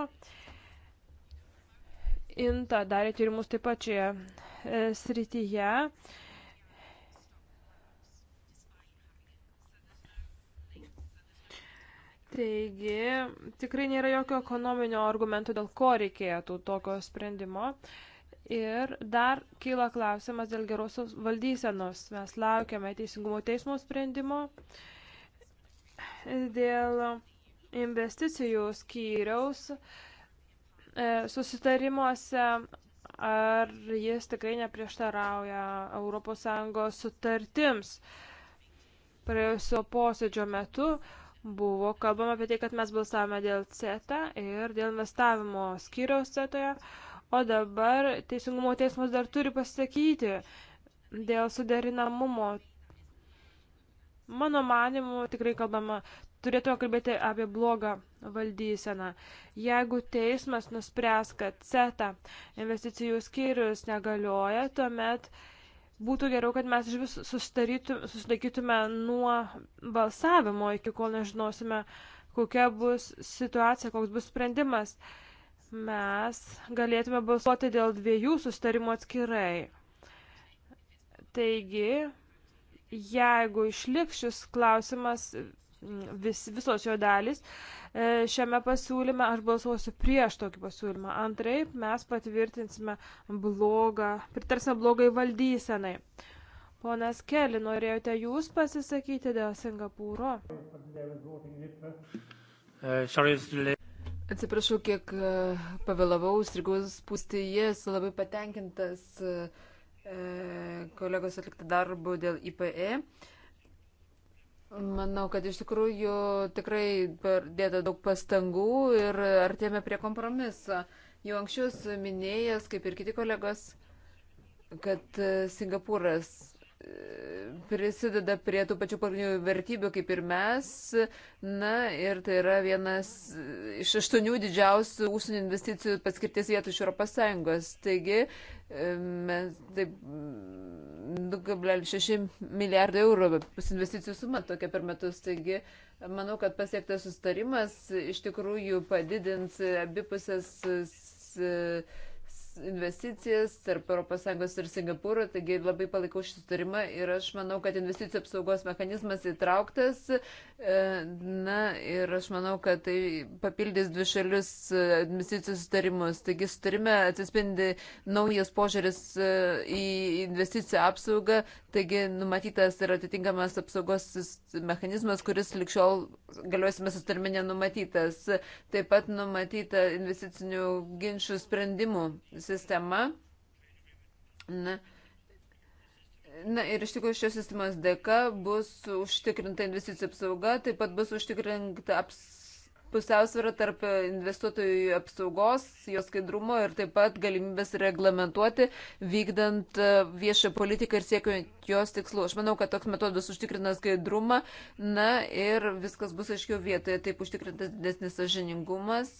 Speaker 4: INTA darė tyrimus taip pat šioje e, srityje. Taigi, tikrai nėra jokio ekonominio argumento, dėl ko reikėtų tokio sprendimo. E, Ir dar kyla klausimas dėl gerosios valdysenos. Mes laukiame Teisingumo teismo sprendimo dėl investicijų skyriaus e, susitarimuose, ar jis tikrai neprieštarauja ES sutartims. Praėjusio posėdžio metu buvo kalbama apie tai, kad mes balsavome dėl CETA ir dėl investavimo skyriaus CETOje. O dabar Teisingumo teismas dar turi pasakyti dėl suderinamumo. Mano manimu, tikrai kalbama, turėtume kalbėti apie blogą valdyseną. Jeigu teismas nuspręs, kad CETA investicijų skyrius negalioja, tuomet būtų geriau, kad mes iš vis susidakytume nuo balsavimo, iki kol nežinosime, kokia bus situacija, koks bus sprendimas. Uh, mes galėtume balsuoti dėl dviejų sustarimų atskirai. Taigi, jeigu išliks šis klausimas, vis, visos jo dalys, e, šiame pasiūlyme aš balsuosiu prieš tokį pasiūlymą. Antraip, mes patvirtinsime blogą, pritarsime blogai valdysenai. Ponas Keli, norėjote jūs pasisakyti dėl Singapūro?
Speaker 2: Uh, sorry, Atsiprašau, kiek e, pavėlavau, strigos pūstyje, esu labai patenkintas e, e, kolegos atlikti darbų dėl IPE. Manau, kad iš tikrųjų tikrai dėta daug pastangų ir artėme prie kompromiso. Jau anksčiau minėjęs, kaip ir kiti kolegos, kad Singapūras prisideda prie tų pačių pagrindinių vertybių kaip ir mes. Na ir tai yra vienas iš aštuonių didžiausių užsienio investicijų paskirties vietų iš ES. Taigi e, mes taip 2,6 milijardai eurų investicijų suma tokia per metus. Taigi manau, kad pasiektas sustarimas iš tikrųjų padidins abipusės investicijas tarp ES ir Singapūro, taigi labai palaikau šį sutarimą ir aš manau, kad investicijų apsaugos mechanizmas įtrauktas. E, na ir aš manau, kad tai papildys dvi šalius e, investicijų sutarimus. Taigi sutarime atsispindi naujas požiūris e, į investicijų apsaugą, taigi numatytas ir atitinkamas apsaugos mechanizmas, kuris likščiol galiuosime sutarime nenumatytas. Taip pat numatyta investicinių ginčių sprendimų sistema. Na, Na ir iš tikrųjų šios sistemos dėka bus užtikrinta investicijų apsauga, taip pat bus užtikrinta aps, pusiausvyrą tarp investuotojų apsaugos, jos skaidrumo ir taip pat galimybės reglamentuoti, vykdant e, viešą politiką ir siekiant jos tikslų. Aš manau, kad toks metodas užtikrina skaidrumą, na ir viskas bus aiškiau vietoje, taip užtikrintas didesnis sažiningumas.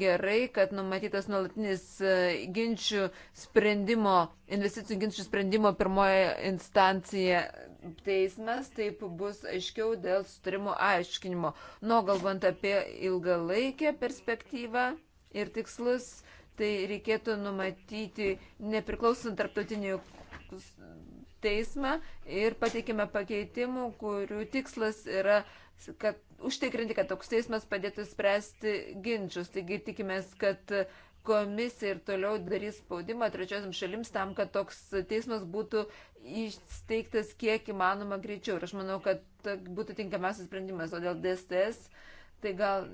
Speaker 2: Gerai, kad numatytas nuolatinis e, ginčių sprendimo, investicijų ginčių sprendimo pirmoje instancija teismas, taip bus aiškiau dėl sutarimo aiškinimo. Nu, galvant apie ilgalaikę perspektyvą ir tikslus, tai reikėtų numatyti nepriklausant tarptautinių teismą ir pateikime pakeitimų, kurių tikslas yra kad užtikrinti, kad toks teismas padėtų spręsti ginčius. Taigi tikimės, kad komisija ir toliau darys spaudimą trečiosiam šalims tam, kad toks teismas būtų įsteigtas kiek įmanoma greičiau. Ir aš manau, kad būtų tinkamiausias sprendimas. O dėl DSTS tai gal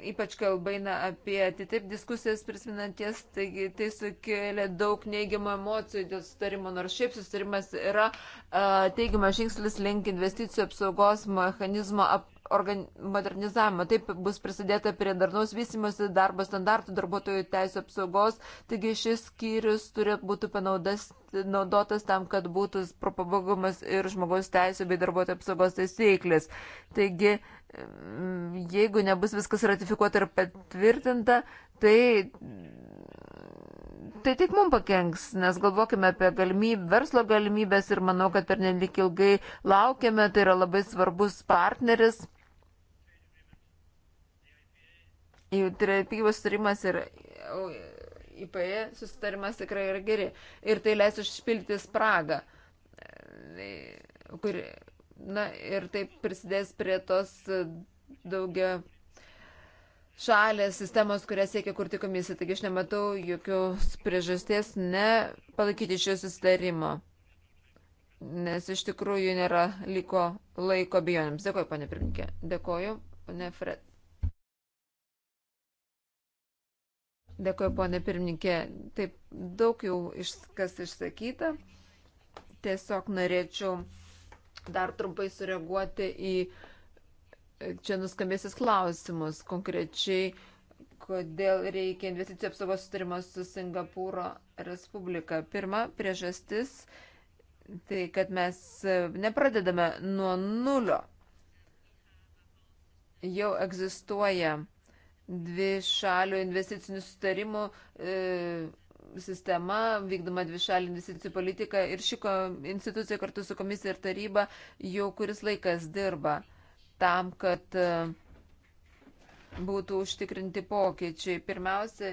Speaker 2: ypač kalba eina apie TTIP diskusijas prisiminanties, taigi tai sukėlė daug neigiamų emocijų dėl sustarimo, nors šiaip sustarimas yra uh, teigiamas žingsnis link investicijų apsaugos mechanizmo ap organ... modernizavimo. Taip bus prisidėta prie darnaus vystimosi, darbo standartų, darbuotojų teisų apsaugos, taigi šis skyrius turi būti panaudas naudotas tam, kad būtų propaguojamas ir žmogaus teisų bei darbuotojų apsaugos taisyklės. Taigi, uh, jeigu nebus viskas ratifikuota ir patvirtinta, tai, tai tik mums pakenks, nes galvokime apie galimybę, verslo galimybės ir manau, kad per nelik ilgai laukiame, tai yra labai svarbus partneris. Prekybos sutarimas ir IPE susitarimas tikrai yra geri ir tai leis užpildyti spragą, e, kuri Na ir taip prisidės prie tos daugia šalės sistemos, kurią siekia kurti komisija. Taigi aš nematau jokios priežasties nepalaikyti šio susitarimo. Nes iš tikrųjų nėra liko laiko bijonėms. Dėkoju, ponė pirmininkė. Dėkoju, ponė Fred. Dėkoju, ponė pirmininkė. Taip daug jau iš, kas išsakyta. Tiesiog norėčiau dar trumpai sureaguoti į e, čia nuskambėsis klausimus konkrečiai, kodėl reikia investicijų apsaugos sutarimas su Singapūro Respublika. Pirma priežastis - tai, kad mes e, nepradedame nuo nulio. Jau egzistuoja dvi šalių investicinių sutarimų. E, sistema, vykdoma dvišalį investicijų politika ir ši institucija kartu su komisija ir taryba jau kuris laikas dirba tam, kad e, būtų užtikrinti pokyčiai. Pirmiausia,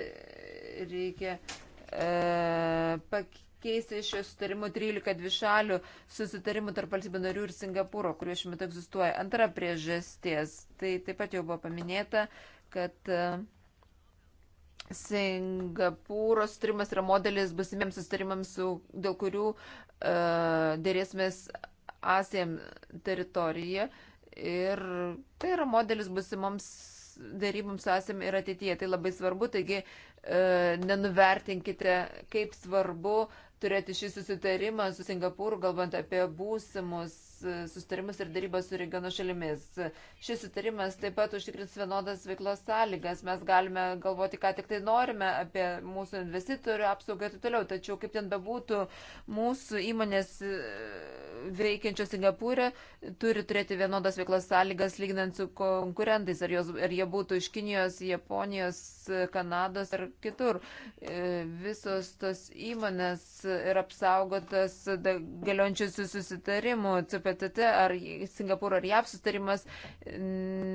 Speaker 2: reikia e, pakeisti šio sutarimo 13 dvišalių susitarimų tarp valstybių narių ir Singapūro, kurie šiuo metu egzistuoja. Antra priežasties, tai taip pat jau buvo paminėta, kad e, Singapūro sutarimas yra modelis busimiems sustarimams, dėl kurių uh, e, dėrėsimės Asijam teritoriją. Ir tai yra modelis busimoms dėryboms esam ir ateityje. Tai labai svarbu, taigi e, nenuvertinkite, kaip svarbu turėti šį susitarimą su Singapūru, galvant apie būsimus sustarimus ir darybas su regiono šalimis. Šis sustarimas taip pat užtikrins vienodas veiklos sąlygas. Mes galime galvoti, ką tik tai norime apie mūsų investitorių apsaugą ir taip toliau. Tačiau, kaip ten bebūtų, mūsų įmonės e, veikiančios Singapūrė turi turėti vienodas veiklos sąlygas lyginant su konkurentais, ar, jos, ar jie būtų iš Kinijos, Japonijos Kanados ir kitur. E, visos tos įmonės yra apsaugotas galiončiusių susitarimų CPTT ar Singapūro ar JAV susitarimas,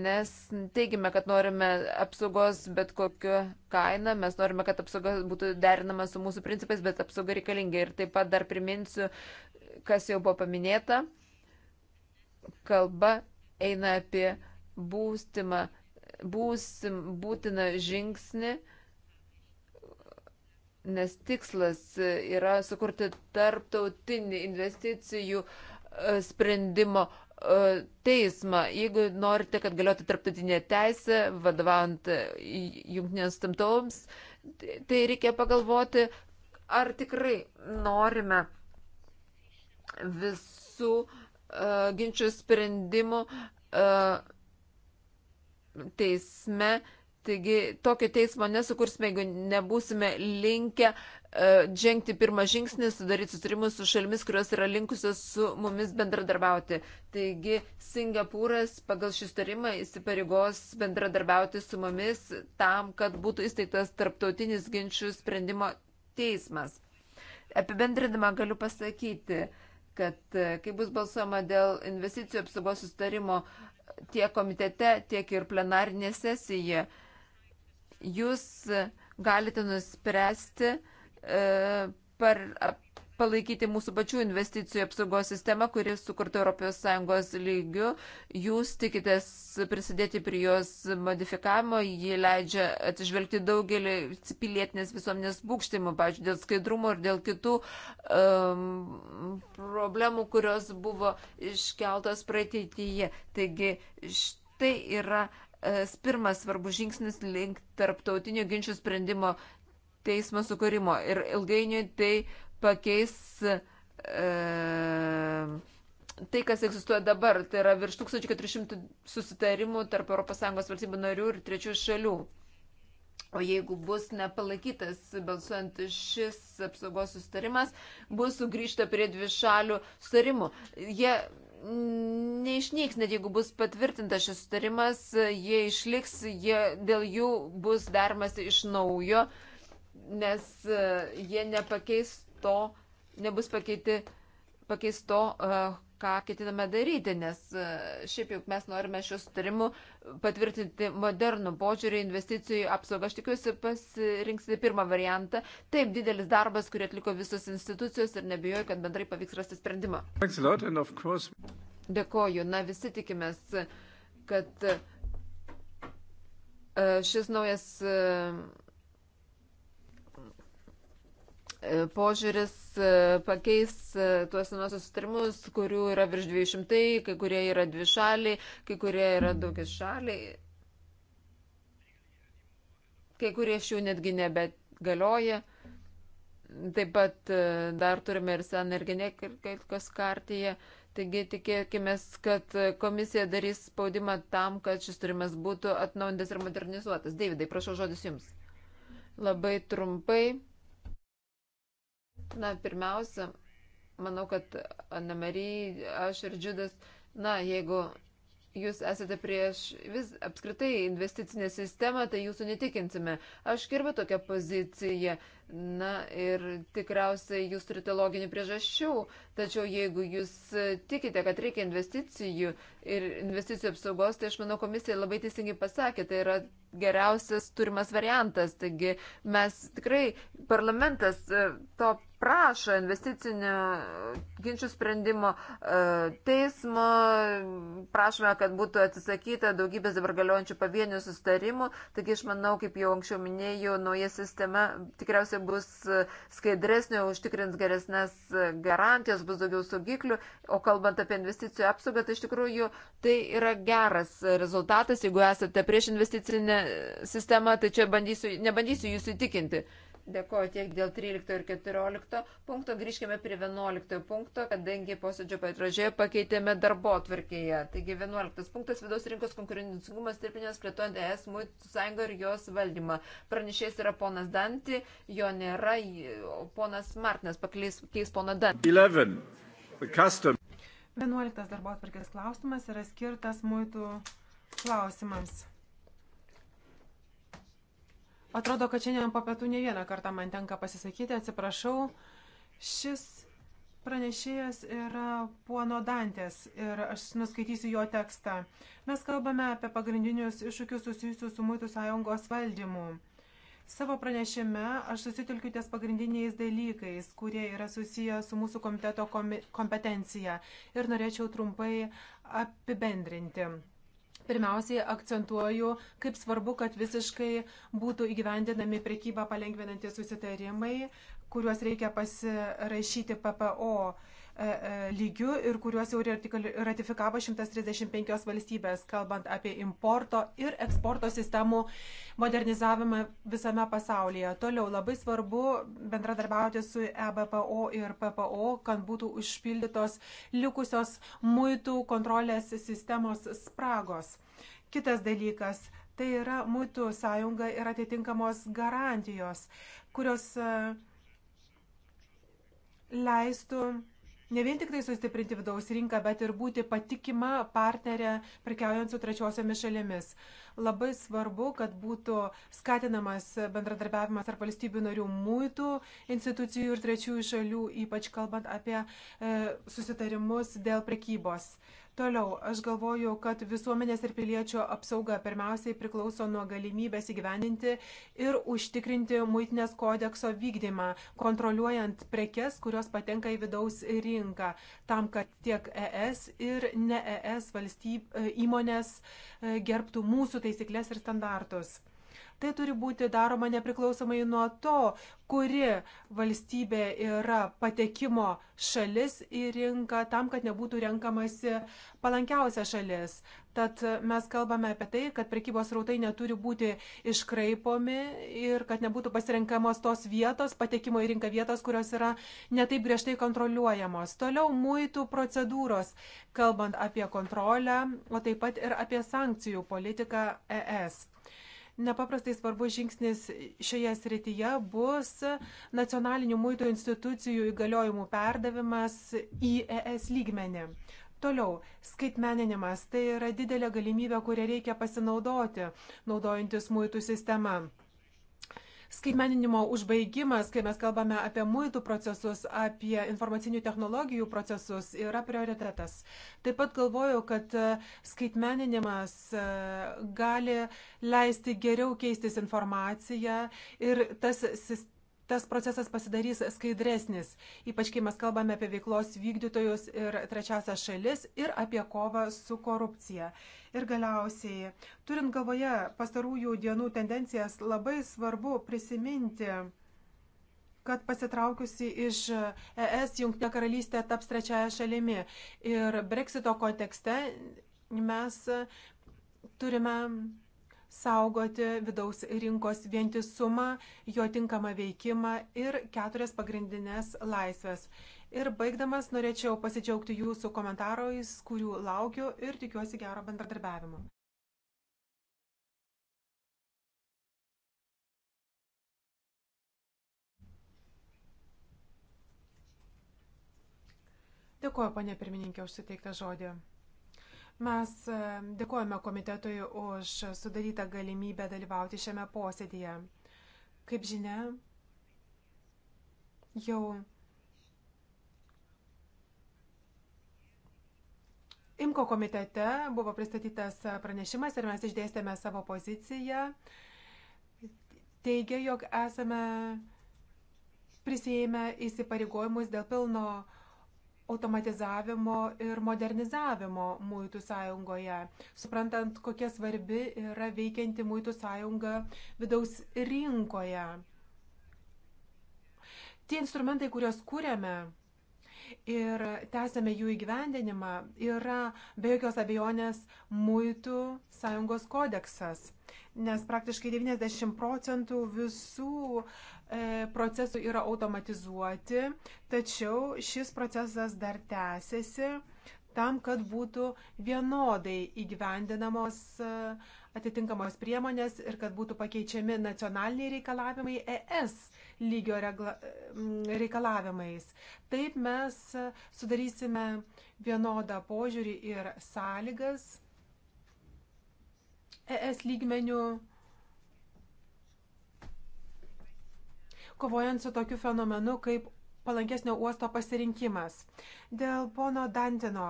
Speaker 2: nes teigime, kad norime apsaugos bet kokiu kainą, mes norime, kad apsauga būtų derinama su mūsų principais, bet apsauga reikalinga. Ir taip pat dar priminsiu, kas jau buvo paminėta, kalba eina apie būstimą būsim būtiną žingsnį, nes tikslas yra sukurti tarptautinį investicijų e, sprendimo e, teismą. Jeigu norite, kad galiotų tarptautinė teisė, vadovaujant e, jungtinės tamtoms, tai reikia pagalvoti, ar tikrai norime visų uh, ginčių sprendimų uh, teisme. Taigi tokio teismo nesukursime, jeigu nebūsime linkę uh, žengti pirmą žingsnį, sudaryti sutarimus su šalimis, kurios yra linkusios su mumis bendradarbiauti. Taigi Singapūras pagal šį sutarimą įsipareigos bendradarbiauti su mumis tam, kad būtų įsteigtas tarptautinis ginčių sprendimo teismas. Apibendrinimą galiu pasakyti, kad e, kai bus balsuoma dėl investicijų apsaugos sustarimo uh, tiek komitete, tiek ir plenarinė sesija. Jūs galite nuspręsti e, par, ap, palaikyti mūsų pačių investicijų apsaugos sistemą, kuri sukurta ES lygiu. Jūs tikitės prisidėti prie jos modifikavimo, ji leidžia atžvelgti daugelį pilietinės visuomenės būkštimų, pavyzdžiui, dėl skaidrumo ir dėl kitų um, problemų, kurios buvo iškeltos praeitėje. Taigi, štai yra e, pirmas svarbus žingsnis link tarptautinio ginčių sprendimo teismo sukūrimo ir ilgainiui tai pakeis e, tai, kas egzistuoja dabar. Tai yra virš 1400 susitarimų tarp ES valstybių narių ir trečių šalių. O jeigu bus nepalaikytas balsuojant šis apsaugos sustarimas, bus sugrįžta prie dvišalių sustarimų. Jie neišnyks, net jeigu bus patvirtintas šis sustarimas, jie išliks, jie, dėl jų bus darmasi iš naujo, nes e, jie nepakeis to nebus pakeiti, pakeisto, e, ką ketiname daryti, nes e, šiaip juk mes norime šiuo sutarimu patvirtinti modernų požiūrį investicijų apsaugą. Aš tikiuosi pasirinksite pirmą variantą. Taip, didelis darbas, kurį atliko visos institucijos ir nebijoju, kad bendrai pavyks rasti sprendimą. Dėkoju. Na, visi tikimės, kad e, šis naujas E, požiūris e, pakeis e, tuos senosios sutarimus, kurių yra virš 200, kai kurie yra dvi šaliai, kai kurie yra daugis šaliai, kai kurie iš jų netgi nebegalioja. Taip pat dar turime ir seną ir genetikos kartiją. Taigi tikėkime, kad komisija darys spaudimą tam, kad šis turimas būtų atnaujintas ir modernizuotas. Davidai, prašau žodis Jums. Labai trumpai Na, pirmiausia, manau, kad Anna Marija, aš ir Džiudas, na, jeigu jūs esate prieš vis apskritai investicinę sistemą, tai jūsų netikinsime. Aš kirba tokią poziciją. Na ir tikriausiai jūs turite loginių priežasčių, tačiau jeigu jūs tikite, kad reikia investicijų ir investicijų apsaugos, tai aš manau komisija labai teisingai pasakė, tai yra geriausias turimas variantas. Taigi mes tikrai, parlamentas e, to prašo investicinio ginčių sprendimo e, teismo, prašome, kad būtų atsisakyta daugybės dabar galiojančių pavienių sustarimų. Taigi, aš manau, kaip jau anksčiau minėjau, nauja sistema tikriausiai bus skaidresnė, užtikrins geresnės garantijos, bus daugiau saugiklių. O kalbant apie investicijų apsaugą, tai iš tikrųjų tai yra geras rezultatas. Jeigu esate prieš investicinę sistemą, tai čia bandysiu, nebandysiu jūsų įtikinti. Dėkoju tiek dėl 13 ir 14 punkto. Grįžkime prie 11 punkto, kadangi posėdžio patražėje pakeitėme darbo atvarkėje. Taigi 11 punktas - vidaus rinkos konkurencingumas tirpinės plėtojant ES Mūtų sąjungą ir jos valdymą. Pranešėjas yra ponas Danti, jo nėra, ponas Martinas pakeis, keis poną Dantį.
Speaker 1: 11. 11
Speaker 2: darbo atvarkės klausimas yra skirtas Mūtų
Speaker 3: klausimams. Atrodo, kad šiandien po pietų ne vieną kartą man tenka pasisakyti, atsiprašau. Šis pranešėjas yra Puono Dantės ir aš nuskaitysiu jo tekstą. Mes kalbame apie pagrindinius iššūkius susijusius su Muitų sąjungos valdymu. Savo pranešime aš susitelkiu ties pagrindiniais dalykais, kurie yra susiję su mūsų komiteto kompetencija ir norėčiau trumpai apibendrinti. Pirmiausiai akcentuoju, kaip svarbu, kad visiškai būtų įgyvendinami prekybą palengvinantys susitarimai, kuriuos reikia pasirašyti PPO. E, e, lygiu ir kuriuos jau ratifikavo 135 valstybės, kalbant apie importo ir eksporto sistemų modernizavimą visame pasaulyje. Toliau labai svarbu bendradarbiauti su EBPO ir PPO, kad būtų užpildytos likusios muitų kontrolės sistemos spragos. Kitas dalykas - tai yra muitų sąjunga ir atitinkamos garantijos, kurios e, leistų ne vien tik tai sustiprinti vidaus rinką, bet ir būti patikima partnerė prekiaujant su trečiosiomis šalimis. Labai svarbu, kad būtų skatinamas bendradarbiavimas tarp valstybių narių muitų institucijų ir trečiųjų šalių, ypač kalbant apie e, susitarimus dėl prekybos. E, Toliau, aš galvoju, kad visuomenės ir piliečio apsauga pirmiausiai priklauso nuo galimybės įgyveninti ir užtikrinti muitinės kodekso vykdymą, kontroliuojant prekes, kurios patenka į vidaus rinką, tam, kad tiek ES ir ne ES valstyb, įmonės e, gerbtų mūsų taisyklės ir standartus. Tai turi būti daroma nepriklausomai nuo to, kuri valstybė yra patekimo šalis į rinką, tam, kad nebūtų renkamasi palankiausia šalis. Tad mes kalbame apie tai, kad prekybos rautai neturi būti iškraipomi ir kad nebūtų pasirenkamos tos vietos, patekimo į rinką vietos, kurios yra netaip griežtai kontroliuojamos. Toliau muitų procedūros, kalbant apie kontrolę, o taip pat ir apie sankcijų politiką ES nepaprastai svarbus žingsnis šioje srityje bus nacionalinių muitų institucijų įgaliojimų perdavimas į ES lygmenį. Toliau, skaitmeninimas tai yra didelė galimybė, kurią reikia pasinaudoti, naudojantis muitų sistema skaitmeninimo užbaigimas, kai mes kalbame apie muitų procesus, apie informacinių technologijų procesus, yra prioritetas. Taip pat galvoju, kad e, skaitmeninimas e, gali leisti geriau keistis informaciją ir tas sistemas tas procesas pasidarys skaidresnis, ypač kai mes kalbame apie veiklos vykdytojus ir trečiasias šalis ir apie kovą su korupcija. Ir galiausiai, turint galvoje pastarųjų dienų tendencijas, labai svarbu prisiminti, kad pasitraukiusi iš ES Junktinė karalystė taps trečiaja šalimi. Ir breksito kontekste mes turime saugoti vidaus rinkos vientisumą, jo tinkamą veikimą ir keturias pagrindinės laisvės. Ir baigdamas norėčiau pasidžiaugti jūsų komentarais, kurių laukiu ir tikiuosi gero bendradarbiavimo. Dėkuoju, panė pirmininkė, už suteiktą žodį. Mes e, dėkojame komitetui už sudarytą galimybę dalyvauti šiame posėdėje. Kaip žinia, jau IMKO komitete buvo pristatytas pranešimas ir mes išdėstėme savo poziciją. Teigia, jog esame prisijėmę įsipareigojimus dėl pilno automatizavimo ir modernizavimo muitų sąjungoje, suprantant, kokia svarbi yra veikianti muitų sąjunga vidaus rinkoje. Tie instrumentai, kuriuos kūrėme ir tęsėme jų įgyvendinimą, yra be jokios abejonės muitų sąjungos kodeksas, nes praktiškai 90 procentų visų uh, E, procesų yra automatizuoti, tačiau šis procesas dar tęsiasi tam, kad būtų vienodai įgyvendinamos e, atitinkamos priemonės ir kad būtų pakeičiami nacionaliniai reikalavimai ES lygio regla, reikalavimais. Taip mes sudarysime vienodą požiūrį ir sąlygas ES lygmenių kovojant su tokiu fenomenu kaip palankesnio uosto pasirinkimas. Dėl pono Dantino,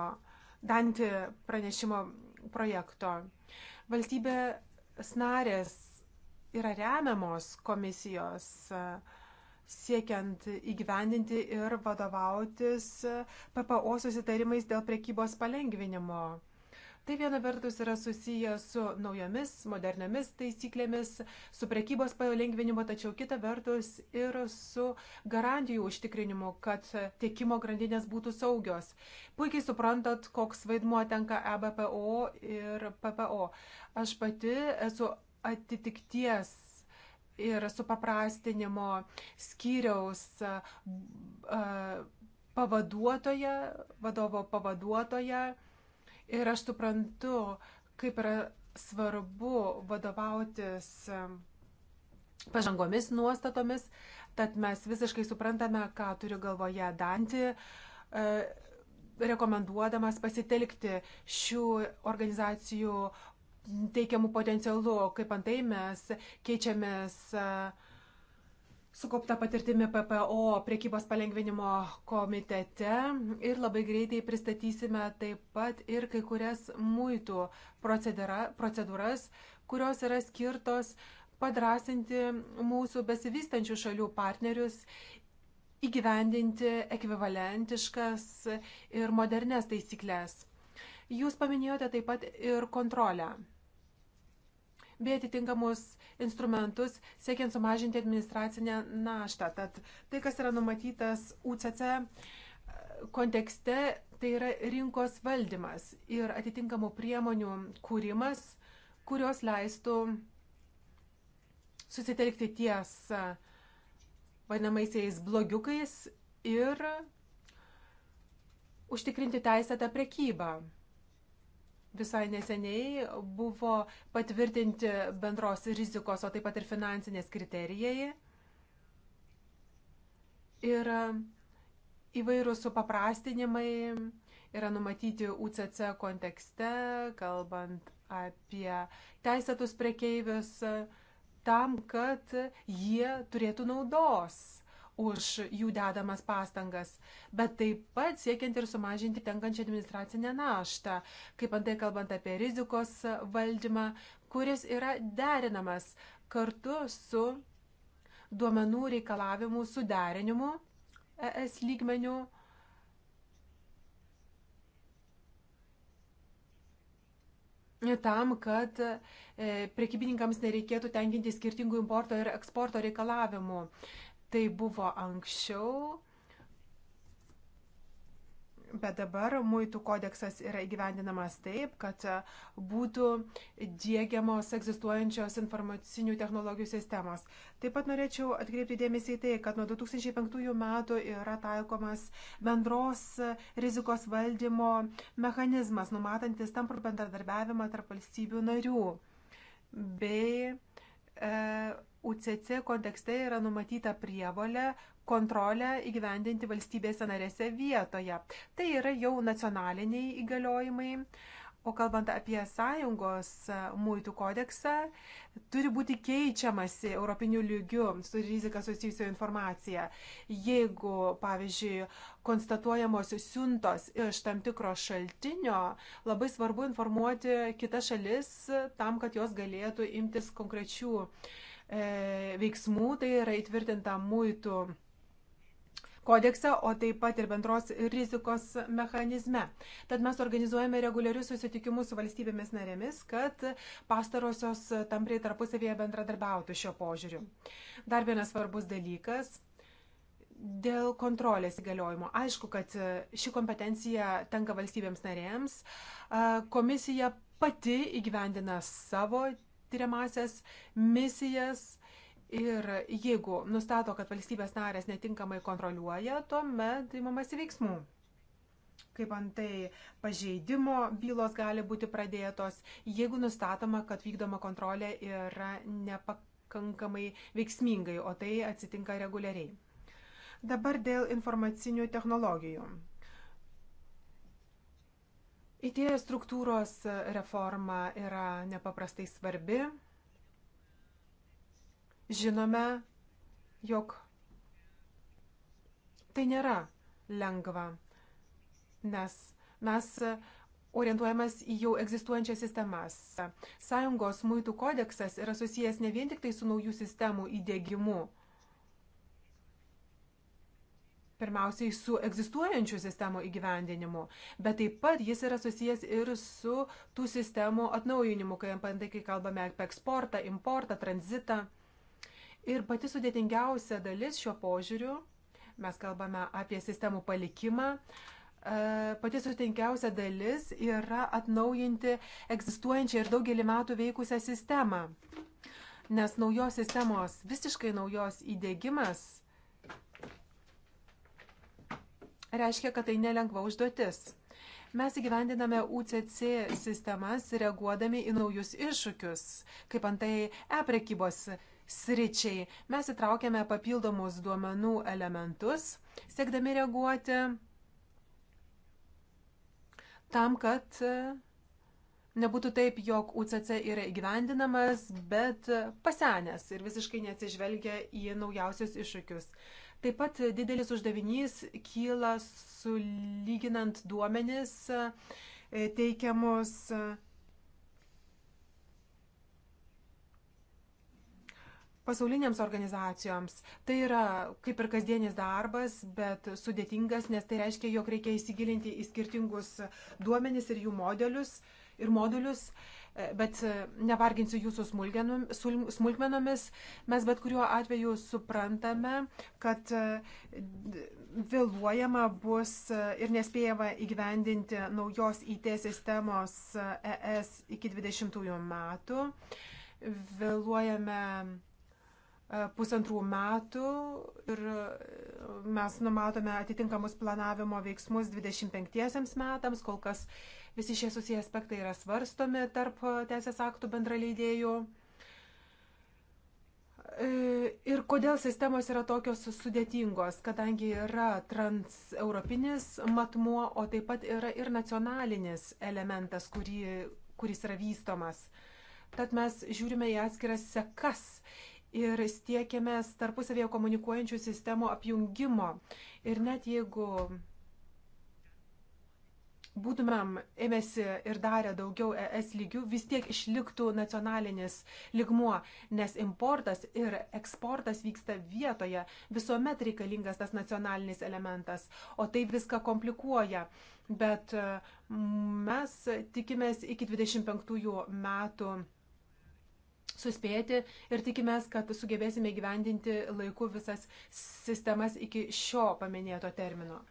Speaker 3: Danti pranešimo projekto. Valstybės narės yra remiamos komisijos e, siekiant įgyvendinti ir vadovautis PPO susitarimais dėl prekybos palengvinimo. Tai viena vertus yra susiję su naujomis, moderniamis taisyklėmis, su prekybos palengvinimu, tačiau kita vertus ir su garantijų užtikrinimu, kad tiekimo grandinės būtų saugios. Puikiai suprantat, koks vaidmuo tenka EBPO ir PPO. Aš pati esu atitikties ir supaprastinimo skyriaus pavaduotoja, vadovo pavaduotoja. Ir aš suprantu, kaip yra svarbu vadovautis pažangomis nuostatomis, tad mes visiškai suprantame, ką turi galvoje Dantį, e, rekomenduodamas pasitelkti šių organizacijų teikiamų potencialų, kaip antai mes keičiamės uh, sukaupta patirtimi PPO priekybos palengvinimo komitete ir labai greitai pristatysime taip pat ir kai kurias muitų procedūras, kurios yra skirtos padrasinti mūsų besivystančių šalių partnerius įgyvendinti ekvivalentiškas ir modernes taisyklės. Jūs paminėjote taip pat ir kontrolę bei atitinkamus instrumentus, siekiant sumažinti administracinę naštą. Tad tai, kas yra numatytas UCC e, kontekste, tai yra rinkos valdymas ir atitinkamų priemonių kūrimas, kurios leistų susitelkti ties e, vadinamaisiais blogiukais ir užtikrinti teisėtą prekybą visai neseniai buvo patvirtinti bendros rizikos, o taip pat ir finansinės kriterijai. Ir įvairūs supaprastinimai yra numatyti UCC kontekste, kalbant apie teisėtus prekeivius, tam, kad jie turėtų naudos už jų dedamas pastangas, bet taip pat siekiant ir sumažinti tenkančią administracinę naštą, kaip antai kalbant apie rizikos valdymą, kuris yra derinamas kartu su duomenų reikalavimų suderinimu ES lygmeniu. tam, kad e, prekybininkams nereikėtų tenkinti skirtingų importo ir eksporto reikalavimų. Tai buvo anksčiau, bet dabar muitų kodeksas yra įgyvendinamas taip, kad būtų dėgiamos egzistuojančios informacinių technologijų sistemos. Taip pat norėčiau atkreipti dėmesį į tai, kad nuo 2005 metų yra taikomas bendros rizikos valdymo mechanizmas, numatantis tamprų bendradarbiavimą tarp valstybių narių bei e, UCC kontekste yra numatyta prievolė kontrolę įgyvendinti valstybėse narėse vietoje. Tai yra jau nacionaliniai įgaliojimai. O kalbant apie sąjungos e, muitų kodeksą, turi būti keičiamasi europinių lygių su rizika susijusio informacija. Jeigu, pavyzdžiui, konstatuojamos siuntos iš tam tikro šaltinio, labai svarbu informuoti kitas šalis tam, kad jos galėtų imtis konkrečių uh, E, veiksmų, tai yra įtvirtinta muitų kodekse, o taip pat ir bendros rizikos mechanizme. Tad mes organizuojame reguliarius susitikimus su valstybėmis narėmis, kad pastarosios tampriai tarpusavėje bendradarbiautų šio požiūriu. Dar vienas svarbus dalykas dėl kontrolės įgaliojimo. Aišku, kad ši kompetencija tenka valstybėms narėms. Komisija pati įgyvendina savo tyriamasias misijas. Ir jeigu nustato, kad valstybės narės netinkamai kontroliuoja, tuomet įmamasi veiksmų. Kaip antai pažeidimo bylos gali būti pradėtos, jeigu nustatoma, kad vykdoma kontrolė yra nepakankamai veiksmingai, o tai atsitinka reguliariai. Dabar dėl informacinių technologijų. Idėja struktūros reforma yra nepaprastai svarbi. Žinome, jog tai nėra lengva, nes mes orientuojamas į jau egzistuojančias sistemas. Sąjungos muitų kodeksas yra susijęs ne vien tik tai su naujų sistemų įdėgymu pirmiausiai su egzistuojančių sistemų įgyvendinimu, bet taip pat jis yra susijęs ir su tų sistemų atnaujinimu, kai pantai, kai kalbame apie eksportą, importą, tranzitą. Ir pati sudėtingiausia dalis šio požiūriu, mes kalbame apie sistemų palikimą, e, pati sudėtingiausia dalis yra atnaujinti egzistuojančią ir daugelį metų veikusią sistemą. Nes naujos sistemos, visiškai naujos įdėgymas reiškia, kad tai nelengva užduotis. Mes įgyvendiname UCC sistemas reaguodami į naujus iššūkius, kaip antai e-prekybos sričiai. Mes įtraukėme papildomus duomenų elementus, siekdami reaguoti tam, kad nebūtų taip, jog UCC yra įgyvendinamas, bet pasenęs ir visiškai neatsižvelgia į naujausius iššūkius. Taip pat didelis uždavinys kyla sulyginant duomenis e, teikiamus e, pasaulinėms organizacijoms. Tai yra kaip ir kasdienis darbas, bet sudėtingas, nes tai reiškia, jog reikia įsigilinti į skirtingus duomenis ir jų modelius ir modulius. modulius E, bet e, nevarginsiu jūsų smulkmenomis. Mes bet kuriuo atveju suprantame, kad e, vėluojama bus ir nespėjama įgyvendinti naujos IT sistemos ES iki 20 metų. Vėluojame pusantrų metų ir mes numatome atitinkamus planavimo veiksmus 25 metams, kol kas uh, Visi šie susiję aspektai yra svarstomi tarp teisės aktų bendraleidėjų. E, ir kodėl sistemos yra tokios sudėtingos, kadangi yra transeuropinis matmuo, o taip pat yra ir nacionalinis elementas, kurį, kuris yra vystomas. Tad mes žiūrime į atskiras sekas ir stiekėmės tarpusavėje komunikuojančių sistemų apjungimo. Ir net jeigu būtumėm ėmėsi ir darę daugiau ES lygių, vis tiek išliktų nacionalinis ligmuo, nes importas ir eksportas vyksta vietoje, visuomet reikalingas tas nacionalinis elementas, o tai viską komplikuoja. Bet e, mes tikimės iki 25 metų suspėti ir tikimės, kad sugebėsime gyvendinti laiku visas sistemas iki šio paminėto termino.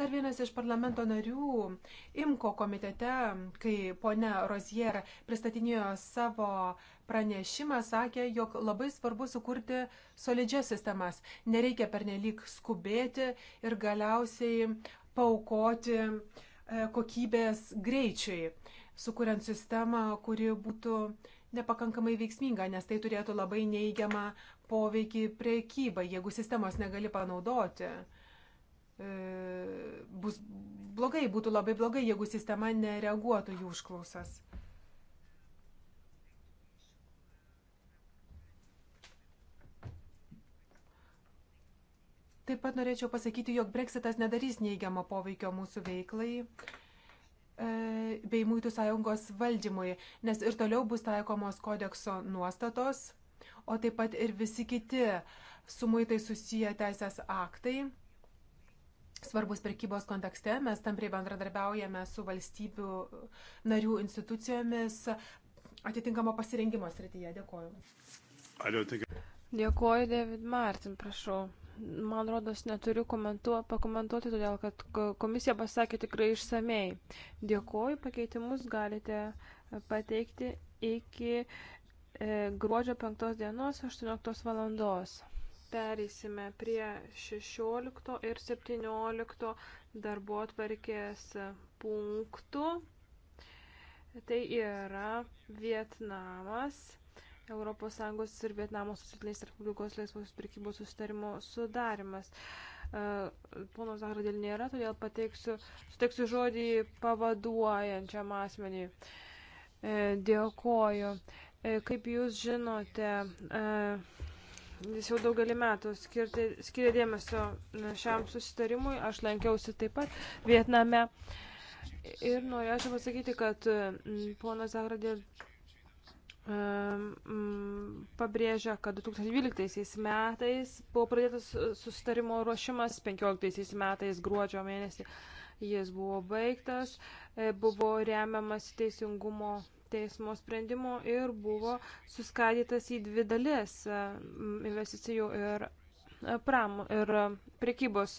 Speaker 3: Dar vienas iš parlamento narių IMKO komitete, kai ponia Rozier pristatinėjo savo pranešimą, sakė, jog labai svarbu sukurti solidžias sistemas. Nereikia pernelyg skubėti ir galiausiai paukoti e, kokybės greičiui, sukuriant sistemą, kuri būtų nepakankamai veiksminga, nes tai turėtų labai neįgiamą poveikį priekybai, jeigu sistemos negali panaudoti. E, bus blogai, būtų labai blogai, jeigu sistema nereaguotų jų užklausas. Taip pat norėčiau pasakyti, jog breksitas nedarys neigiamo poveikio mūsų veiklai e, bei Mūtų sąjungos valdymui, nes ir toliau bus taikomos kodekso nuostatos, o taip pat ir visi kiti su muitai susiję teisės aktai svarbus prekybos kontekste. Mes tampriai bendradarbiaujame su valstybių narių institucijomis atitinkamo
Speaker 4: pasirengimo srityje.
Speaker 1: Dėkuoju.
Speaker 4: Dėkuoju, David Martin, prašau. Man rodos, neturiu komentu, pakomentuoti, todėl kad komisija pasakė tikrai išsamei. Dėkuoju, pakeitimus galite pateikti iki e, gruodžio 5 dienos 18 valandos. Pereisime prie 16 ir 17 darbo atvarkės punktų. Tai yra Vietnamas, ES ir Vietnamo susitinės Respublikos laisvos prekybos sustarimo sudarimas. E, pono Zagradėl nėra, todėl pateiksiu, suteiksiu žodį pavaduojančiam asmenį. E, dėkoju. E, kaip jūs žinote, Jis jau daugelį metų skiria dėmesio šiam susitarimui. Aš lankiausi taip pat Vietname. Ir norėčiau pasakyti, kad mm, ponas Zagradė e, mm, pabrėžia, kad 2012 metais buvo pradėtas susitarimo ruošimas, 2015 metais gruodžio mėnesį jis buvo baigtas, e, buvo remiamas teisingumo teismo sprendimo ir buvo suskaidytas į dvi dalis e, investicijų ir, e, pram, ir e, prekybos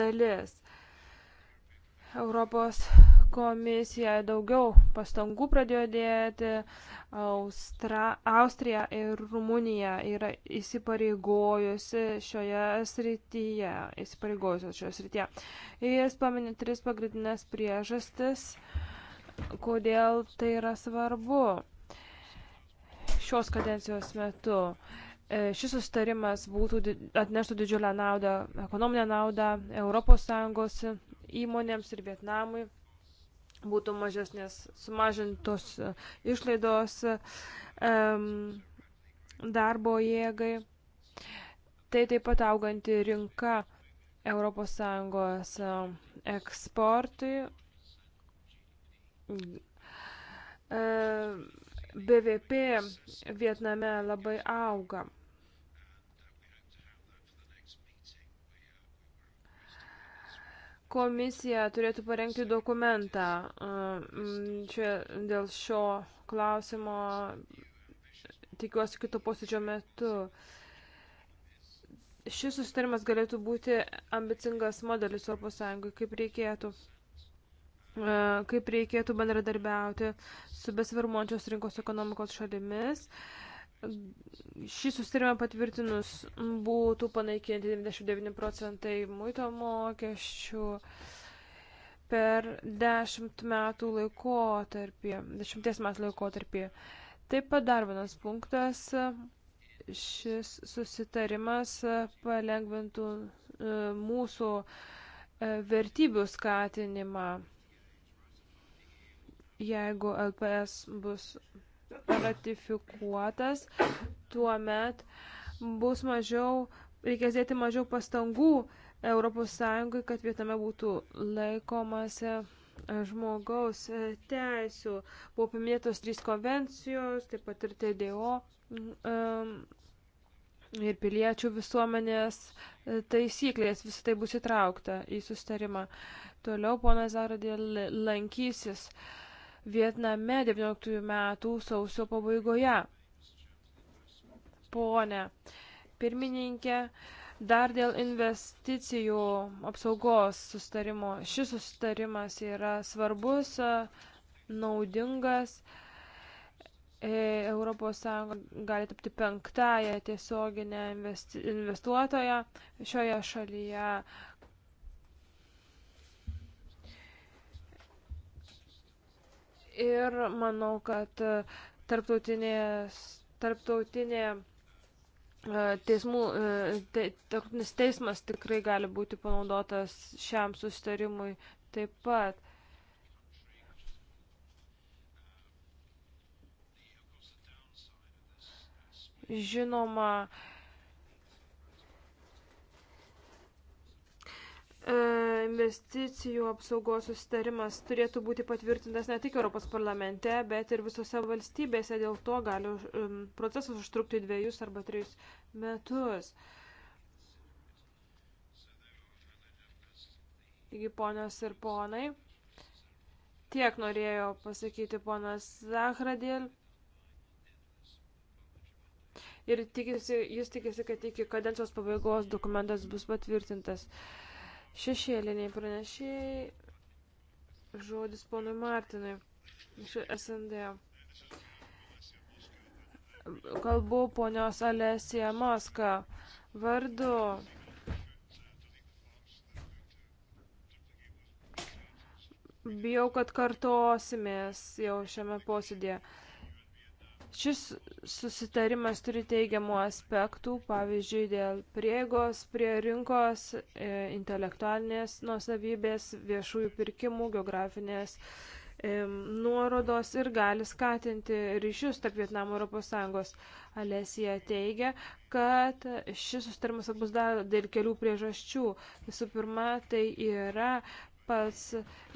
Speaker 4: dalis. Europos komisija daugiau pastangų pradėjo dėti, Austra, Austrija ir Rumunija yra įsipareigojusi šioje srityje, įsipareigojusios šioje srityje. Jis paminė tris pagrindinės priežastis. Uh, kodėl tai yra svarbu šios kadencijos metu. E, šis sustarimas būtų, atneštų didžiulę naudą, ekonominę naudą ES įmonėms ir Vietnamui. Būtų mažesnės sumažintos išlaidos darbo jėgai. Tai taip pat auganti rinka ES eksportui E, BVP Vietname labai auga. Komisija turėtų parengti dokumentą e, čia dėl šio klausimo, tikiuosi, kito posėdžio metu šis susitarimas galėtų būti ambicingas modelis Europos Sąjungai, kaip reikėtų E, kaip reikėtų bendradarbiauti su besvarmuojančios rinkos ekonomikos šalimis. Šį sustarimą patvirtinus būtų panaikinti 99 procentai muito mokesčių per 10 metų laikotarpį, 10 metų laikotarpį. Taip pat dar vienas punktas, šis susitarimas palengvintų e, mūsų e, vertybių skatinimą jeigu LPS bus ratifikuotas, tuomet bus mažiau, reikės dėti mažiau pastangų ES, kad vietame būtų laikomasi žmogaus teisų. Buvo paminėtos trys konvencijos, taip pat ir TDO um, mm, ir piliečių visuomenės taisyklės. Visą tai bus įtraukta į sustarimą. Toliau ponas Zaradė lankysis uh, Vietname 19 metų sausio pabaigoje. Pone, pirmininkė, dar dėl investicijų apsaugos sustarimo. Šis sustarimas yra svarbus, naudingas. ES gali tapti penktąją tiesioginę investuotoją šioje šalyje. Ir manau, kad e, tarptautinės, tarptautinė e, teismų, e, te, tarptautinis teismas tikrai gali būti panaudotas šiam sustarimui taip pat. Žinoma, uh, E, investicijų apsaugos susitarimas turėtų būti patvirtintas ne tik Europos parlamente, bet ir visose valstybėse. Dėl to gali um, procesas užtrukti dviejus arba trejus metus. Taigi, ponios ir ponai, tiek norėjo pasakyti ponas Zahradėl. Ir tikisi, jis tikisi, kad iki kadencijos pabaigos dokumentas bus patvirtintas. Uh, Šešėliniai pranešėjai žodis ponui Martinui iš SND. Kalbu ponios Alesija Maska vardu. Bijau, kad kartosimės jau šiame posėdėje. Šis susitarimas turi teigiamų aspektų, pavyzdžiui, dėl priegos prie rinkos, e, intelektualinės nuosavybės, viešųjų pirkimų, geografinės e, nuorodos ir gali skatinti ryšius tarp Vietnamo Europos Sąjungos. Alesija teigia, kad šis sustarimas bus dar dėl kelių priežasčių. Visų pirma, tai yra pats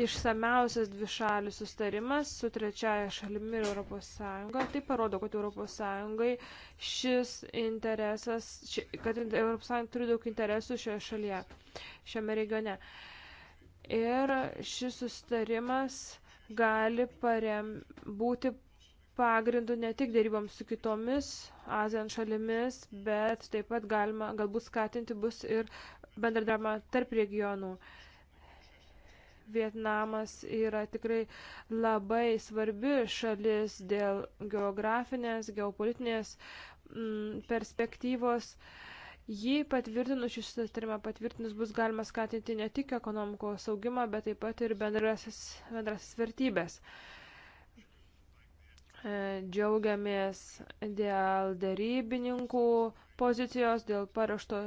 Speaker 4: išsameusias dvišalis sustarimas su trečiaja šalimi ir Europos Sąjunga. Tai parodo, kad Europos Sąjungai šis interesas, ši, kad Europos Sąjunga turi daug interesų šioje šalyje, šiame regione. Ir šis sustarimas gali parem, būti pagrindu ne tik dėryboms su kitomis Azijos šalimis, bet taip pat galima galbūt skatinti bus ir bendradarbiavimą tarp regionų. Uh, Vietnamas yra tikrai labai svarbi šalis dėl geografinės, geopolitinės mm, perspektyvos. Jį patvirtinus šį susitarimą patvirtinus bus galima skatinti ne tik ekonomikos augimą, bet taip pat ir bendrasis, bendrasis vertybės. E, džiaugiamės dėl darybininkų pozicijos, dėl paruošto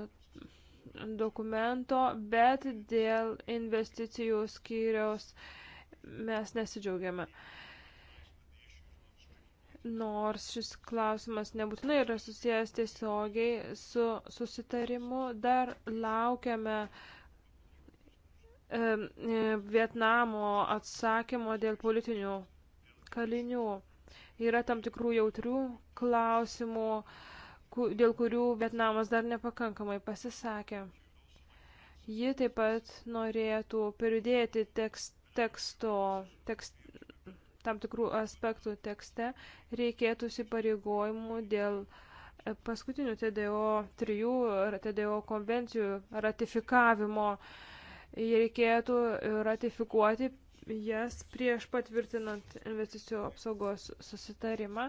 Speaker 4: dokumento, bet dėl investicijų skyriaus mes nesidžiaugiame. Nors šis klausimas nebūtinai yra susijęs tiesiogiai su susitarimu, dar laukiame e, Vietnamo atsakymo dėl politinių kalinių. Yra tam tikrų jautrių klausimų, e, dėl kurių Vietnamas dar nepakankamai pasisakė. Ji taip pat norėtų pridėti tekst, teksto, tekst, tam tikrų aspektų tekste, reikėtų įsipareigojimų dėl e, paskutinių TDO 3 ar TDO konvencijų ratifikavimo. Jį reikėtų ratifikuoti jas prieš patvirtinant investicijų apsaugos susitarimą.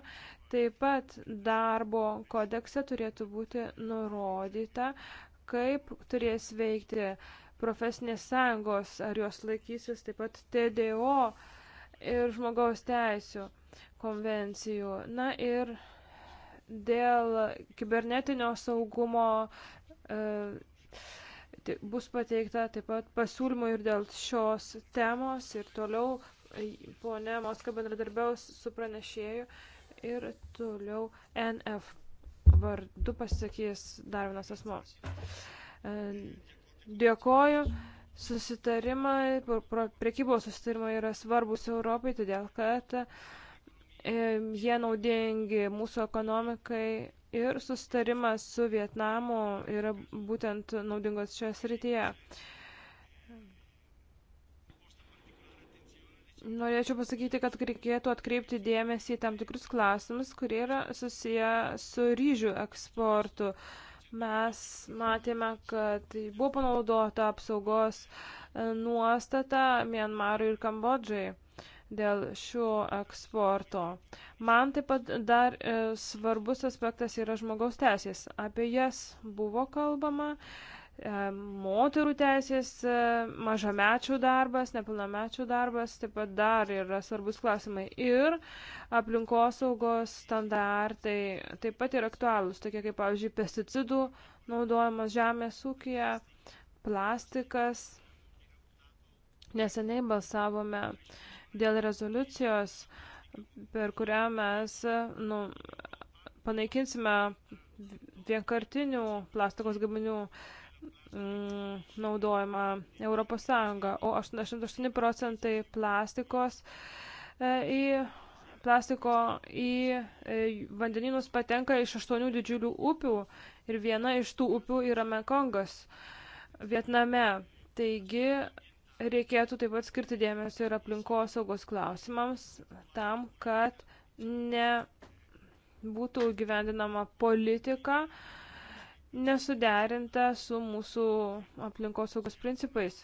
Speaker 4: Taip pat darbo kodekse turėtų būti nurodyta, kaip turės veikti profesinės sąjungos, ar jos laikysis taip pat TDO ir žmogaus teisų konvencijų. Na ir dėl kibernetinio saugumo. E, Bus pateikta taip pat pasiūlymų ir dėl šios temos ir toliau e, ponė Moska bendradarbiaus su pranešėju ir toliau NF vardu pasakys dar vienas asmo. E, dėkoju. Susitarimai, priekybos susitarimai yra svarbus Europai, todėl kad e, jie naudingi mūsų ekonomikai ir sustarimas su Vietnamu yra būtent naudingos šioje srityje. Norėčiau pasakyti, kad reikėtų atkreipti dėmesį į tam tikrus klausimus, kurie yra susiję su ryžių eksportu. Mes matėme, kad buvo panaudota apsaugos nuostata Mianmarui ir Kambodžai dėl šio eksporto. Man taip pat dar e, svarbus aspektas yra žmogaus teisės. Apie jas buvo kalbama. E, moterų teisės, e, mažamečių darbas, nepilnamečių darbas, taip pat dar yra svarbus klausimai. Ir aplinkosaugos standartai taip pat yra aktualūs, tokie kaip, pavyzdžiui, pesticidų naudojimas žemės ūkija, plastikas. Neseniai balsavome uh, dėl rezoliucijos, per kurią mes nu, panaikinsime vienkartinių plastikos gaminių mm, naudojimą Europos Sąjungą, o 88 procentai plastikos e, į plastiko į e, vandeninus patenka iš aštuonių didžiulių upių ir viena iš tų upių yra Mekongas Vietname. Taigi Reikėtų taip pat skirti dėmesio ir aplinkosaugos klausimams tam, kad nebūtų gyvendinama politika nesuderinta su mūsų aplinkosaugos principais.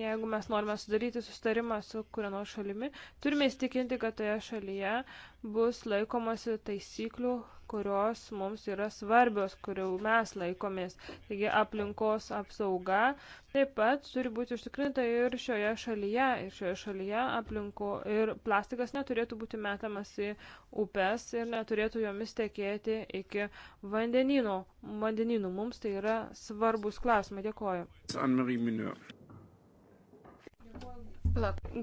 Speaker 4: Jeigu mes norime sudaryti sustarimą su kuria nors šalimi, turime įstikinti, kad toje šalyje bus laikomasi taisyklių, kurios mums yra svarbios, kurių mes laikomės. Taigi aplinkos apsauga taip pat turi būti užtikrinta ir šioje šalyje. Ir šioje šalyje aplinko ir plastikas neturėtų būti metamas į upes ir neturėtų jomis tekėti iki vandenino. vandeninų. Mums tai yra svarbus klausimai. Dėkoju.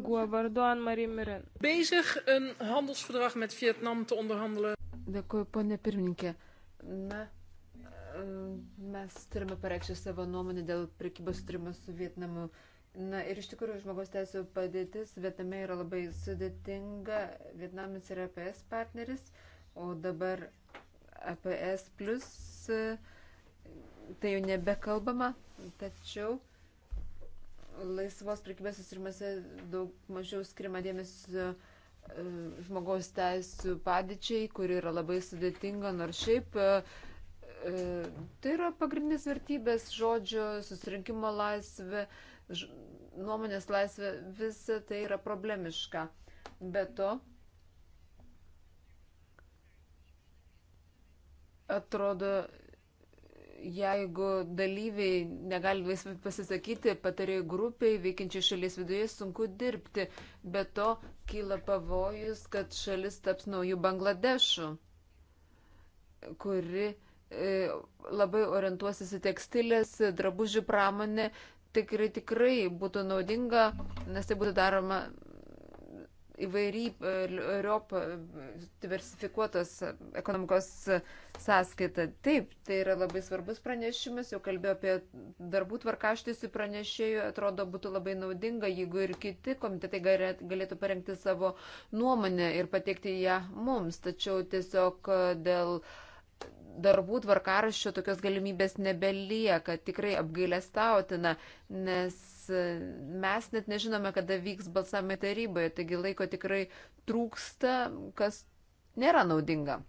Speaker 4: Guavardon Marie Mirin. Bezig een handelsverdrag met Vietnam te onderhandelen.
Speaker 2: Dėkuoju, ponė pirmininkė. Na, e, mes turime pareikšti savo nuomonę dėl prekybos sutrimo su Vietnamu. Na ir iš tikrųjų žmogaus teisų padėtis Vietname yra labai sudėtinga. Vietnamas yra APS e partneris, o dabar APS e plus tai jau nebekalbama, tačiau laisvos prekybės susirimuose daug mažiau skirima dėmesio uh, E, žmogaus teisų padėčiai, kuri yra labai sudėtinga, nors šiaip e, e, tai yra pagrindinės vertybės žodžio, susirinkimo laisvė, nuomonės laisvė, visa tai yra problemiška. Be to, atrodo, jeigu dalyviai negali laisvai pasisakyti, patarėjų grupiai veikiančiai šalies viduje sunku dirbti. Be to, kyla pavojus, kad šalis taps naujų Bangladešu, kuri e, labai orientuosis į tekstilės, drabužių pramonę, tikrai tikrai būtų naudinga, nes tai būtų daroma įvairiop e, diversifikuotos ekonomikos sąskaita. Taip, tai yra labai svarbus pranešimas, jau kalbėjau apie darbų tvarkaštį su pranešėju, atrodo būtų labai naudinga, jeigu ir kiti komitetai galėtų parengti savo nuomonę ir pateikti ją mums, tačiau tiesiog e, dėl darbų tvarkaraščio tokios galimybės nebelieka, tikrai apgailestautina, nes mes net nežinome, kada vyks balsavimai taryboje, taigi laiko tikrai trūksta, kas nėra naudinga.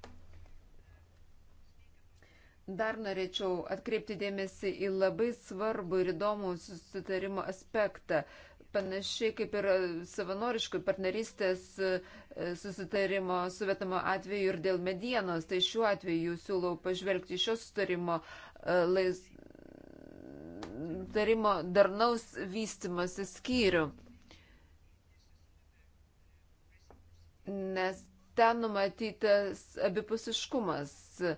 Speaker 2: Dar norėčiau atkreipti dėmesį į labai svarbų ir įdomų susitarimo aspektą. Panašiai kaip ir savanoriškų partnerystės e, susitarimo suvetamo atveju ir dėl medienos, tai šiuo atveju siūlau pažvelgti šio susitarimo e, lais, tarimo darnaus vystimosi skyrių. Nes ten numatytas abipusiškumas. E,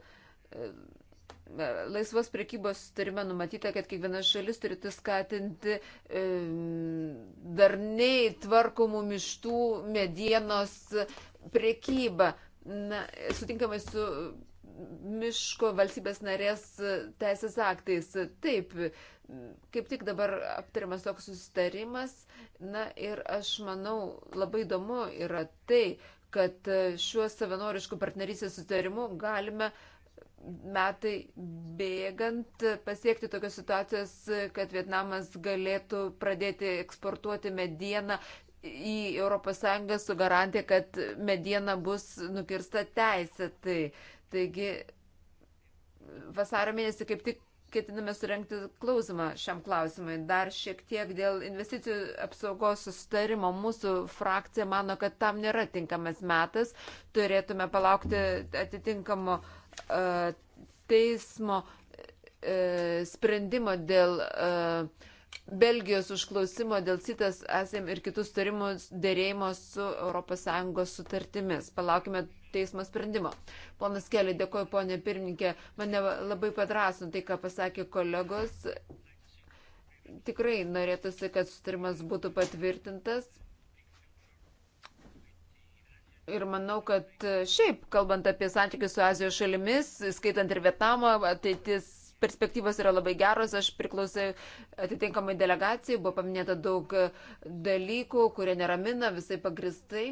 Speaker 2: laisvos priekybos sutarime numatyta, kad kiekviena šalis turėtų skatinti e, darniai tvarkomų mištų medienos priekybą. Na, sutinkamai su miško valstybės narės teisės aktais. Taip, kaip tik dabar aptariamas toks susitarimas. Na ir aš manau, labai įdomu yra tai, kad šiuo savanorišku partnerysės susitarimu galime metai bėgant pasiekti tokios situacijos, kad Vietnamas galėtų pradėti eksportuoti medieną į ES su garantija, kad mediena bus nukirsta teisėtai. Taigi vasario mėnesį kaip tik ketiname surenkti klausimą šiam klausimui. Dar šiek tiek dėl investicijų apsaugos sustarimo mūsų frakcija mano, kad tam nėra tinkamas metas. Turėtume palaukti atitinkamo uh, teismo uh, sprendimo dėl. Uh, Belgijos užklausimo dėl citas esam ir kitus tarimus dėrėjimo su ES sutartimis. Palaukime teismo sprendimo. Ponas Kelė, dėkoju, ponė pirmininkė, mane labai padrasino tai, ką pasakė kolegos. Tikrai norėtųsi, kad sustarimas būtų patvirtintas. Ir manau, kad šiaip, kalbant apie santykius su Azijos šalimis, skaitant ir Vietnamą, ateitis perspektyvos yra labai geros. Aš priklausau atitinkamai delegacijai, buvo paminėta daug dalykų, kurie neramina visai pagristai.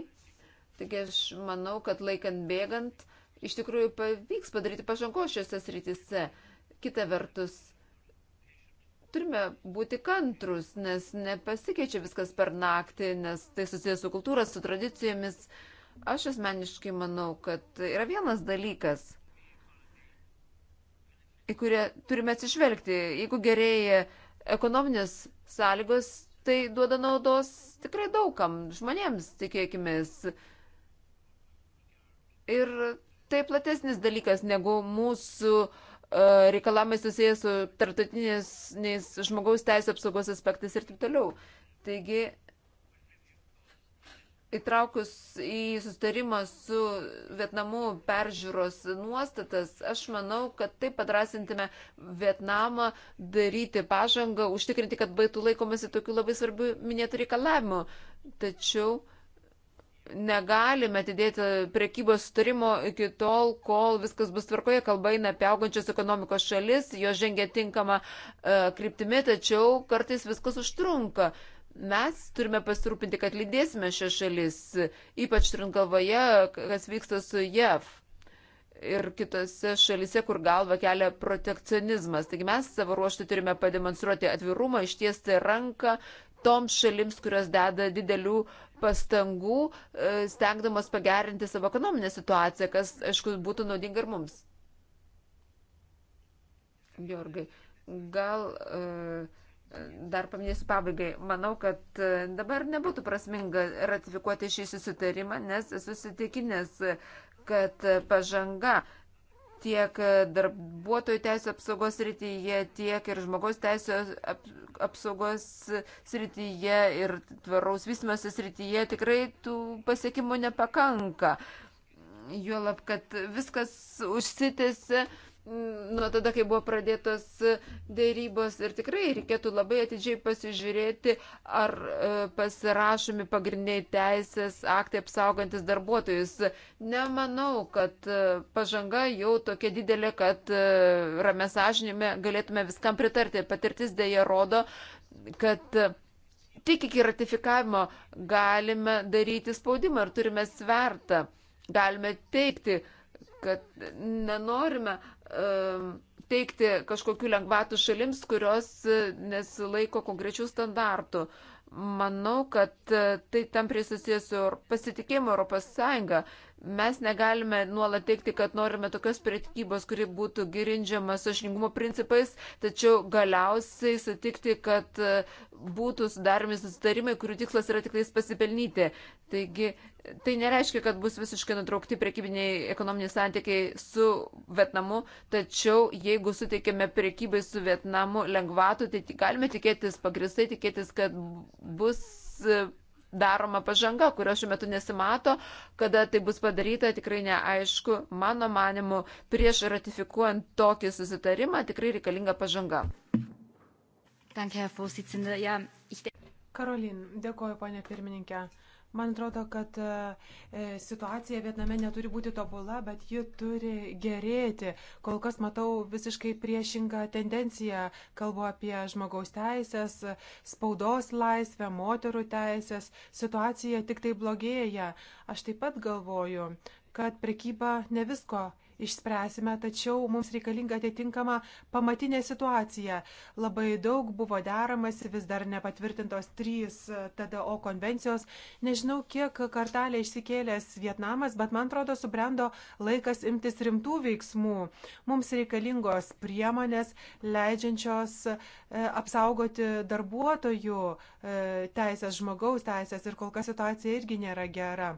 Speaker 2: Taigi aš manau, kad laikant bėgant iš tikrųjų pavyks padaryti pažangos šiuose srityse. Kita vertus, turime būti kantrus, nes nepasikeičia viskas per naktį, nes tai susijęs su kultūra, su tradicijomis. Aš asmeniškai manau, kad yra vienas dalykas, į kurį turime atsižvelgti. Jeigu gerėja ekonominės sąlygos, tai duoda naudos tikrai daugam žmonėms, tikėkime. Ir tai platesnis dalykas negu mūsų e, reikalavimai susijęs su tartutiniais žmogaus teisų apsaugos aspektais ir taip toliau. Taigi, įtraukus į sustarimą su Vietnamu peržiūros nuostatas, aš manau, kad taip padrasintume Vietnamą daryti pažangą, užtikrinti, kad baitų laikomasi tokių labai svarbių minėtų reikalavimų. Tačiau negalime atidėti prekybos sutarimo iki tol, kol viskas bus tvarkoje. Kalba eina apie augančios ekonomikos šalis, jo žengia tinkama e, kryptimi, tačiau kartais viskas užtrunka. Mes turime pasirūpinti, kad lydėsime šią šalis, ypač turint galvoje, kas vyksta su JAV e ir kitose šalise, kur galva kelia protekcionizmas. Taigi mes savo ruoštų turime pademonstruoti atvirumą, ištiesti ranką, toms šalims, kurios deda didelių pastangų, e, stengdamas pagerinti savo ekonominę situaciją, kas, aišku, būtų naudinga ir mums. Jorgai, gal e, dar paminėsiu pabaigai. Manau, kad e, dabar nebūtų prasminga ratifikuoti šį susitarimą, nes esu sitikinęs, kad pažanga tiek darbuotojų teisų apsaugos srityje, tiek ir žmogaus teisų apsaugos srityje ir tvaraus vystimės srityje tikrai tų pasiekimų nepakanka. Juolab, kad viskas užsitėsi nuo tada, kai buvo pradėtos dėrybos ir tikrai reikėtų labai atidžiai pasižiūrėti, ar e, pasirašomi pagrindiniai teisės aktai apsaugantis darbuotojus. Nemanau, kad e, pažanga jau tokia didelė, kad e, ramė sąžinime galėtume viskam pritarti. Patirtis dėja rodo, kad tik iki ratifikavimo galime daryti spaudimą ir turime svertą. Galime teikti, kad nenorime uh, teikti kažkokių lengvatų šalims, kurios e, nesilaiko konkrečių standartų. Manau, kad e, tai tam prisisės ir pasitikėjimo Europos Sąjunga. Mes negalime nuolat teikti, kad norime tokios prekybos, kuri būtų girindžiama sažiningumo principais, tačiau galiausiai sutikti, kad e, būtų sudaromi susitarimai, kurių tikslas yra tik tais pasipelnyti. Taigi, tai nereiškia, kad bus visiškai nutraukti prekybiniai ekonominiai santykiai su Vietnamu, tačiau jeigu suteikėme prekybai su Vietnamu lengvatų, tai galime tikėtis, pagristai tikėtis, kad bus e, daroma pažanga, kurio šiuo metu nesimato, kada tai bus padaryta, tikrai neaišku. Mano manimu, prieš ratifikuojant tokį susitarimą tikrai reikalinga pažanga.
Speaker 3: Danke, Herr Vorsitzender. Ja, ich Karolin, dėkoju, ponė pirmininkė. Man atrodo, kad e, situacija Vietname neturi būti tobula, bet ji turi gerėti. Kol kas matau visiškai priešingą tendenciją. Kalbu apie žmogaus teisės, spaudos laisvę, moterų teisės. Situacija tik tai blogėja. Aš taip pat galvoju, kad prekyba ne visko išspręsime, tačiau mums reikalinga atitinkama pamatinė situacija. Labai daug buvo deramasi, vis dar nepatvirtintos trys TDO konvencijos. Nežinau, kiek kartelė išsikėlęs Vietnamas, bet man atrodo, subrendo laikas imtis rimtų veiksmų. Mums reikalingos priemonės, leidžiančios e, apsaugoti darbuotojų e, teisės, žmogaus teisės ir kol kas situacija irgi nėra gera.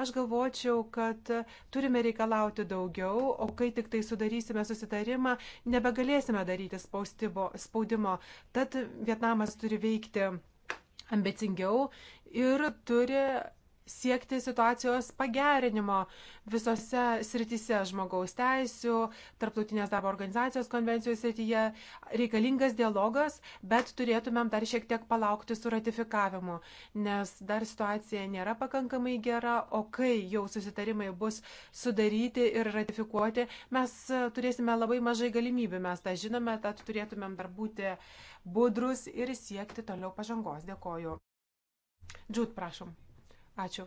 Speaker 3: Aš galvočiau, kad turime reikalauti daugiau toliau, o kai tik tai sudarysime susitarimą, nebegalėsime daryti spaustibo, spaudimo. Tad Vietnamas turi veikti ambicingiau ir turi siekti situacijos pagerinimo visose srityse žmogaus teisų, tarptautinės darbo organizacijos konvencijos srityje. Reikalingas dialogas, bet turėtumėm dar šiek tiek palaukti su ratifikavimu, nes dar situacija nėra pakankamai gera, o kai jau susitarimai bus sudaryti ir ratifikuoti, mes turėsime labai mažai galimybių, mes tą žinome, tad turėtumėm dar būti budrus ir siekti toliau pažangos. Dėkoju. Džūt, prašom. Ačiū.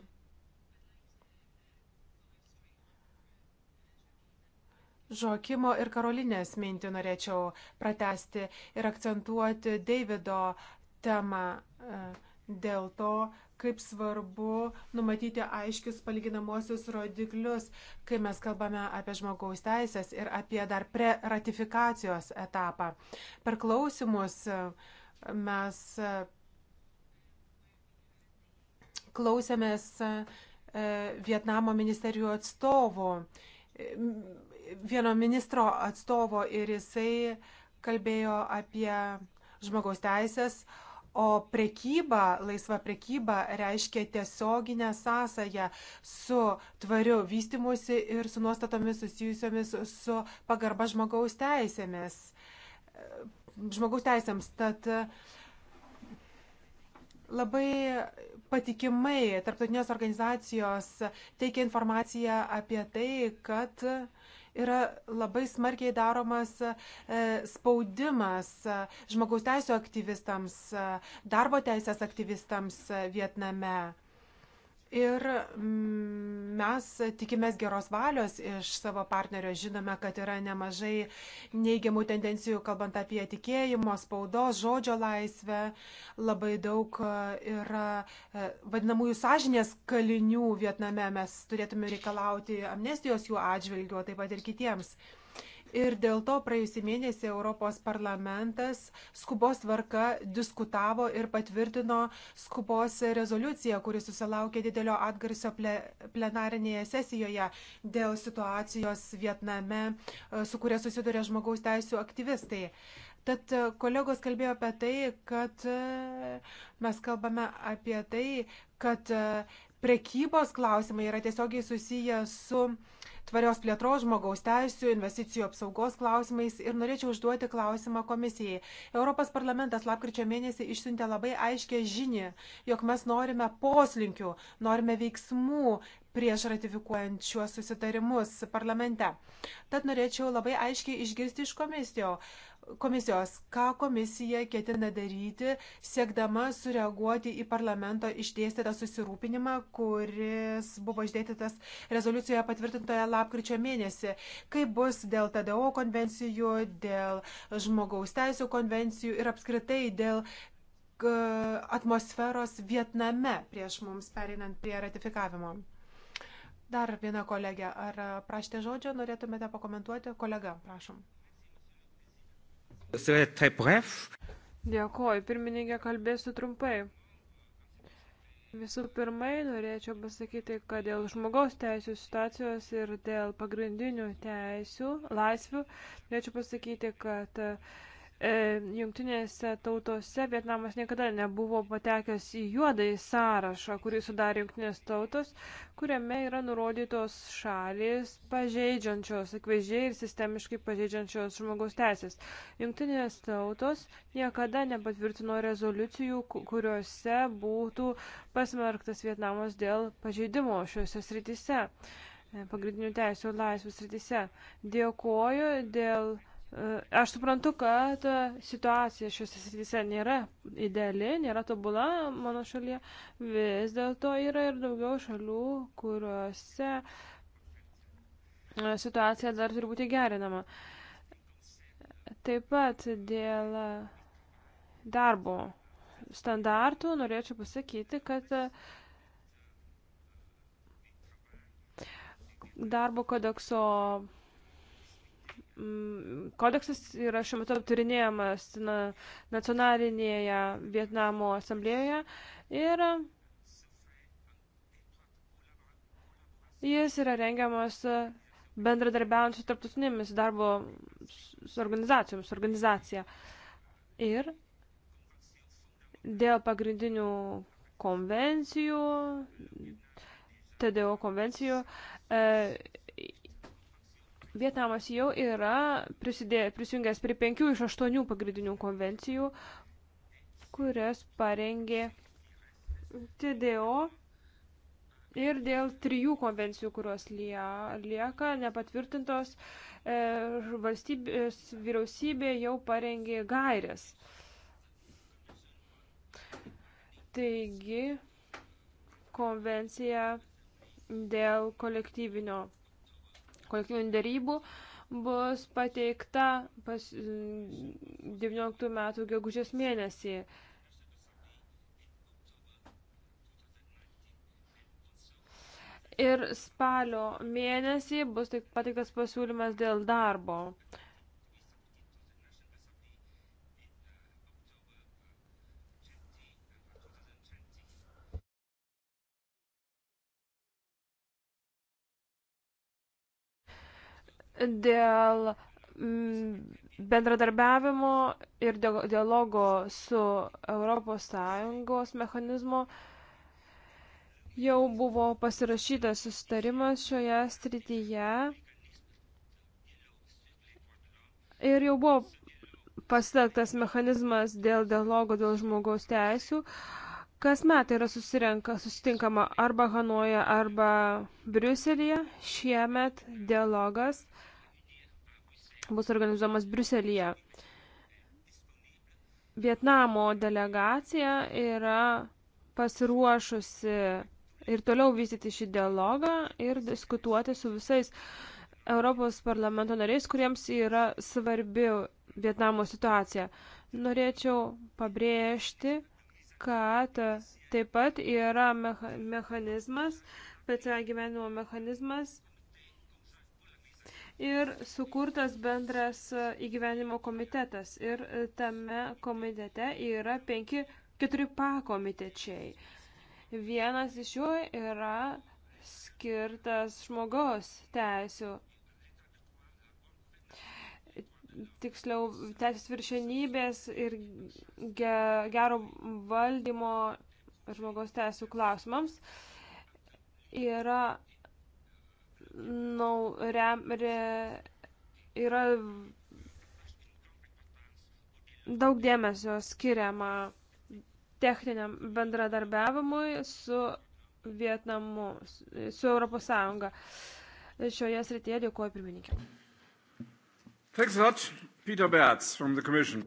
Speaker 3: Žokimo ir Karolinės mintį norėčiau pratesti ir akcentuoti Davido temą e, dėl to, kaip svarbu numatyti aiškius palyginamosius rodiklius, kai mes kalbame apie žmogaus teisės ir apie dar pre ratifikacijos etapą. Per klausimus e, mes e, klausėmės e, Vietnamo ministerijų atstovo, e, vieno ministro atstovo ir jisai kalbėjo apie žmogaus teisės, o prekyba, laisva prekyba reiškia tiesioginę sąsają su tvariu vystimusi ir su nuostatomis susijusiomis su pagarba žmogaus teisėmis. E, žmogaus teisėms. Tad labai patikimai tarptautinės organizacijos teikia informaciją apie tai, kad yra labai smarkiai daromas e, spaudimas e, žmogaus teisų aktyvistams, e, darbo teisės aktyvistams Vietname. Ir mm, mes tikimės geros valios iš savo partnerio. Žinome, kad yra nemažai neigiamų tendencijų, kalbant apie tikėjimo, spaudos, žodžio laisvę. Labai daug e, yra e, vadinamųjų sąžinės kalinių Vietname. Mes turėtume reikalauti amnestijos jų atžvilgiu, o taip pat ir kitiems ir dėl to praėjusį mėnesį Europos parlamentas skubos tvarka diskutavo ir patvirtino skubos rezoliuciją, kuri susilaukė didelio atgarsio ple, plenarinėje sesijoje dėl situacijos Vietname, e, su kuria susiduria žmogaus teisų aktyvistai. Tad e, kolegos kalbėjo apie tai, kad e, mes kalbame apie tai, kad prekybos klausimai yra tiesiogiai susiję su uh, tvarios plėtros, žmogaus teisų, investicijų apsaugos klausimais ir norėčiau užduoti klausimą komisijai. Europos parlamentas lapkričio mėnesį išsiuntė labai aiškę žinį, jog mes norime poslinkių, norime veiksmų prieš ratifikuojant šiuos susitarimus parlamente. Tad norėčiau labai aiškiai išgirsti iš komisijo, komisijos, ką komisija ketina daryti, siekdama sureaguoti į parlamento išdėstytą susirūpinimą, kuris buvo išdėstytas rezoliucijoje patvirtintoje lapkričio mėnesį. Kaip bus dėl TDO konvencijų, dėl žmogaus teisų konvencijų ir apskritai dėl atmosferos Vietname prieš mums pereinant prie ratifikavimo. Dar viena kolegė, ar prašėte žodžio,
Speaker 4: norėtumėte pakomentuoti? Kolega, prašom. Dėkoju, pirmininkė, kalbėsiu trumpai. Visų pirmai norėčiau pasakyti, kad dėl žmogaus teisų situacijos ir dėl pagrindinių teisų, laisvių, norėčiau pasakyti, kad uh, E, jungtinėse tautose Vietnamas niekada nebuvo patekęs į juodąjį sąrašą, kurį sudarė Jungtinės tautos, kuriame yra nurodytos šalis pažeidžiančios, akvežiai ir sistemiškai pažeidžiančios žmogaus teisės. Jungtinės tautos niekada nepatvirtino rezoliucijų, kuriuose būtų pasmerktas Vietnamas dėl pažeidimo šiuose srityse, e, pagrindinių teisų laisvės srityse. Dėkoju dėl Aš suprantu, kad e, situacija šiuose srityse nėra ideali, nėra tobula mano šalyje. Vis dėlto yra ir daugiau šalių, kuriuose e, situacija dar turi būti gerinama. Taip pat dėl darbo standartų norėčiau pasakyti, kad e, darbo kodekso Mm, kodeksas yra šiuo metu aptarinėjamas na, nacionalinėje Vietnamo asamblėje ir jis yra rengiamas bendradarbiaujant su tarptautinėmis darbo su organizacijomis, su organizacija. Ir dėl pagrindinių konvencijų, TDO konvencijų, e, Vietnamas jau yra prisidė, prisijungęs prie penkių iš aštuonių pagrindinių konvencijų, kurias parengė TDO ir dėl trijų konvencijų, kurios lieka nepatvirtintos, e, valstybės vyriausybė jau parengė gairės. Taigi, konvencija dėl kolektyvinio kolektyvinių darybų bus pateikta pas 19 metų gegužės mėnesį. Ir spalio mėnesį bus pateiktas pasiūlymas dėl darbo. Uh, dėl mm, bendradarbiavimo ir dialogo su ES mechanizmo jau buvo pasirašytas sustarimas šioje srityje ir jau buvo pasitelktas mechanizmas dėl dialogo dėl žmogaus teisų. Uh, Kas metai yra susirenka, susitinkama arba Hanoje, arba Briuselėje. Šiemet dialogas bus organizuojamas Briuselėje. Vietnamo delegacija yra pasiruošusi ir toliau vystyti šį dialogą ir diskutuoti su visais Europos parlamento nariais, kuriems yra svarbi Vietnamo situacija. Norėčiau pabrėžti, kad taip pat yra meha mechanizmas, specialiai gyvenimo mechanizmas ir sukurtas bendras įgyvenimo komitetas. Ir tame komitete yra penki, keturi pakomitečiai. Vienas iš jų yra skirtas žmogaus teisų tiksliau teisės viršenybės ir ge, gero valdymo žmogaus teisų klausimams yra, nau, rem, re, yra daug dėmesio skiriama techniniam bendradarbiavimui su Vietnamu, su Europos Sąjunga. Šioje srityje dėkuoju pirmininkė.
Speaker 1: Thanks a lot. Peter Merz from the Commission.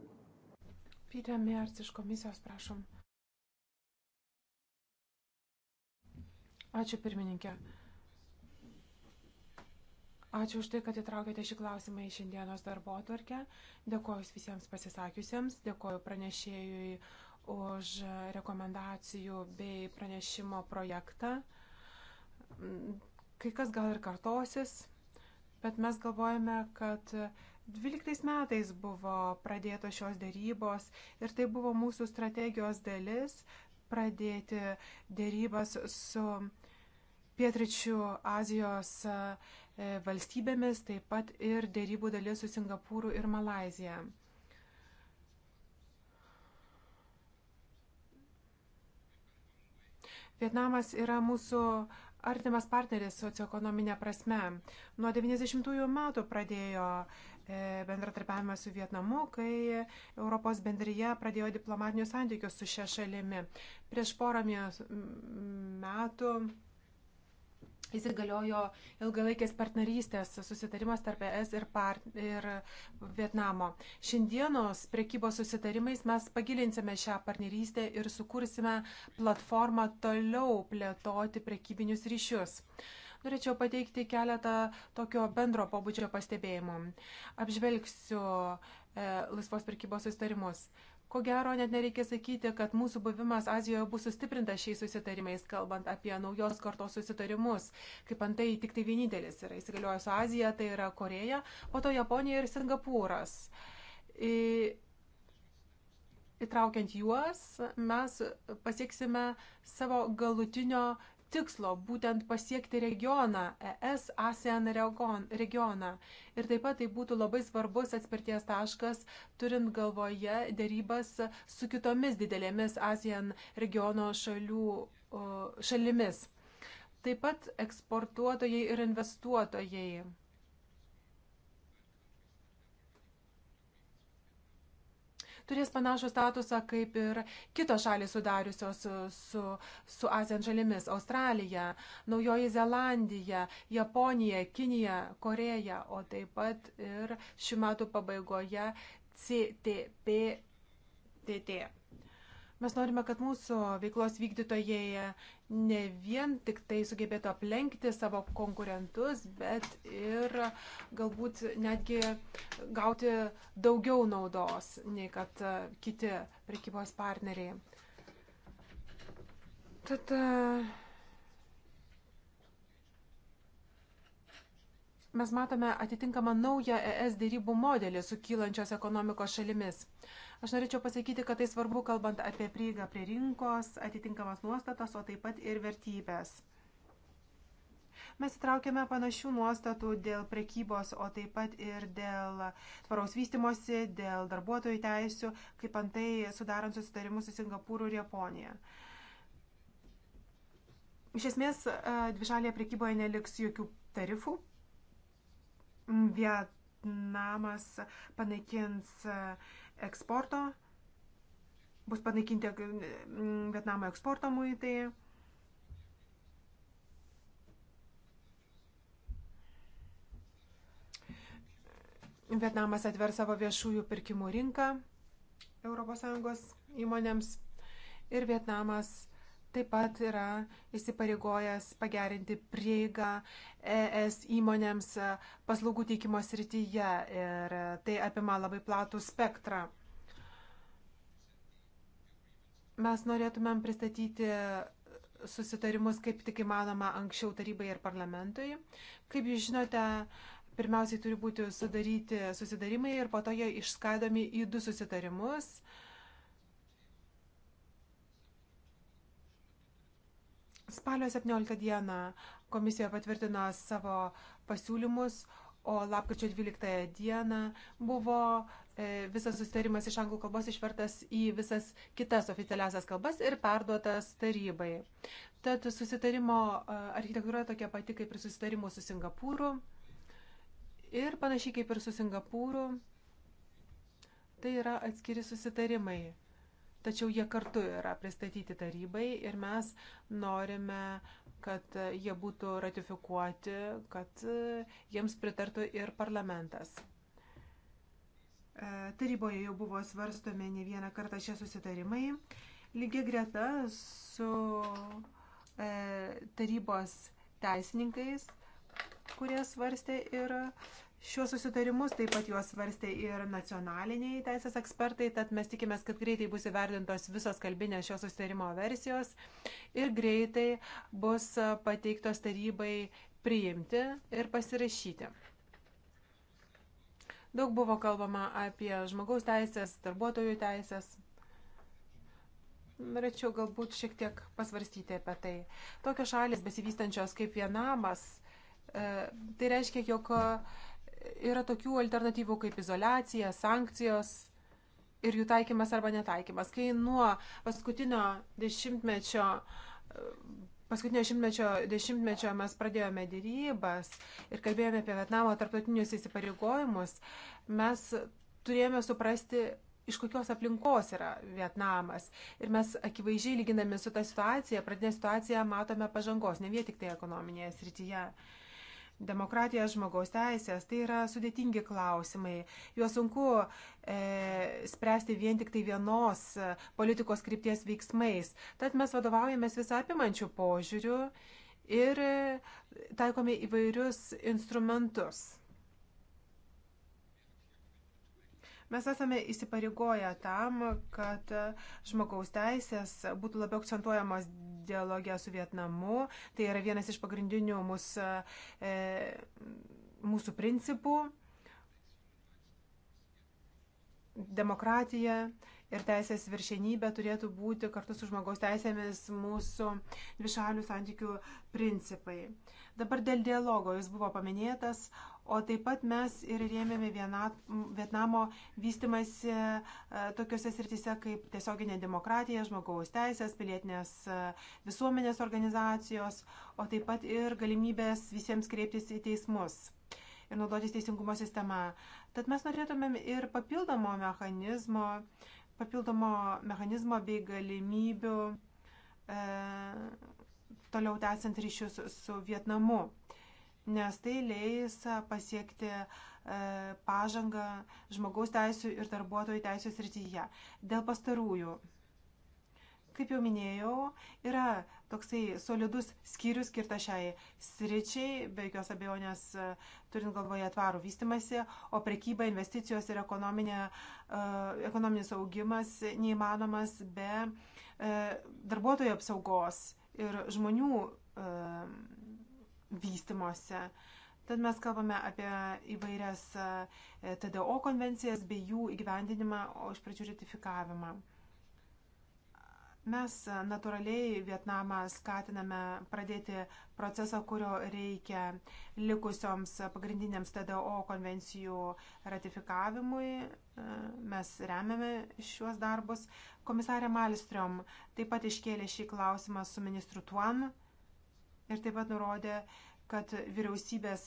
Speaker 3: Peter Merz iš komisijos, prašom. Ačiū pirmininkė. Ačiū už tai, kad įtraukėte šį klausimą į šiandienos darbo atvarkę. Dėkoju visiems pasisakiusiems, dėkoju pranešėjui už rekomendacijų bei pranešimo projektą. Kai kas gal ir kartosis, bet mes galvojame, kad 12 metais buvo pradėtos šios dėrybos ir tai buvo mūsų strategijos dalis pradėti dėrybas su Pietričių Azijos e, valstybėmis, taip pat ir dėrybų dalis su Singapūru ir Malazija. Vietnamas yra mūsų artimas partneris socioekonominė prasme. Nuo 90-ųjų metų pradėjo E, bendratarpiavimą su Vietnamu, kai Europos bendryje pradėjo diplomatinius santykius su šia šalimi. Prieš porą metų įsigaliojo ilgalaikės partnerystės susitarimas tarp ES ir, par, ir Vietnamo. Šiandienos prekybos susitarimais mes pagilinsime šią partnerystę ir sukursime platformą toliau plėtoti prekybinius ryšius. Uh, Norėčiau pateikti keletą tokio bendro pobūdžio pastebėjimų. Apžvelgsiu e, laisvos prekybos sustarimus. Ko gero, net nereikia sakyti, kad mūsų buvimas Azijoje bus sustiprintas šiais susitarimais, kalbant apie naujos kartos susitarimus. Kaip antai, tik tai vienintelis yra įsigaliojęs Azija, tai yra Koreja, po to Japonija ir Singapūras. I, įtraukiant juos, mes pasieksime savo galutinio tikslo - būtent pasiekti regioną, ES, ASEAN regioną. Ir taip pat tai būtų labai svarbus atspirties taškas, turint galvoje dėrybas su kitomis didelėmis ASEAN regiono šalių, šalimis. Taip pat eksportuotojai ir investuotojai turės panašų statusą kaip ir kitos šalis sudariusios su, su, su Azijos šalimis - Australija, Naujoji Zelandija, Japonija, Kinija, Koreja, o taip pat ir šių metų pabaigoje CTPTT. Mes norime, kad mūsų veiklos vykdytojai ne vien tik tai sugebėtų aplenkti savo konkurentus, bet ir galbūt netgi gauti daugiau naudos nei kad kiti prekybos partneriai. Tad mes matome atitinkamą naują ES dėrybų modelį su kylančios ekonomikos šalimis. Uh, Aš norėčiau pasakyti, kad tai svarbu, kalbant apie prieigą prie rinkos, atitinkamas nuostatas, o taip pat ir vertybės. Mes įtraukėme panašių nuostatų dėl prekybos, o taip pat ir dėl tvaraus vystimosi, dėl darbuotojų teisių, kaip antai sudarant susitarimus su Singapūru ir Japonija. Iš esmės, e, dvišalėje prekyboje neliks jokių tarifų. Vietnamas panaikins uh, eksporto, bus panaikinti mm, Vietnamo eksporto muitai. Vietnamas atver savo viešųjų pirkimų rinką ES įmonėms ir Vietnamas taip pat yra įsipareigojęs pagerinti prieigą ES įmonėms paslaugų teikimo srityje ir tai apima labai platų spektrą. Mes norėtumėm pristatyti susitarimus kaip tik įmanoma anksčiau tarybai ir parlamentui. Kaip jūs žinote, pirmiausiai turi būti sudaryti susidarimai ir po to jie išskaidomi į du susitarimus. Uh, Spalio 17 dieną komisija patvirtino savo pasiūlymus, o lapkričio 12 dieną buvo e, visas sustarimas iš anglų kalbos išvertas į visas kitas oficialiasias kalbas ir perduotas tarybai. Tad susitarimo e, architektūra tokia pati kaip ir susitarimo su Singapūru. Ir panašiai kaip ir su Singapūru, tai yra atskiri susitarimai tačiau jie kartu yra pristatyti tarybai ir mes norime, kad jie būtų ratifikuoti, kad e, jiems pritartų ir parlamentas. E, taryboje jau buvo svarstomi ne vieną kartą šie susitarimai. Lygiai greta su e, tarybos teisininkais, kurie svarstė ir Šiuos susitarimus taip pat juos svarstė ir nacionaliniai teisės ekspertai, tad mes tikimės, kad greitai bus įvertintos visos kalbinės šio susitarimo versijos ir greitai bus e, pateiktos tarybai priimti ir pasirašyti. Daug buvo kalbama apie žmogaus teisės, darbuotojų teisės. Norėčiau galbūt šiek tiek pasvarstyti apie tai. Tokios šalis besivystančios kaip Vienamas, e, tai reiškia, jog yra tokių alternatyvų kaip izolacija, sankcijos ir jų taikymas arba netaikymas. Kai nuo paskutinio dešimtmečio Paskutinio šimtmečio, dešimtmečio mes pradėjome dėrybas ir kalbėjome apie Vietnamo tarptautinius įsipareigojimus. Mes turėjome suprasti, iš kokios aplinkos yra Vietnamas. Ir mes akivaizdžiai lyginami su tą situaciją, pradinę situaciją matome pažangos, ne vien tik tai ekonominėje srityje. Uh, demokratija, žmogaus teisės, tai yra sudėtingi klausimai. Juos sunku e, spręsti vien tik tai vienos e, politikos krypties veiksmais. Tad mes vadovaujamės visą apimančių požiūrių ir e, taikome įvairius instrumentus. Mes esame įsipareigoję tam, kad žmogaus teisės būtų labiau akcentuojamos dialogė su Vietnamu. Tai yra vienas iš pagrindinių mūsų, e, mūsų principų demokratija ir teisės viršenybė turėtų būti kartu su žmogaus teisėmis mūsų dvišalių santykių principai. Dabar dėl dialogo jis buvo paminėtas, O taip pat mes ir rėmėme Vietnamo vystimasi e, tokiuose srityse kaip tiesioginė demokratija, žmogaus teisės, pilietinės e, visuomenės organizacijos, o taip pat ir galimybės visiems kreiptis į teismus ir naudotis teisingumo sistema. Tad mes norėtumėm ir papildomo mechanizmo, papildomo mechanizmo bei galimybių e, toliau tęsiant ryšius su Vietnamu nes tai leis pasiekti e, pažangą žmogaus teisų ir darbuotojų teisų srityje. Dėl pastarųjų, kaip jau minėjau, yra toksai solidus skyrius skirtas šiai sričiai, be jokios abejonės e, turint galvoje tvarų vystimasi, o prekyba, investicijos ir ekonominė, e, ekonominis augimas neįmanomas be darbuotojų apsaugos ir žmonių vystimuose. Tad mes kalbame apie įvairias e, TDO konvencijas bei jų įgyvendinimą, o iš pradžių ratifikavimą. Mes e, natūraliai Vietnamą skatiname pradėti procesą, kurio reikia likusioms pagrindiniams TDO konvencijų ratifikavimui. E, mes remiame šiuos darbus. Komisarė Malstrom taip pat iškėlė šį klausimą su ministru Tuan. Ir taip pat nurodė, kad vyriausybės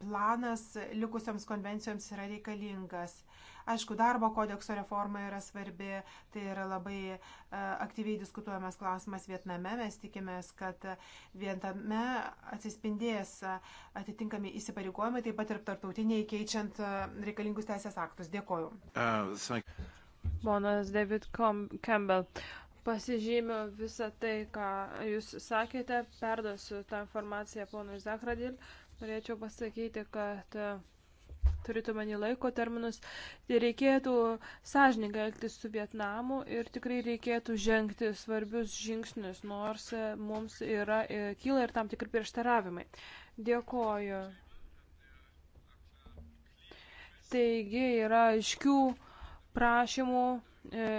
Speaker 3: planas likusiams konvencijoms yra reikalingas. Aišku, darbo kodekso reforma yra svarbi, tai yra labai e, aktyviai diskutuojamas klausimas Vietname. Mes tikimės, kad Vietname atsispindės atitinkami įsipareigojimai, taip pat ir tarptautiniai
Speaker 4: keičiant e, reikalingus teisės aktus. Dėkoju.
Speaker 1: Uh,
Speaker 4: Ponas David Campbell pasižymiu visą tai, ką jūs sakėte, perdosiu tą informaciją ponui Zakradil. Norėčiau pasakyti, kad e, turite mani laiko terminus, tai reikėtų sąžininkai elgtis su Vietnamu ir tikrai reikėtų žengti svarbius žingsnius, nors e, mums yra, e, kyla ir tam tikri prieštaravimai. Dėkoju. Taigi yra aiškių prašymų. E,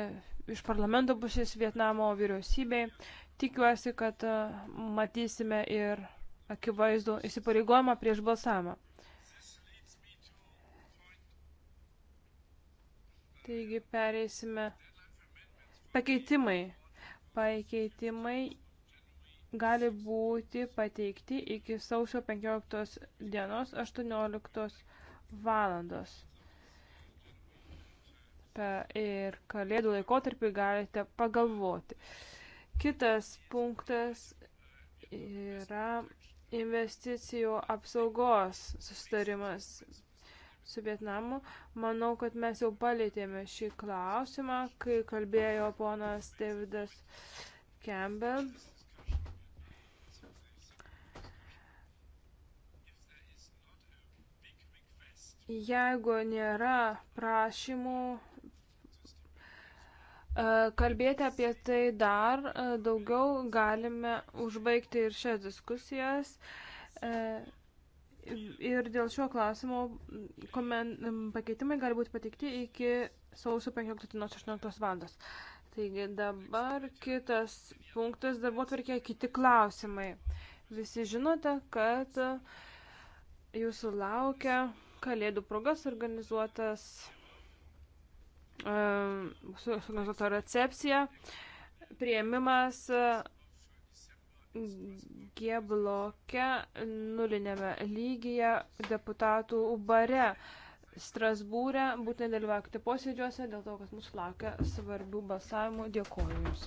Speaker 4: iš parlamento pusės Vietnamo vyriausybei. Tikiuosi, kad e, matysime ir akivaizdų įsipareigojimą prieš balsavimą. Taigi pereisime. Pakeitimai. Pakeitimai gali būti pateikti iki sausio 15 dienos 18 valandos ir kalėdų laikotarpį galite pagalvoti. Kitas punktas yra investicijų apsaugos sustarimas su Vietnamu. Manau, kad mes jau palėtėme šį klausimą, kai kalbėjo ponas Davidas Campbell. Jeigu nėra prašymų E, kalbėti apie tai dar e, daugiau galime užbaigti ir šias diskusijas. E, ir dėl šio klausimo pakeitimai gali būti pateikti iki sausio 15 dienos 18 valandos. Taigi dabar kitas punktas darbo tvarkė, kiti klausimai. Visi žinote, kad jūsų laukia Kalėdų progas organizuotas suorganizuota recepcija, prieimimas G bloke nulinėme lygyje deputatų bare. Strasbūrė, būtinai dalyvaukite posėdžiuose, dėl to, kad mūsų laukia svarbių balsavimų. Dėkuoju Jums.